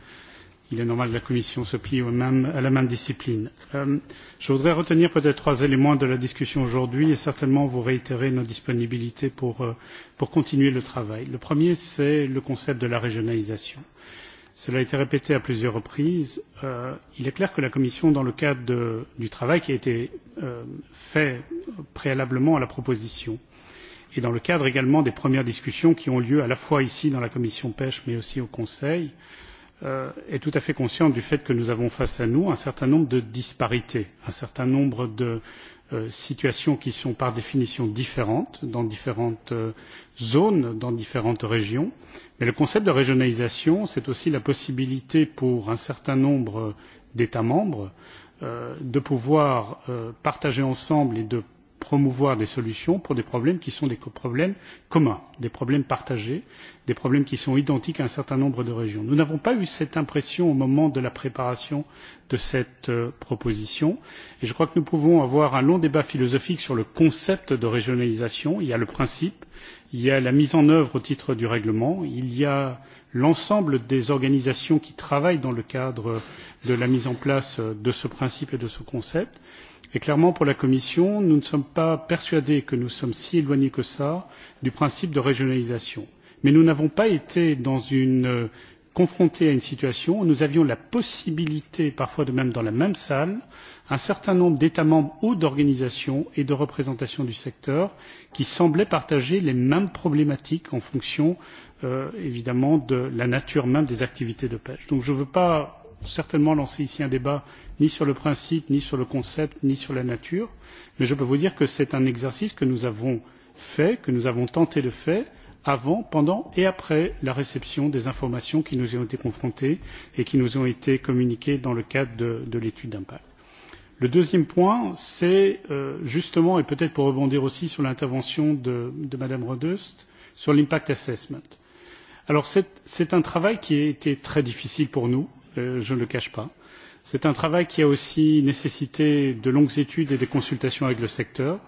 il est normal que la commission se plie à la même discipline. Euh, je voudrais retenir peut être trois éléments de la discussion aujourd'hui et certainement vous réitérer nos disponibilités euh, pour, continuer le travail. le premier c'est le concept de la régionalisation. cela a été répété à plusieurs reprises. Euh, il est clair que la commission dans le cadre du travail qui a été fait préalablement à la proposition et dans le cadre également des premières discussions qui ont lieu à la fois ici dans la commission pêche mais aussi au conseil Euh, est tout à fait conscient du fait que nous avons face à nous un certain nombre de disparités un certain nombre de euh, situations qui sont par définition différentes dans différentes euh, zones dans différentes régions mais le concept de régionalisation c'est aussi la possibilité pour un certain nombre d'états membres de pouvoir partager ensemble et de promouvoir des solutions pour des problèmes qui sont des problèmes communs des problèmes partagés des problèmes qui sont identiques à un certain nombre de régions. nous n'avons pas eu cette impression au moment de la préparation de cette euh, proposition et je crois que nous pouvons avoir un long débat philosophique sur le concept de régionalisation il y a le principe il y a la mise en œuvre au titre du règlement il y a l'ensemble des organisations qui travaillent dans le cadre de la mise en place de ce principe et de ce concept et clairement pour la commission nous ne sommes pas persuadés que nous sommes si éloignés que cela du principe de régionalisation mais nous n'avons pas été dans une euh, confrontés à une situation où nous avions la possibilité parfois de même dans la même salle un certain nombre d'états membres ou d'organisations et de représentations du secteur qui semblaient partager les mêmes problématiques en fonction euh, évidemment de la nature même des activités de pêche. donc je ne veux pas certainement lancer ici un débat ni sur le principe ni sur le concept ni sur la nature mais je peux vous dire que c'est un exercice que nous avons fait que nous avons tenté de faire avant pendant et après la réception des informations qui nous ont été confrontées et qui nous ont été communiquées dans le cadre de, de l'étude d'impact. le deuxième point c'est euh, justement et peut être pour rebondir aussi sur l'intervention de, de mme rodust sur l'impact assessment. alors c'est un travail qui a été très difficile pour nous Euh, je ne le cache pas. C'est un travail qui a aussi nécessité de longues études et des consultations avec le secteur.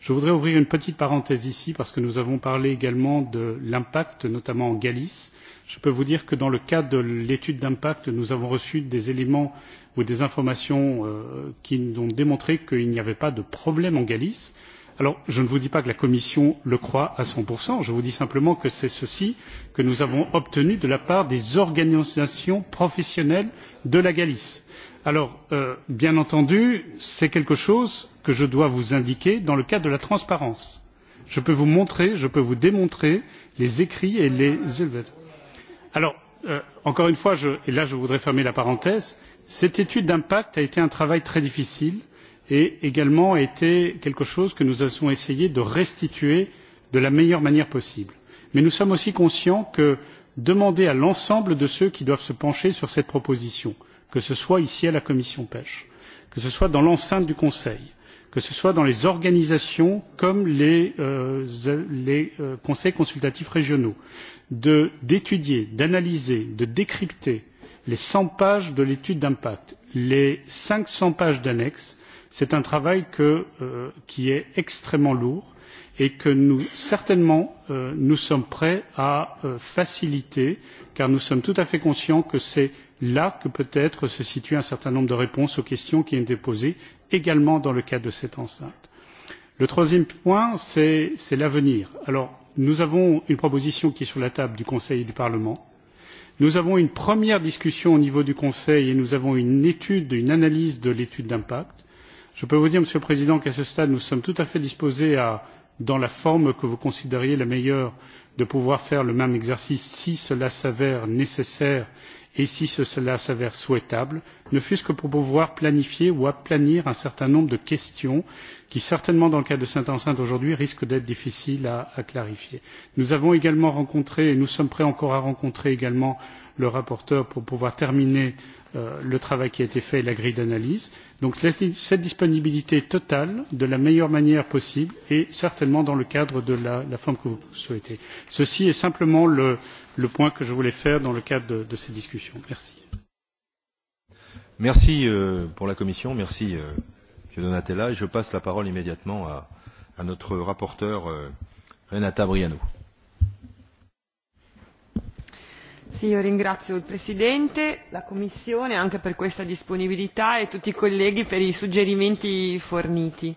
Je voudrais ouvrir une petite parenthèse ici parce que nous avons parlé également de l'impact, notamment en Galice. Je peux vous dire que dans le cadre de l'étude d'impact, nous avons reçu des éléments ou des informations euh, qui nous ont démontré qu'il n'y avait pas de problème en Galice alors je ne vous dis pas que la commission le croit à cent je vous dis simplement que c'est ceci que nous avons obtenu de la part des organisations professionnelles de la galice. alors euh, bien entendu c'est quelque chose que je dois vous indiquer dans le cadre de la transparence. je peux vous montrer je peux vous démontrer les écrits et les élevés. alors euh, encore une fois et là je voudrais fermer la parenthèse cette étude d'impact a été un travail très difficile et également été quelque chose que nous avons essayé de restituer de la meilleure manière possible. mais nous sommes aussi conscients que demander à l'ensemble de ceux qui doivent se pencher sur cette proposition que ce soit ici à la commission de la pêche que ce soit dans l'enceinte du conseil que ce soit dans les organisations comme les, euh, euh, conseils consultatifs régionaux d'étudier d'analyser de décrypter les cent pages de l'étude d'impact les cinq cents pages d'annexes c'est un travail euh, qui est extrêmement lourd et que nous certainement euh, nous sommes prêts à euh, faciliter car nous sommes tout à fait conscients que c'est là que peut être se situent un certain nombre de réponses aux questions qui ont été posées également dans le cadre de cette enceinte. le troisième point c'est l'avenir. alors nous avons une proposition qui est sur la table du conseil et du parlement nous avons une première discussion au niveau du conseil et nous avons une étude une analyse de l'étude d'impact je peux vous dire monsieur le président qu'à ce stade nous sommes tout à fait disposés à dans la forme que vous considériez la meilleure de pouvoir faire le même exercice si cela s'avère nécessaire et si cela s'avère souhaitable ne fût ce que pour pouvoir planifier ou aplanir un certain nombre de questions qui certainement dans le cas de cette enceinte aujourd'hui risquent d'être difficiles à, à clarifier. nous avons également rencontré et nous sommes prêts encore à rencontrer également le rapporteur pour pouvoir terminer euh, le travail qui a été fait et la grille d'analyse. donc cette disponibilité totale de la meilleure manière possible et certainement dans le cadre de la, forme que vous souhaitez. ceci est simplement le, point que je voulais faire dans le cadre de, ces discussions. merci. merci euh, pour la commission merci euh, Monsieur donatella et je passe la parole immédiatement à, notre rapporteure renata briano. Sì, io ringrazio il Presidente, la Commissione anche per questa disponibilità e tutti i colleghi per i suggerimenti forniti.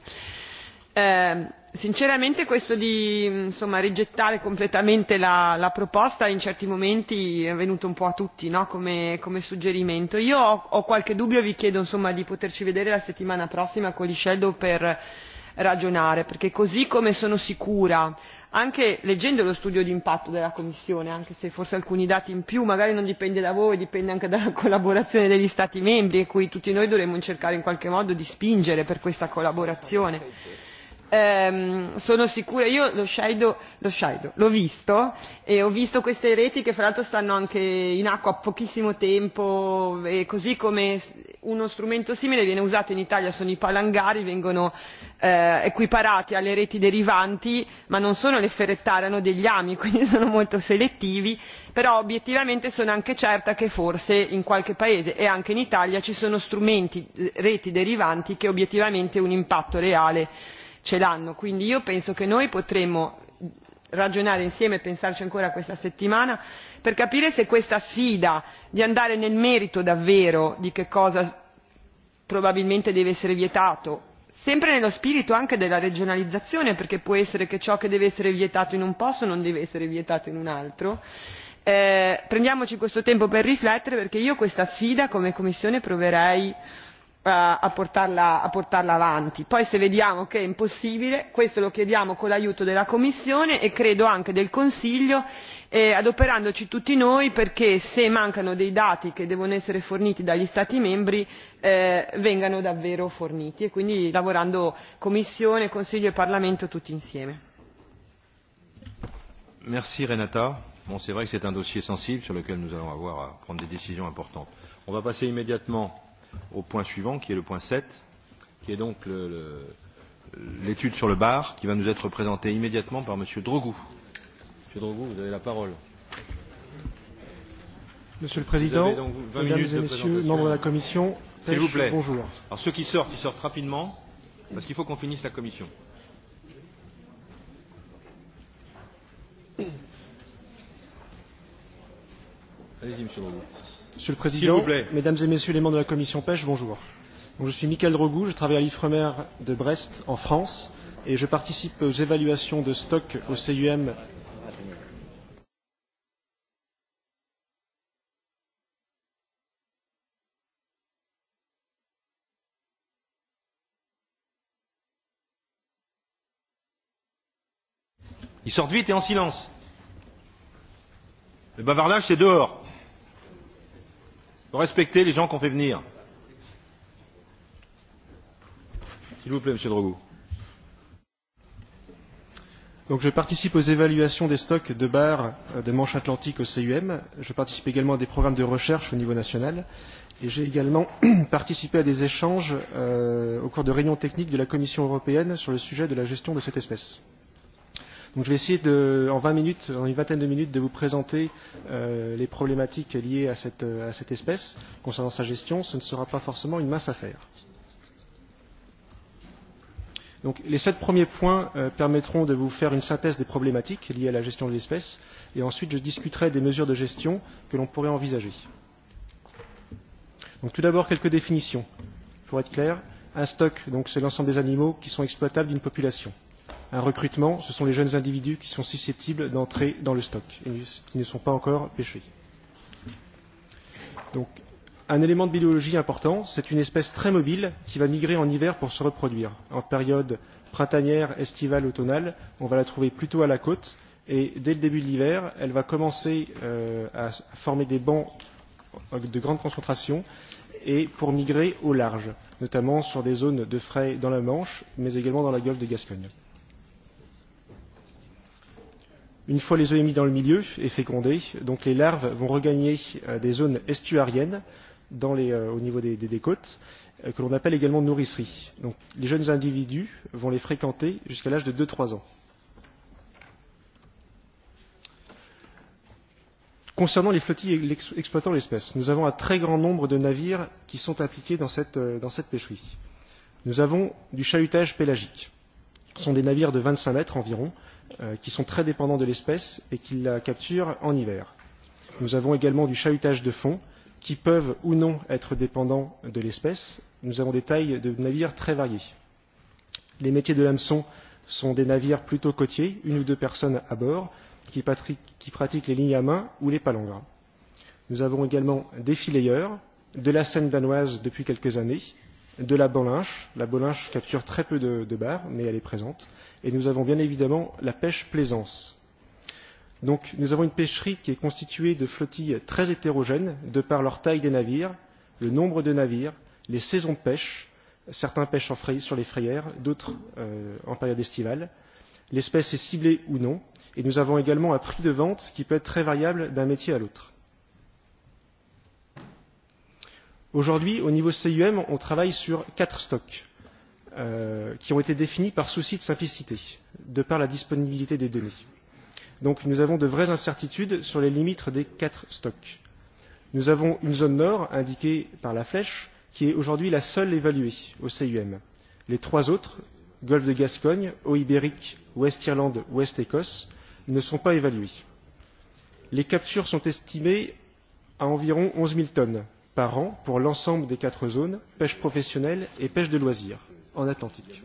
Ehm, sinceramente questo di insomma, rigettare completamente la, proposta in certi momenti è venuto un po' a tutti no? come, come suggerimento. Io ho, qualche dubbio e vi chiedo insomma, di poterci vedere la settimana prossima con gli shadow per ragionare, perché così come sono sicura anche leggendo lo studio di impatto della commissione anche se forse alcuni dati in più magari non dipende da voi dipende anche dalla collaborazione degli stati membri e cui tutti noi dovremmo cercare in qualche modo di spingere per questa collaborazione Ehm, sono sicura io lo lo l'ho visto e ho visto queste reti che fra l'altro stanno anche in acqua a pochissimo tempo e così come uno strumento simile viene usato in Italia sono i palangari vengono eh, equiparati alle reti derivanti ma non sono le ferrettare hanno degli ami quindi sono molto selettivi però obiettivamente sono anche certa che forse in qualche paese e anche in Italia ci sono strumenti eh, reti derivanti che obiettivamente un impatto reale ce l'hanno quindi io penso che noi potremmo ragionare insieme e pensarci ancora questa settimana per capire se questa sfida di andare nel merito davvero di che cosa probabilmente deve essere vietato sempre nello spirito anche della regionalizzazione perché può essere che ciò che deve essere vietato in un posto non deve essere vietato in un altro eh, prendiamoci questo tempo per riflettere perché io questa sfida come commissione proverei Eh, a portarla, avanti. poi se vediamo che è impossibile questo lo chiediamo con l'aiuto della commissione e credo anche del consiglio eh, adoperandoci tutti noi perché se mancano dei dati che devono essere forniti dagli stati membri eh, vengano davvero forniti e quindi lavorando commissione consiglio e parlamento tutti insieme. merci renata. Bon, c'est vrai que c'est un dossier sensible sur lequel nous allons avoir à prendre des décisions importantes. on va passer immédiatement au point suivant, qui est le point 7, qui est donc l'étude sur le bar, qui va nous être présentée immédiatement par Monsieur Drogou. Monsieur Drogou, vous avez la parole. Monsieur le Président, Mesdames et Messieurs, membres de la Commission, S'il vous plaît. bonjour. Alors ceux qui sortent, ils sortent rapidement, parce qu'il faut qu'on finisse la Commission. Allez-y, Monsieur Drogou. Monsieur le Président, Mesdames et Messieurs les membres de la Commission pêche, bonjour. Donc, je suis Michael Drogou, je travaille à l'IFREMER de Brest, en France, et je participe aux évaluations de stocks au CUM Ils sortent vite et en silence. Le bavardage, c'est dehors respecter les gens qu'on fait venir. S'il vous plaît, Monsieur Drogo. Donc, je participe aux évaluations des stocks de bar euh, de Manche Atlantique au CUM. Je participe également à des programmes de recherche au niveau national. Et j'ai également participé à des échanges euh, au cours de réunions techniques de la Commission européenne sur le sujet de la gestion de cette espèce. Donc je vais essayer de, en 20 minutes, en une vingtaine de minutes, de vous présenter euh, les problématiques liées à cette, à cette espèce concernant sa gestion. Ce ne sera pas forcément une mince affaire. Donc, les sept premiers points euh, permettront de vous faire une synthèse des problématiques liées à la gestion de l'espèce et ensuite je discuterai des mesures de gestion que l'on pourrait envisager. Donc, tout d'abord, quelques définitions. Pour être clair, un stock, c'est l'ensemble des animaux qui sont exploitables d'une population un recrutement, ce sont les jeunes individus qui sont susceptibles d'entrer dans le stock et qui ne sont pas encore pêchés. Donc, un élément de biologie important, c'est une espèce très mobile qui va migrer en hiver pour se reproduire. En période printanière, estivale, automnale, on va la trouver plutôt à la côte et dès le début de l'hiver, elle va commencer euh, à former des bancs de grande concentration et pour migrer au large, notamment sur des zones de frais dans la Manche, mais également dans la Golfe de Gascogne. Une fois les œufs émis dans le milieu et fécondés, donc les larves vont regagner euh, des zones estuariennes dans les, euh, au niveau des, des, des côtes, euh, que l'on appelle également nourrisserie. Donc, les jeunes individus vont les fréquenter jusqu'à l'âge de 2-3 ans. Concernant les flottilles exploitant l'espèce, nous avons un très grand nombre de navires qui sont impliqués dans cette, dans cette pêcherie. Nous avons du chalutage pélagique. Ce sont des navires de 25 mètres environ, Euh, qui sont très dépendants de l'espèce et qui la capturent en hiver. Nous avons également du chahutage de fond qui peuvent ou non être dépendants de l'espèce. Nous avons des tailles de navires très variées. Les métiers de l'hameçon sont des navires plutôt côtiers, une ou deux personnes à bord, qui, qui pratiquent les lignes à main ou les palangres. Nous avons également des filayeurs, de la scène danoise depuis quelques années, de la bolinche. La bolinche capture très peu de, de barres, mais elle est présente. Et nous avons bien évidemment la pêche plaisance. Donc nous avons une pêcherie qui est constituée de flottilles très hétérogènes, de par leur taille des navires, le nombre de navires, les saisons de pêche. Certains pêchent en sur les frayères, d'autres euh, en période estivale. L'espèce est ciblée ou non. Et nous avons également un prix de vente qui peut être très variable d'un métier à l'autre Aujourd'hui, au niveau CIUM, on travaille sur quatre stocks euh, qui ont été définis par souci de simplicité, de par la disponibilité des données. Donc nous avons de vraies incertitudes sur les limites des quatre stocks. Nous avons une zone nord, indiquée par la flèche, qui est aujourd'hui la seule évaluée au CUM. Les trois autres, Golfe de Gascogne, Eau Ibérique, Ouest-Irlande, Ouest-Écosse, ne sont pas évaluées. Les captures sont estimées à environ 11 000 tonnes par an pour l'ensemble des quatre zones pêche professionnelle et pêche de loisirs en Atlantique.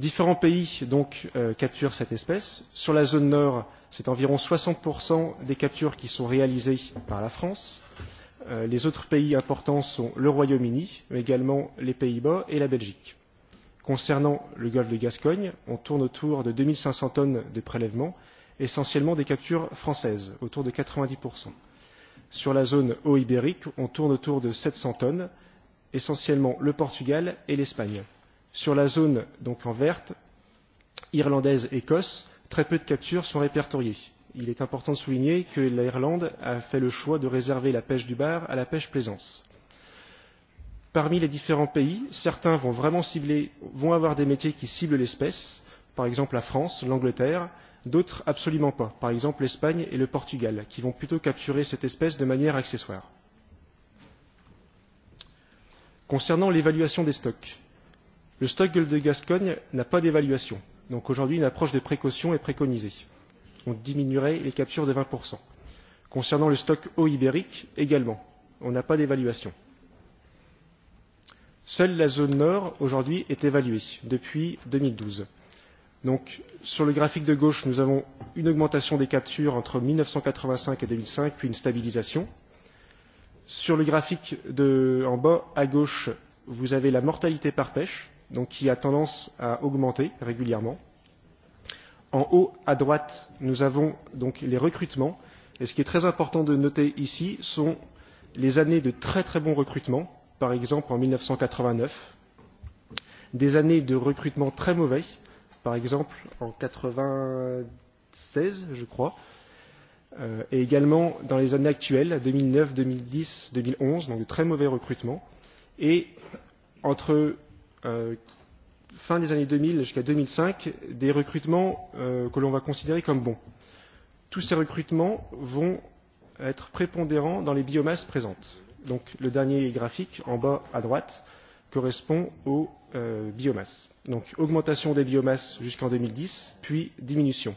Différents pays donc euh, capturent cette espèce. Sur la zone nord, c'est environ 60% des captures qui sont réalisées par la France. Euh, les autres pays importants sont le Royaume-Uni, mais également les Pays-Bas et la Belgique. Concernant le golfe de Gascogne, on tourne autour de 2500 tonnes de prélèvements, essentiellement des captures françaises, autour de 90% sur la zone haut ibérique on tourne autour de sept cents tonnes essentiellement le portugal et l'espagne. sur la zone donc en verte irlandaise écosse très peu de captures sont répertoriées. il est important de souligner que l'irlande a fait le choix de réserver la pêche du bar à la pêche plaisance. parmi les différents pays certains vont vraiment cibler vont avoir des métiers qui ciblent l'espèce par exemple la france l'angleterre d'autres absolument pas par exemple l'espagne et le portugal qui vont plutôt capturer cette espèce de manière accessoire. concernant l'évaluation des stocks le stock de gascogne n'a pas d'évaluation donc aujourd'hui une approche de précaution est préconisée on diminuerait les captures de 20. concernant le stock eau ibérique également on n'a pas d'évaluation. seule la zone nord aujourd'hui est évaluée depuis 2012 donc sur le graphique de gauche nous avons une augmentation des captures entre mille neuf cent quatre vingt cinq et deux mille cinq puis une stabilisation. sur le graphique de, en bas à gauche vous avez la mortalité par pêche donc qui a tendance à augmenter régulièrement. en haut à droite nous avons donc les recrutements et ce qui est très important de noter ici sont les années de très très bons recrutements par exemple en mille neuf cent quatre vingt neuf des années de recrutement très mauvais par exemple en seize, je crois euh, et également dans les années actuelles 2009 2010 2011 donc de très mauvais recrutements, et entre euh, fin des années 2000 jusqu'à 2005 des recrutements euh, que l'on va considérer comme bons tous ces recrutements vont être prépondérants dans les biomasses présentes donc le dernier graphique en bas à droite correspond aux euh, biomasses. Donc augmentation des biomasses jusqu'en 2010, puis diminution.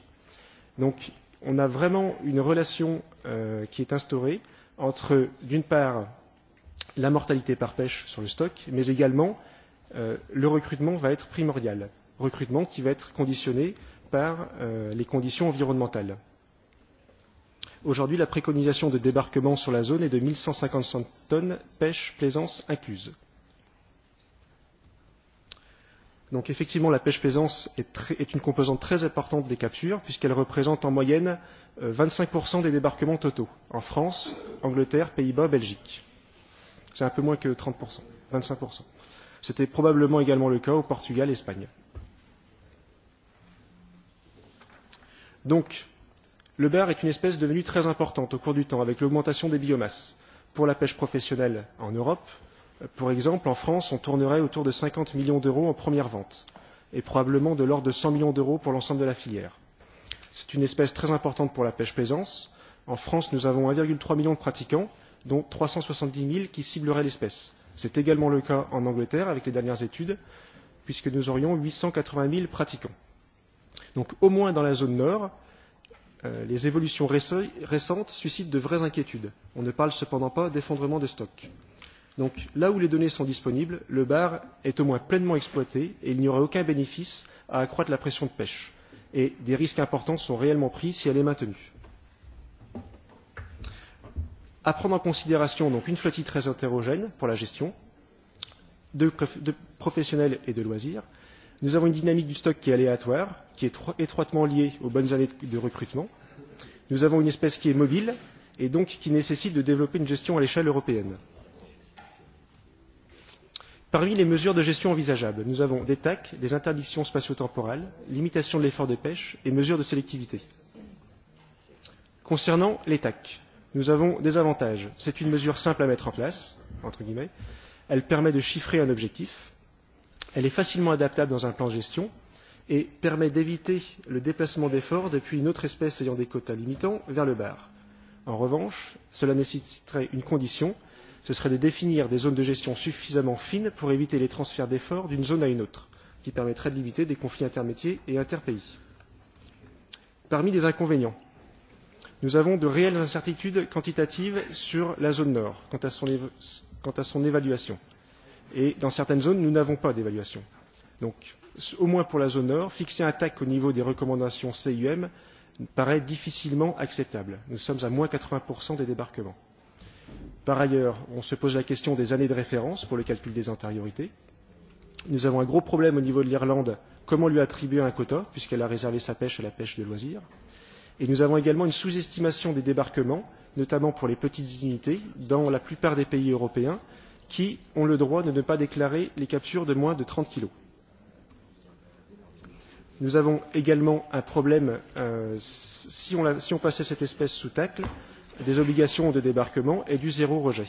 Donc on a vraiment une relation euh, qui est instaurée entre, d'une part, la mortalité par pêche sur le stock, mais également euh, le recrutement va être primordial. Recrutement qui va être conditionné par euh, les conditions environnementales. Aujourd'hui, la préconisation de débarquement sur la zone est de 1150 tonnes, pêche, plaisance incluse. Donc effectivement, la pêche plaisance est, très, est une composante très importante des captures, puisqu'elle représente en moyenne 25% euh, des débarquements totaux, en France, Angleterre, Pays-Bas, Belgique. C'est un peu moins que 30%, 25%. C'était probablement également le cas au Portugal et Espagne. Donc, le bar est une espèce devenue très importante au cours du temps, avec l'augmentation des biomasses, pour la pêche professionnelle en Europe, Par exemple, en France, on tournerait autour de 50 millions d'euros en première vente et probablement de l'ordre de 100 millions d'euros pour l'ensemble de la filière. C'est une espèce très importante pour la pêche plaisance. En France, nous avons 1,3 million de pratiquants, dont 370 000 qui cibleraient l'espèce. C'est également le cas en Angleterre avec les dernières études, puisque nous aurions 880 000 pratiquants. Donc au moins dans la zone nord, euh, les évolutions récentes suscitent de vraies inquiétudes. On ne parle cependant pas d'effondrement de stocks donc là où les données sont disponibles le bar est au moins pleinement exploité et il n'y aurait aucun bénéfice à accroître la pression de pêche et des risques importants sont réellement pris si elle est maintenue. à prendre en considération donc une flottille très hétérogène pour la gestion de professionnels et de loisirs nous avons une dynamique du stock qui est aléatoire qui est étroitement liée aux bonnes années de recrutement nous avons une espèce qui est mobile et donc qui nécessite de développer une gestion à l'échelle européenne parmi les mesures de gestion envisageables nous avons des tac des interdictions spatio temporelles limitation de l'effort de pêche et mesures de sélectivité. concernant les tac nous avons des avantages c'est une mesure simple à mettre en place entre guillemets elle permet de chiffrer un objectif elle est facilement adaptable dans un plan de gestion et permet d'éviter le déplacement d'efforts depuis une autre espèce ayant des quotas limitants vers le bar. en revanche cela nécessiterait une condition ce serait de définir des zones de gestion suffisamment fines pour éviter les transferts d'efforts d'une zone à une autre qui permettrait de limiter des conflits intermétiers et interpays. Parmi les inconvénients, nous avons de réelles incertitudes quantitatives sur la zone nord quant à son, quant à son évaluation. Et dans certaines zones, nous n'avons pas d'évaluation. Donc, au moins pour la zone nord, fixer un TAC au niveau des recommandations CUM paraît difficilement acceptable. Nous sommes à moins 80% des débarquements. Par ailleurs, on se pose la question des années de référence pour le calcul des antériorités. Nous avons un gros problème au niveau de l'Irlande. Comment lui attribuer un quota, puisqu'elle a réservé sa pêche à la pêche de loisirs Et nous avons également une sous-estimation des débarquements, notamment pour les petites unités, dans la plupart des pays européens, qui ont le droit de ne pas déclarer les captures de moins de 30 kilos. Nous avons également un problème, euh, si, on la, si on passait cette espèce sous tacle, des obligations de débarquement et du zéro rejet.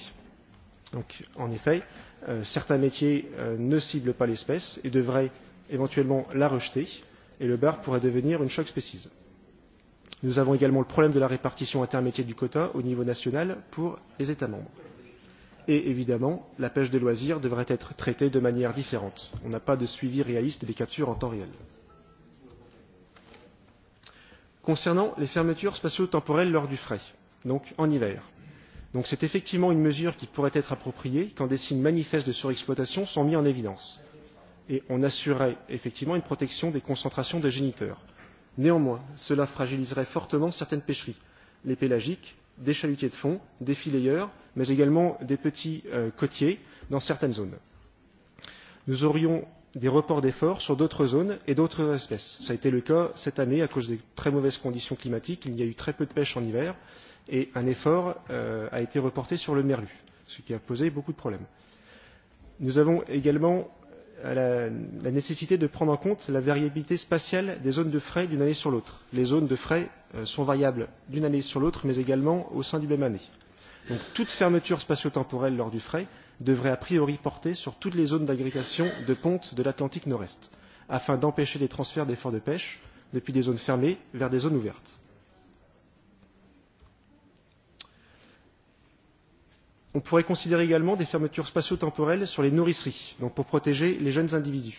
Donc, en effet, euh, certains métiers euh, ne ciblent pas l'espèce et devraient éventuellement la rejeter, et le bar pourrait devenir une choc spécise. Nous avons également le problème de la répartition intermédiaire du quota au niveau national pour les États membres. Et évidemment, la pêche de loisirs devrait être traitée de manière différente. On n'a pas de suivi réaliste des captures en temps réel. Concernant les fermetures spatio-temporelles lors du frais, donc en hiver. c'est effectivement une mesure qui pourrait être appropriée quand des signes manifestes de surexploitation sont mis en évidence et on assurerait effectivement une protection des concentrations de géniteurs. néanmoins cela fragiliserait fortement certaines pêcheries les pélagiques des chalutiers de fond des fileyeurs mais également des petits euh, côtiers dans certaines zones. nous aurions des reports d'efforts sur d'autres zones et d'autres espèces. cela a été le cas cette année à cause des très mauvaises conditions climatiques il y a eu très peu de pêche en hiver et un effort euh, a été reporté sur le merlu ce qui a posé beaucoup de problèmes. nous avons également euh, la, la nécessité de prendre en compte la variabilité spatiale des zones de frais d'une année sur l'autre. les zones de frais euh, sont variables d'une année sur l'autre mais également au sein du même année. donc toute fermeture spatio temporelle lors du frais devrait a priori porter sur toutes les zones d'agrégation de ponte de l'atlantique nord est afin d'empêcher les transferts d'efforts de pêche depuis des zones fermées vers des zones ouvertes on pourrait considérer également des fermetures spatio temporelles sur les nourrisseries donc pour protéger les jeunes individus.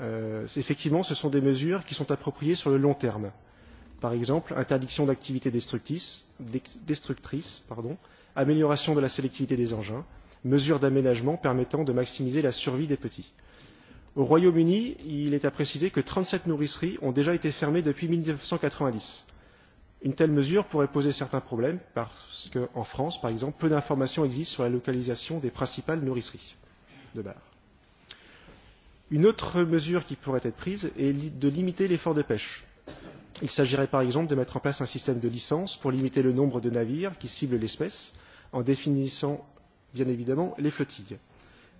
Euh, effectivement ce sont des mesures qui sont appropriées sur le long terme par exemple interdiction d'activités destructrices, pardon, amélioration de la sélectivité des engins mesures d'aménagement permettant de maximiser la survie des petits. Au Royaume-Uni, il est à préciser que 37 nourrisseries ont déjà été fermées depuis 1990 une telle mesure pourrait poser certains problèmes parce qu'en france par exemple peu d'informations existent sur la localisation des principales nourrisseries de bar. une autre mesure qui pourrait être prise est de limiter l'effort de pêche. il s'agirait par exemple de mettre en place un système de licence pour limiter le nombre de navires qui ciblent l'espèce en définissant bien évidemment les flottilles.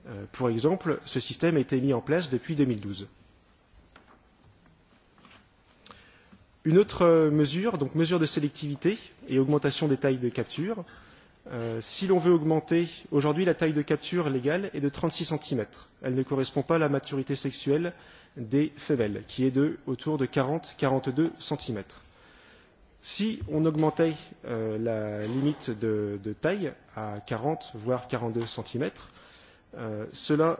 Euh, par exemple ce système a été mis en place depuis. deux mille douze une autre euh, mesure donc mesure de sélectivité et augmentation des tailles de capture euh, si l'on veut augmenter aujourd'hui la taille de capture légale est de trente six cm elle ne correspond pas à la maturité sexuelle des femelles qui est de autour de quarante quarante cm si on augmentait euh, la limite de, de taille à quarante voire quarante cm euh, cela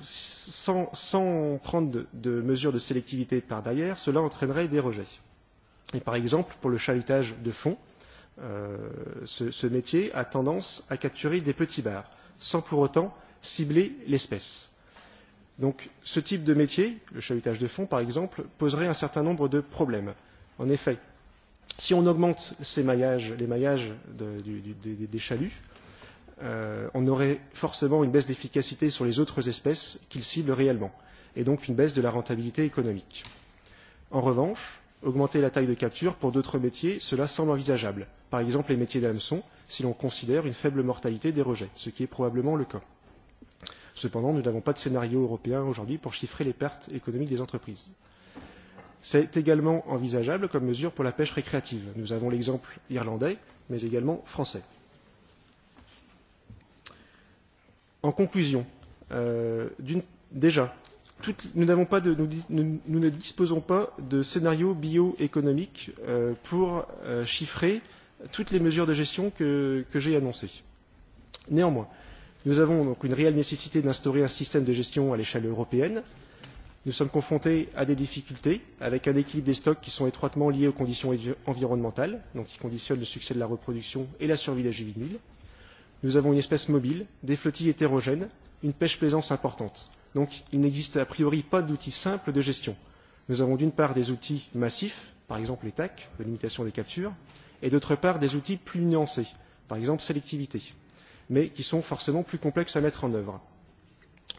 sans, sans prendre de, de mesures de sélectivité par derrière, cela entraînerait des rejets. Et par exemple, pour le chalutage de fond, euh, ce, ce métier a tendance à capturer des petits bars, sans pour autant cibler l'espèce. Donc ce type de métier, le chalutage de fond par exemple, poserait un certain nombre de problèmes. En effet, si on augmente ces maillages, les maillages de, du, du, des, des chaluts, euh, on aurait forcément une baisse d'efficacité sur les autres espèces qu'il cible réellement, et donc une baisse de la rentabilité économique. En revanche, augmenter la taille de capture pour d'autres métiers, cela semble envisageable, par exemple les métiers d'hameçon, si l'on considère une faible mortalité des rejets, ce qui est probablement le cas. Cependant, nous n'avons pas de scénario européen aujourd'hui pour chiffrer les pertes économiques des entreprises. C'est également envisageable comme mesure pour la pêche récréative. Nous avons l'exemple irlandais, mais également français. en conclusion euh, déjà nous pas de, nous, ne disposons pas de scénario bioéconomique euh, pour euh, chiffrer toutes les mesures de gestion que, que j'ai annoncées. Néanmoins, nous avons donc une réelle nécessité d'instaurer un système de gestion à l'échelle européenne. Nous sommes confrontés à des difficultés avec un équilibre des stocks qui sont étroitement liés aux conditions environnementales, donc qui conditionnent le succès de la reproduction et la survie de la nous avons une espèce mobile des flottilles hétérogènes une pêche plaisance importante. donc il n'existe a priori pas d'outils simples de gestion. nous avons d'une part des outils massifs par exemple les tac de limitation des captures et d'autre part des outils plus nuancés par exemple sélectivité mais qui sont forcément plus complexes à mettre en œuvre.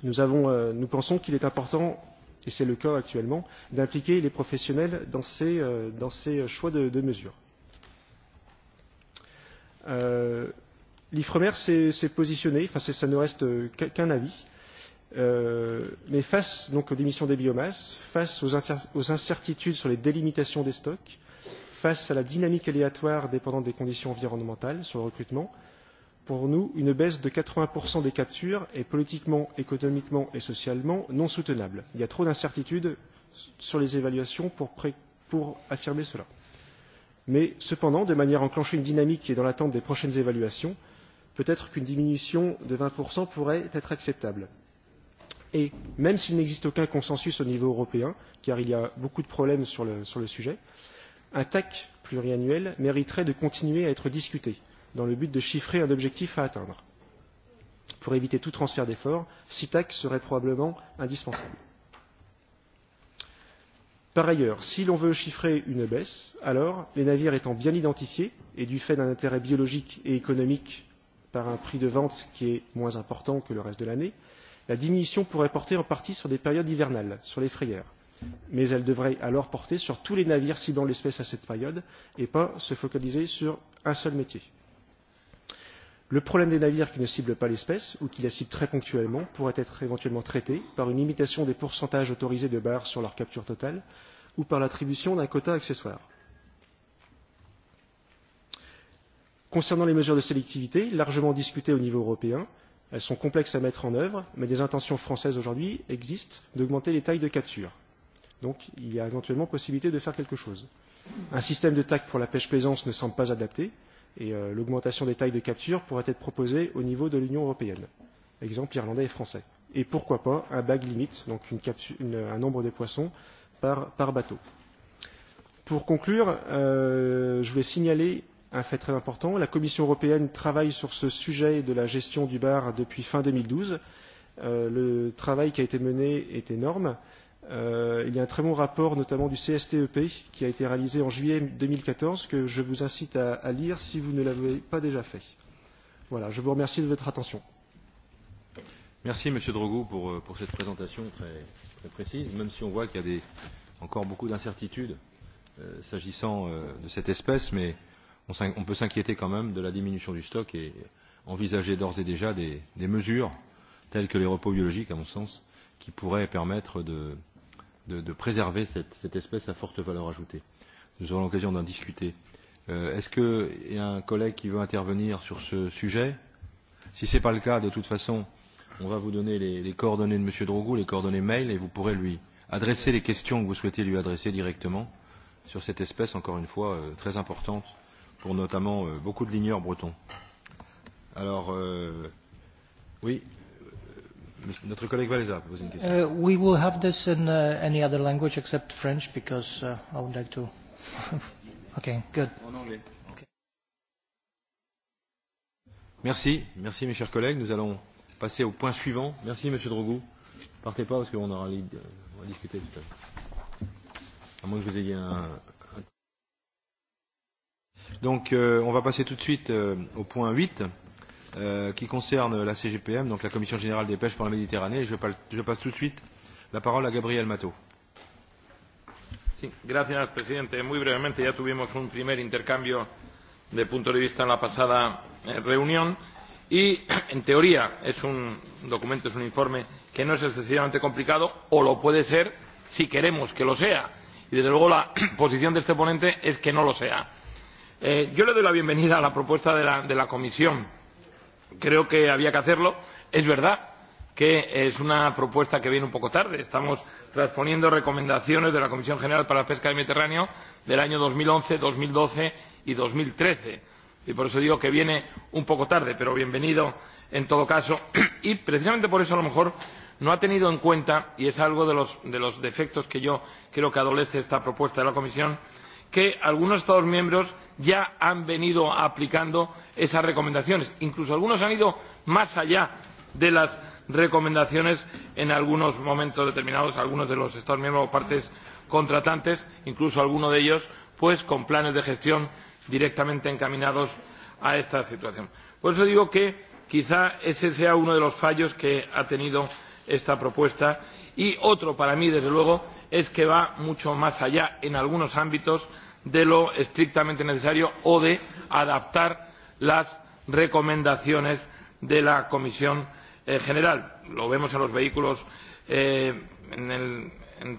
nous, avons, euh, nous pensons qu'il est important et c'est le cas actuellement d'impliquer les professionnels dans ces, euh, dans ces choix de, de mesures. Euh, l'ifremer s'est positionné enfin ça ne reste euh, qu'un avis euh, mais face donc aux démissions des biomasses face aux, aux incertitudes sur les délimitations des stocks face à la dynamique aléatoire dépendant des conditions environnementales sur le recrutement pour nous une baisse de 80% des captures est politiquement économiquement et socialement non soutenable il y a trop d'incertitudes sur les évaluations pour, pré... pour affirmer cela mais cependant de manière à enclencher une dynamique qui est dans l'attente des prochaines évaluations peut être qu'une diminution de 20 pourrait être acceptable. et même s'il n'existe aucun consensus au niveau européen car il y a beaucoup de problèmes sur le, sur le sujet un tac pluriannuel mériterait de continuer à être discuté dans le but de chiffrer un objectif à atteindre. pour éviter tout transfert d'efforts TAC serait probablement indispensable. Par ailleurs, si l'on veut chiffrer une baisse, alors les navires étant bien identifiés et du fait d'un intérêt biologique et économique par un prix de vente qui est moins important que le reste de l'année, la diminution pourrait porter en partie sur des périodes hivernales, sur les frayères. Mais elle devrait alors porter sur tous les navires ciblant l'espèce à cette période et pas se focaliser sur un seul métier. Le problème des navires qui ne ciblent pas l'espèce ou qui la ciblent très ponctuellement pourrait être éventuellement traité par une limitation des pourcentages autorisés de barres sur leur capture totale ou par l'attribution d'un quota accessoire. concernant les mesures de sélectivité largement discutées au niveau européen elles sont complexes à mettre en œuvre mais des intentions françaises aujourd'hui existent d'augmenter les tailles de capture donc il y a éventuellement possibilité de faire quelque chose. un système de tac pour la pêche plaisance ne semble pas adapté et euh, l'augmentation des tailles de capture pourrait être proposée au niveau de l'union européenne exemple irlandais et français et pourquoi pas un bag limite donc une un nombre de poissons par, par bateau. pour conclure euh, je voulais signaler un fait très important. La Commission européenne travaille sur ce sujet de la gestion du bar depuis fin 2012. Euh, le travail qui a été mené est énorme. Euh, il y a un très bon rapport, notamment du CSTEP, qui a été réalisé en juillet 2014, que je vous incite à, à lire si vous ne l'avez pas déjà fait. Voilà, je vous remercie de votre attention. Merci Monsieur Drogo pour, euh, pour cette présentation très, très précise, même si on voit qu'il y a des, encore beaucoup d'incertitudes euh, s'agissant euh, de cette espèce, mais on, peut s'inquiéter quand même de la diminution du stock et envisager d'ores et déjà des, des mesures telles que les repos biologiques, à mon sens, qui pourraient permettre de, de, de préserver cette, cette espèce à forte valeur ajoutée. Nous aurons l'occasion d'en discuter. Euh, Est-ce qu'il y a un collègue qui veut intervenir sur ce sujet Si ce n'est pas le cas, de toute façon, on va vous donner les, les coordonnées de M. Drogou, les coordonnées mail, et vous pourrez lui adresser les questions que vous souhaitez lui adresser directement sur cette espèce, encore une fois, euh, très importante pour notamment euh, beaucoup de ligneurs bretons. Alors, euh, oui, euh, notre collègue Valéza pose une question. Uh, we will have this in uh, any other language except French because uh, I would like to. okay, good. En anglais. Okay. Merci, merci mes chers collègues. Nous allons passer au point suivant. Merci Monsieur Drogou. Partez pas parce qu'on aura on va discuter tout à l'heure. À moins que vous ayez un, Donc euh, on va passer tout de suite euh, au point 8 euh, qui concerne la CGPM, donc la Commission Générale des Pêches pour la Méditerranée. Je, je passe tout de suite la parole à Gabriel Mato. Sí, gracias, presidente. Muy brevemente, ya tuvimos un primer intercambio de punto de vista en la pasada eh, reunión y en teoría es un documento es un informe que no es excesivamente complicado o lo puede ser si queremos que lo sea y desde luego la posición de este ponente es que no lo sea Eh, yo le doy la bienvenida a la propuesta de la, Comisión. Creo que había que hacerlo. Es verdad que es una propuesta que viene un poco tarde. Estamos transponiendo recomendaciones de la Comisión General para la Pesca del Mediterráneo del año 2011, 2012 y 2013. Y por eso digo que viene un poco tarde, pero bienvenido en todo caso. Y precisamente por eso a lo mejor no ha tenido en cuenta, y es algo de los, de los defectos que yo creo que adolece esta propuesta de la Comisión, que algunos estados miembros ya han venido aplicando esas recomendaciones incluso algunos han ido más allá de las recomendaciones en algunos momentos determinados algunos de los estados miembros o partes contratantes incluso alguno de ellos pues con planes de gestión directamente encaminados a esta situación. por eso digo que quizá ese sea uno de los fallos que ha tenido esta propuesta y otro para mí desde luego es que va mucho más allá en algunos ámbitos de lo estrictamente necesario o de adaptar las recomendaciones de la comisión eh, general lo vemos en los vehículos eh, en el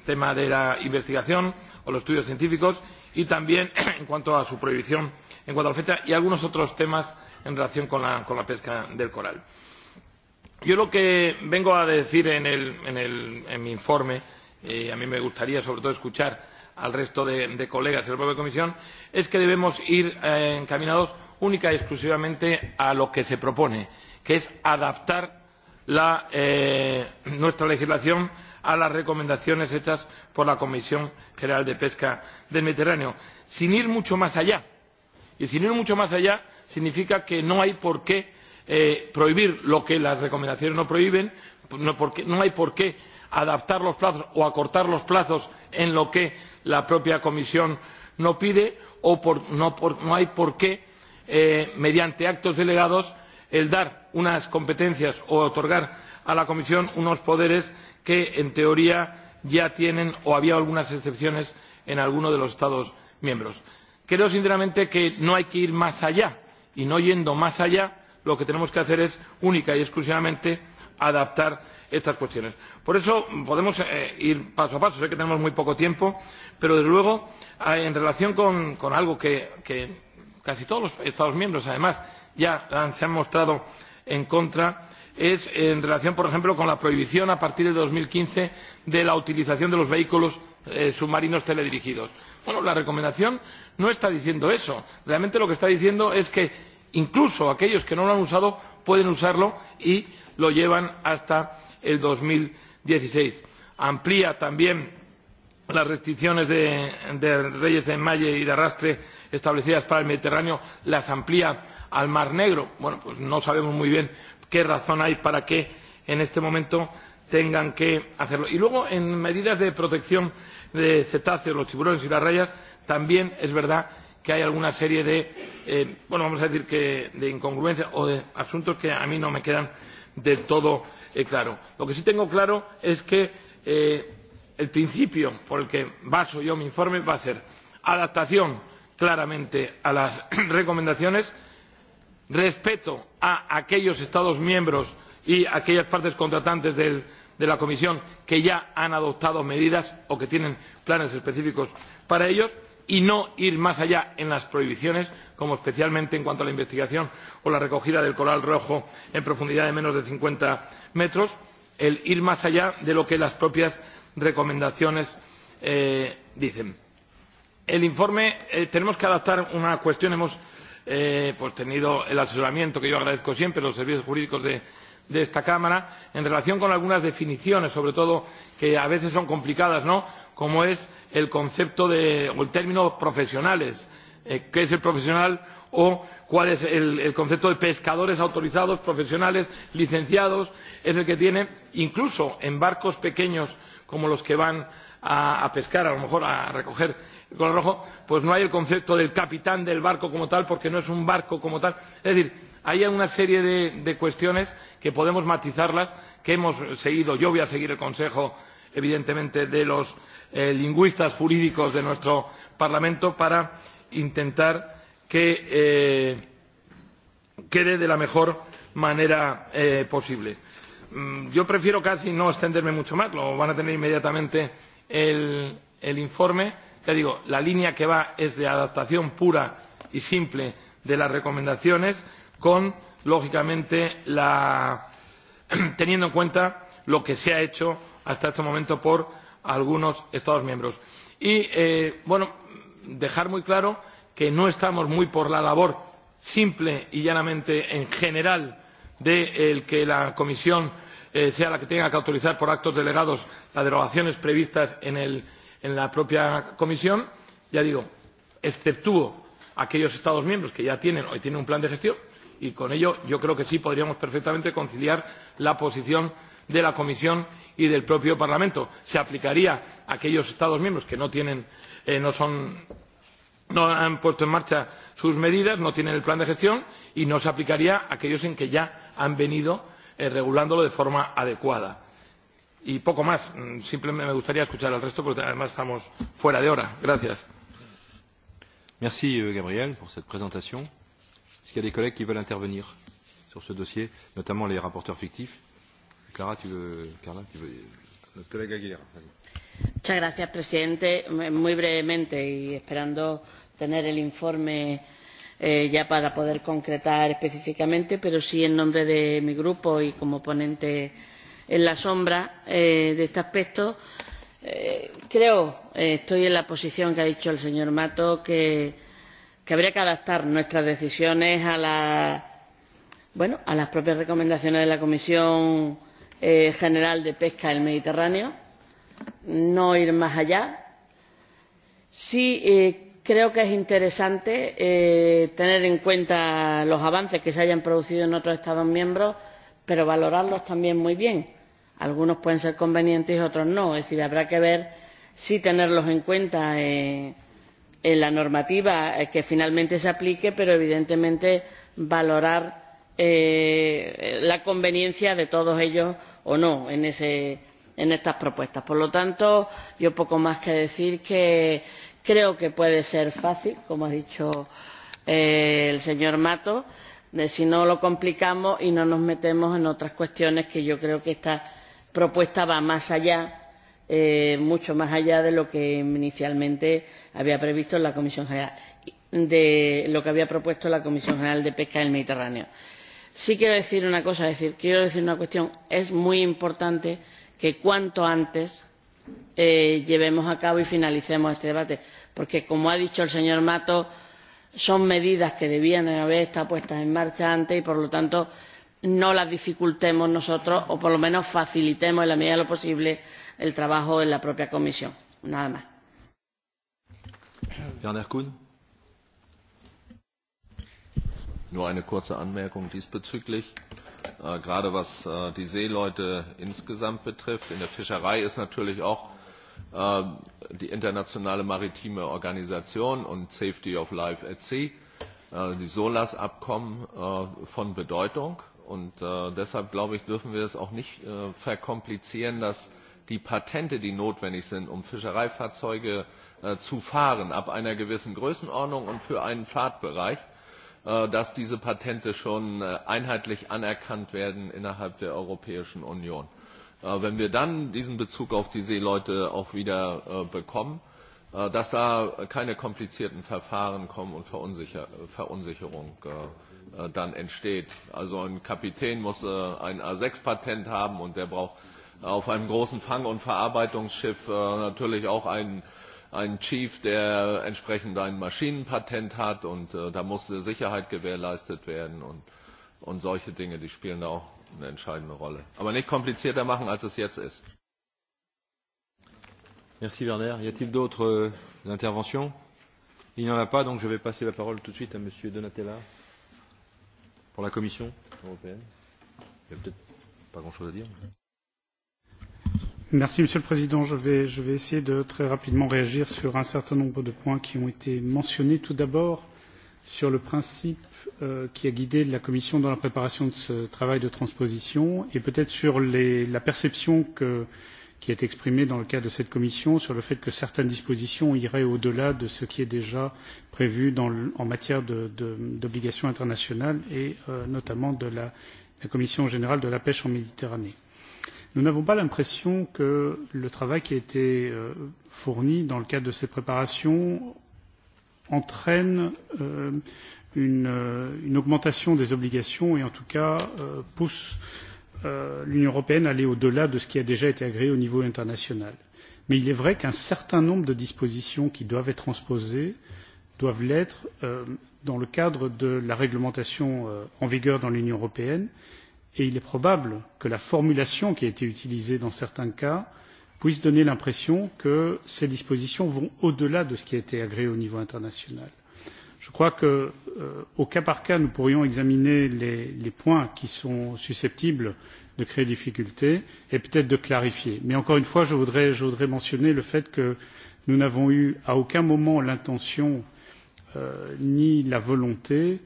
tema de la investigación o los estudios científicos y también en cuanto a su prohibición en cuanto a la fecha y algunos otros temas en relación con la, pesca del coral. yo lo que vengo a decir en mi informe Eh, a mí me gustaría sobre todo escuchar al resto de, colegas de la propia comisión es que debemos ir eh, encaminados única y exclusivamente a lo que se propone que es adaptar eh, nuestra legislación a las recomendaciones hechas por la comisión general de pesca del mediterráneo sin ir mucho más allá y sin ir mucho más allá significa que no hay por qué prohibir lo que las recomendaciones no prohíben no hay por qué adaptar los plazos o acortar los plazos en lo que la propia comisión no pide o no, hay por qué eh, mediante actos delegados dar unas competencias o otorgar a la comisión unos poderes que en teoría ya tienen o había algunas excepciones en alguno de los estados miembros. creo sinceramente que no hay que ir más allá y no yendo más allá lo que tenemos que hacer es única y exclusivamente adaptar estas cuestiones. por eso podemos eh, ir paso a paso sé que tenemos muy poco tiempo pero desde luego eh, en relación con, con algo que, que casi todos los estados miembros además ya han, se han mostrado en contra es en relación por ejemplo con la prohibición a partir de dos mil quince de la utilización de los vehículos eh, submarinos teledirigidos. bueno la recomendación no está diciendo eso realmente lo que está diciendo es que incluso aquellos que no lo han usado pueden usarlo y lo llevan hasta el dos mil dieciseis amplía también las restricciones de, reyes de enmalle y de arrastre establecidas para el mediterráneo las amplía al mar negro. bueno pues no sabemos muy bien qué razón hay para que en este momento tengan que hacerlo. y luego en medidas de protección de cetáceos los tiburones y las rayas también es verdad que hay alguna serie de eh, bueno vamos a decir de incongruencias o de asuntos que a mí no me quedan del todo eh, claro. Lo que sí tengo claro es que eh, el principio por el que baso yo mi informe va a ser adaptación claramente a las recomendaciones, respeto a aquellos Estados miembros y a aquellas partes contratantes de la Comisión que ya han adoptado medidas o que tienen planes específicos para ellos y no ir más allá en las prohibiciones como especialmente en cuanto a la investigación o la recogida del coral rojo en profundidad de menos de cincuenta metros el ir más allá de lo que las propias recomendaciones eh, dicen. el informe eh, tenemos que adaptar una cuestión hemos eh, tenido el asesoramiento que yo agradezco siempre a los servicios jurídicos de, de esta cámara en relación con algunas definiciones sobre todo que a veces son complicadas no? como es el concepto de, o el término profesionales eh, qué es el profesional o cuál es el, concepto de pescadores autorizados profesionales licenciados es el que tiene incluso en barcos pequeños como los que van a, pescar a lo mejor a recoger color rojo pues no hay el concepto del capitán del barco como tal porque no es un barco como tal es decir hay una serie de, de cuestiones que podemos matizarlas que hemos seguido yo voy a seguir el consejo evidentemente de los eh, lingüistas jurídicos de nuestro parlamento para intentar que eh, quede de la mejor manera eh, posible. Mm, yo prefiero casi no extenderme mucho más lo van a tener inmediatamente el, informe. ya digo la línea que va es de adaptación pura y simple de las recomendaciones con lógicamente teniendo en cuenta lo que se ha hecho hasta este momento por algunos estados miembros. y eh, dejar muy claro que no estamos muy por la labor simple y llanamente en general de que la comisión eh, sea la que tenga que autorizar por actos delegados las derogaciones previstas en, en la propia comisión ya digo exceptúo aquellos estados miembros que ya tienen hoy tienen un plan de gestión y con ello yo creo que sí podríamos perfectamente conciliar la posición de la comisión y del propio parlamento se aplicaría a aquellos estados miembros que eh, no, han puesto en marcha sus medidas no tienen el plan de gestión y no se aplicaría a aquellos en que ya han venido eh, regulándolo de forma adecuada. y poco más mm, simplemente me gustaría escuchar al resto porque además estamos fuera de hora. gracias. Merci euh, Gabriel por cette presentación. Est-ce qu'il y a intervenir sobre este dossier, notamment los rapporteurs fictifs Clara, tu Carla, tu Señor presidente, muy brevemente y esperando tener el informe eh, ya para poder concretar específicamente, pero sí en nombre de mi grupo y como ponente en la sombra eh, de este aspecto, eh, creo estoy en la posición que ha dicho el señor Mato que, que habría que adaptar nuestras decisiones a, la, bueno, a las propias recomendaciones de la Comisión Eh, general de pesca del mediterráneo no ir más allá. sí eh, creo que es interesante eh, tener en cuenta los avances que se hayan producido en otros estados miembros pero valorarlos también muy bien. algunos pueden ser convenientes y otros no. es decir habrá que ver si tenerlos en cuenta en la normativa que finalmente se aplique pero evidentemente valorar la conveniencia de todos ellos o no en, estas propuestas. por lo tanto yo poco más que decir que creo que puede ser fácil como ha dicho eh, el señor mato de, si no lo complicamos y no nos metemos en otras cuestiones que yo creo que esta propuesta va más allá eh, mucho más allá de lo que inicialmente había previsto la comisión general de lo que había propuesto la comisión general de pesca del mediterráneo sí quiero decir una cosa decir quiero decir una cuestión es muy importante que cuanto antes eh, llevemos a cabo y finalicemos este debate porque como ha dicho el señor mato son medidas que debían haber estado puestas en marcha antes y por lo tanto no las dificultemos nosotros o por lo menos facilitemos en la medida de lo posible el trabajo en la propia comisión. nada más. Nur eine kurze Anmerkung diesbezüglich. Äh, gerade was äh, die Seeleute insgesamt betrifft. In der Fischerei ist natürlich auch äh, die internationale maritime Organisation und Safety of Life at Sea, die SOLAS-Abkommen von Bedeutung. Und deshalb, glaube ich, dürfen wir es auch nicht verkomplizieren, dass die Patente, die notwendig sind, um Fischereifahrzeuge zu fahren, ab einer gewissen Größenordnung und für einen Fahrtbereich Äh, dass diese Patente schon äh, einheitlich anerkannt werden innerhalb der Europäischen Union. Äh, wenn wir dann diesen Bezug auf die Seeleute auch wieder bekommen, dass da keine komplizierten Verfahren kommen und Verunsicherung dann entsteht. Also ein Kapitän muss ein A6-Patent haben und der braucht auf einem großen Fang- und Verarbeitungsschiff natürlich auch einen Ein Chief, der entsprechend ein Maschinenpatent hat und äh, da muss Sicherheit gewährleistet werden und, und solche Dinge, die spielen da auch eine entscheidende Rolle. Aber nicht komplizierter machen, als es jetzt ist. Merci Werner. Y a-t-il d'autres euh, interventions Il n'y en a pas, donc je vais passer la parole tout de suite à Monsieur Donatella pour la Commission européenne. Il n'y a peut-être pas grand-chose à dire. Mais... Merci, Monsieur le Président. Je vais, essayer de très rapidement réagir sur un certain nombre de points qui ont été mentionnés. Tout d'abord, sur le principe euh, qui a guidé la Commission dans la préparation de ce travail de transposition et peut-être sur la perception que, qui est exprimée dans le cadre de cette Commission sur le fait que certaines dispositions iraient au-delà de ce qui est déjà prévu en matière d'obligations internationales et euh, notamment de la, la Commission générale de la pêche en Méditerranée nous n'avons pas l'impression que le travail qui a été euh, fourni dans le cadre de ces préparations entraîne euh, une, euh, une augmentation des obligations et en tout cas pousse l'union européenne à aller au delà de ce qui a déjà été agréé au niveau international. mais il est vrai qu'un certain nombre de dispositions qui doivent être transposées doivent l'être dans le cadre de la réglementation en vigueur dans l'union européenne et il est probable que la formulation qui a été utilisée dans certains cas puisse donner l'impression que ces dispositions vont au delà de ce qui a été agréé au niveau international. je crois que euh, au cas par cas nous pourrions examiner les, les points qui sont susceptibles de créer des difficultés et peut être de clarifier mais encore une fois je voudrais, mentionner le fait que nous n'avons eu à aucun moment l'intention euh, ni la volonté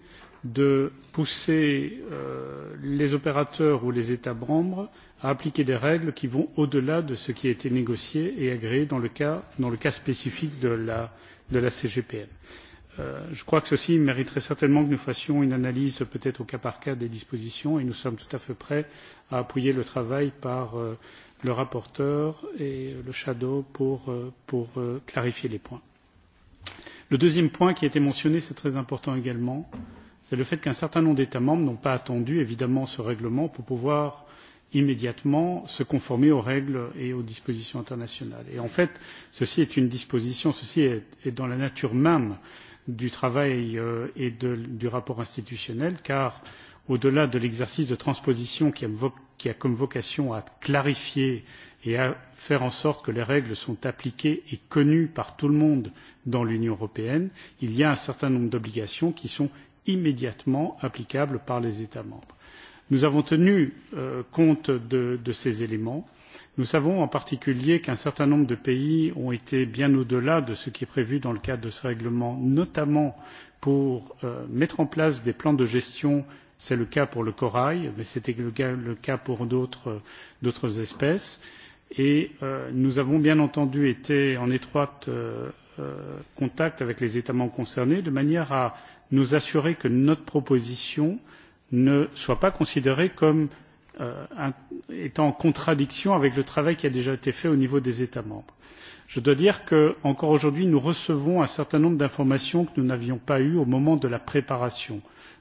de pousser euh, les opérateurs ou les états membres à appliquer des règles qui vont au delà de ce qui a été négocié et agréé dans le cas, spécifique de la, cgpm. Euh, je crois que ceci mériterait certainement que nous fassions une analyse peut être au cas par cas des dispositions et nous sommes tout à fait prêts à appuyer le travail par euh, le rapporteur et le shadow pour, pour clarifier les points. le deuxième point qui a été mentionné c'est très important également c'est c'est le fait qu'un certain nombre d'états membres n'ont pas attendu évidemment ce règlement pour pouvoir immédiatement se conformer aux règles et aux dispositions internationales. en fait ceci est une disposition ceci est, dans la nature même du travail euh, et du rapport institutionnel car au delà de l'exercice de transposition qui a, qui a comme vocation à clarifier et à faire en sorte que les règles sont appliquées et connues par tout le monde dans l'union européenne il y a un certain nombre d'obligations qui sont immédiatement applicables par les états membres. nous avons tenu euh, compte de, ces éléments. nous savons en particulier qu'un certain nombre de pays ont été bien au delà de ce qui est prévu dans le cadre de ce règlement notamment pour euh, mettre en place des plans de gestion c'est le cas pour le corail mais également le cas pour d'autres espèces et euh, nous avons bien entendu été en étroit contact avec les états membres concernés de manière à nous assurer que notre proposition ne soit pas considérée comme euh, étant en contradiction avec le travail qui a déjà été fait au niveau des états membres. je dois dire que encore aujourd'hui nous recevons un certain nombre d'informations que nous n'avions pas eues au moment de la préparation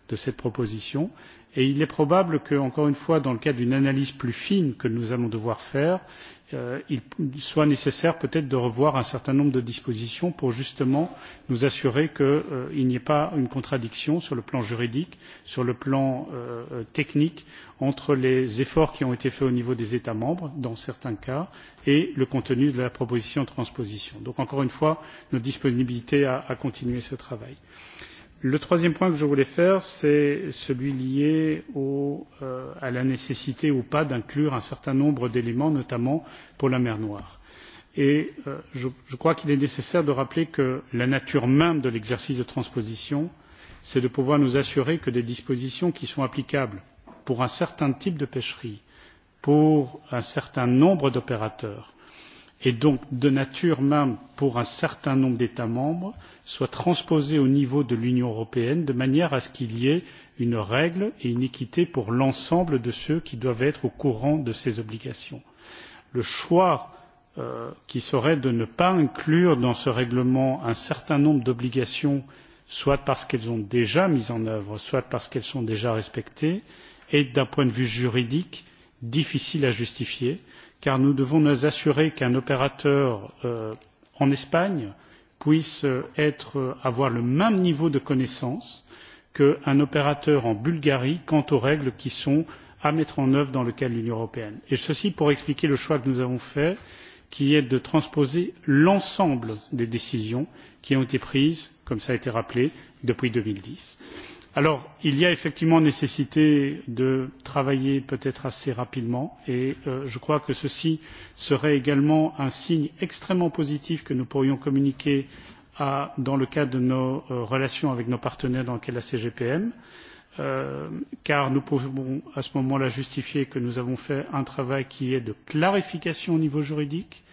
de cette proposition et il est probable que encore une fois dans le cadre d'une analyse plus fine que nous allons devoir faire Euh, il soit nécessaire peut être de revoir un certain nombre de dispositions pour justement nous assurer qu'il euh, n'y ait pas une contradiction sur le plan juridique sur le plan euh, technique entre les efforts qui ont été faits au niveau des états membres dans certains cas et le contenu de la proposition de transposition. donc encore une fois notre disponibilité à continuer ce travail le troisième point que je voulais faire c'est celui lié au, euh, à la nécessité ou pas d'inclure un certain nombre d'éléments notamment pour la mer noire et euh, je, je crois qu'il est nécessaire de rappeler que la nature même de l'exercice de transposition c'est de pouvoir nous assurer que des dispositions qui sont applicables pour un certain type de pêcherie pour un certain nombre d'opérateurs et donc de nature même pour un certain nombre d'états membres soit transposée au niveau de l'union européenne de manière à ce qu'il y ait une règle et une équité pour l'ensemble de ceux qui doivent être au courant de ces obligations. le choix euh, qui serait de ne pas inclure dans ce règlement un certain nombre d'obligations soit parce qu'elles ont déjà mis en œuvre soit parce qu'elles sont déjà respectées est d'un point de vue juridique difficile à justifier car nous devons nous assurer qu'un opérateur euh, en Espagne puisse euh, euh, avoir le même niveau de connaissance qu'un opérateur en Bulgarie quant aux règles qui sont à mettre en œuvre dans le cadre de l'Union européenne. Et ceci pour expliquer le choix que nous avons fait, qui est de transposer l'ensemble des décisions qui ont été prises, comme cela a été rappelé, depuis deux mille dix alors il y a effectivement nécessité de travailler peut être assez rapidement et euh, je crois que ceci serait également un signe extrêmement positif que nous pourrions communiquer dans le cadre de nos euh, relations avec nos partenaires dans le de la cgpm euh, car nous pouvons à ce moment là justifier que nous avons fait un travail qui est de clarification au niveau juridique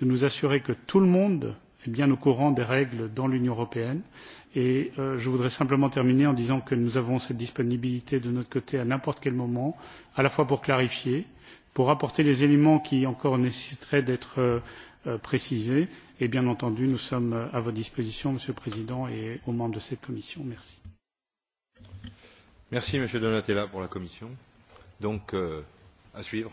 de nous assurer que tout le monde est bien au courant des règles dans l'union européenne et et euh, je voudrais simplement terminer en disant que nous avons cette disponibilité de notre côté à n'importe quel moment à la fois pour clarifier pour apporter les éléments qui encore nécessiteraient d'être euh, euh, précisés et bien entendu nous sommes à votre disposition monsieur le président et aux membres de cette commission. merci. merci monsieur donatella pour la commission. donc à suivre.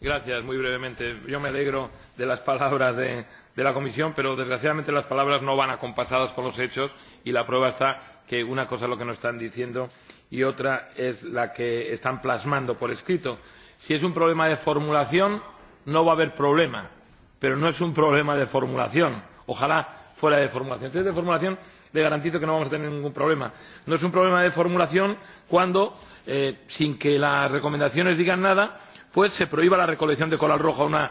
Gracias, muy brevemente. Yo me alegro de las palabras de, la Comisión, pero desgraciadamente las palabras no van acompasadas con los hechos y la prueba está que una cosa es lo que nos están diciendo y otra es la que están plasmando por escrito. Si es un problema de formulación, no va a haber problema, pero no es un problema de formulación. Ojalá fuera de formulación. Si es de formulación le garantizo que no vamos a tener ningún problema. No es un problema de formulación cuando, eh, sin que las recomendaciones digan nada, después se prohíba la recolección de coral rojo a una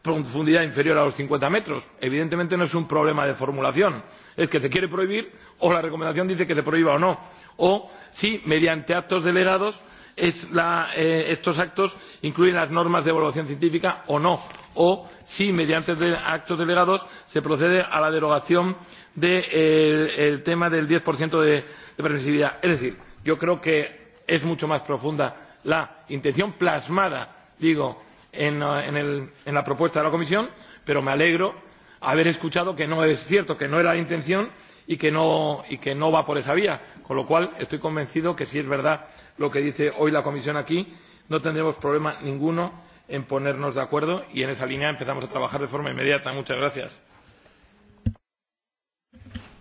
profundidad inferior a los cincuenta metros. evidentemente no es un problema de formulación es que se quiere prohibir o la recomendación dice que se prohíba o no o si mediante actos delegados eh, estos actos incluyen las normas de evaluación científica o no o si mediante actos delegados se procede a la derogación del eh, tema del diez de, de permisividad. es decir yo creo que es mucho más profunda la intención plasmada digo en, eh, en, la propuesta de la comisión pero me alegro haber escuchado que no es cierto que no era la intención y que, no, y que no va por esa vía con lo cual estoy convencido de que si es verdad lo que dice hoy la comisión aquí no tendremos problema ninguno en ponernos de acuerdo y en esa línea empezamos a trabajar de forma inmediata. muchas gracias.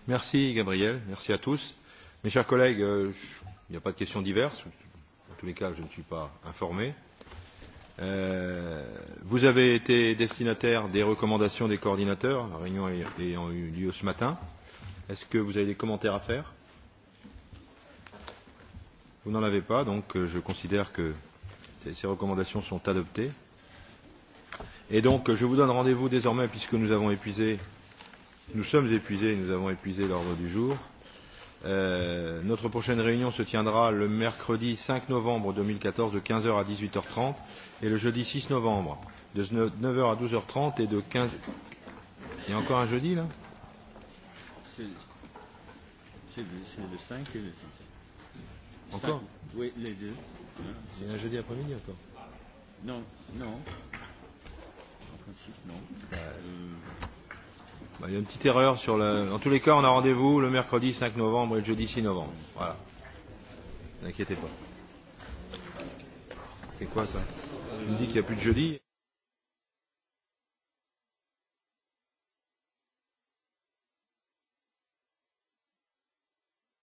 merci gabriel merci à tous. mes chers collègues euh, il n'y a pas de questions diverses en tous les cas je ne suis pas informé. Euh, vous avez été destinataire des recommandations des coordinateurs la réunion ayant eu lieu ce matin est ce que vous avez des commentaires à faire? vous n'en avez pas donc euh, je considère que ces recommandations sont adoptées et donc je vous donne rendez vous désormais puisque nous avons épuisé nous sommes épuisés nous avons épuisé l'ordre du jour Euh, notre prochaine réunion se tiendra le mercredi 5 novembre 2014 de 15h à 18h30 et le jeudi 6 novembre de 9h à 12h30 et de 15... Il y a encore un jeudi là C'est le 5 et le 6. Encore 5, Oui, les deux. Il y a un jeudi après-midi encore Non, non. En principe, non. Euh... Il y a une petite erreur sur le. En tous les cas, on a rendez-vous le mercredi 5 novembre et le jeudi 6 novembre. Voilà. N'inquiétez pas. C'est quoi ça Il me dit qu'il n'y a plus de jeudi.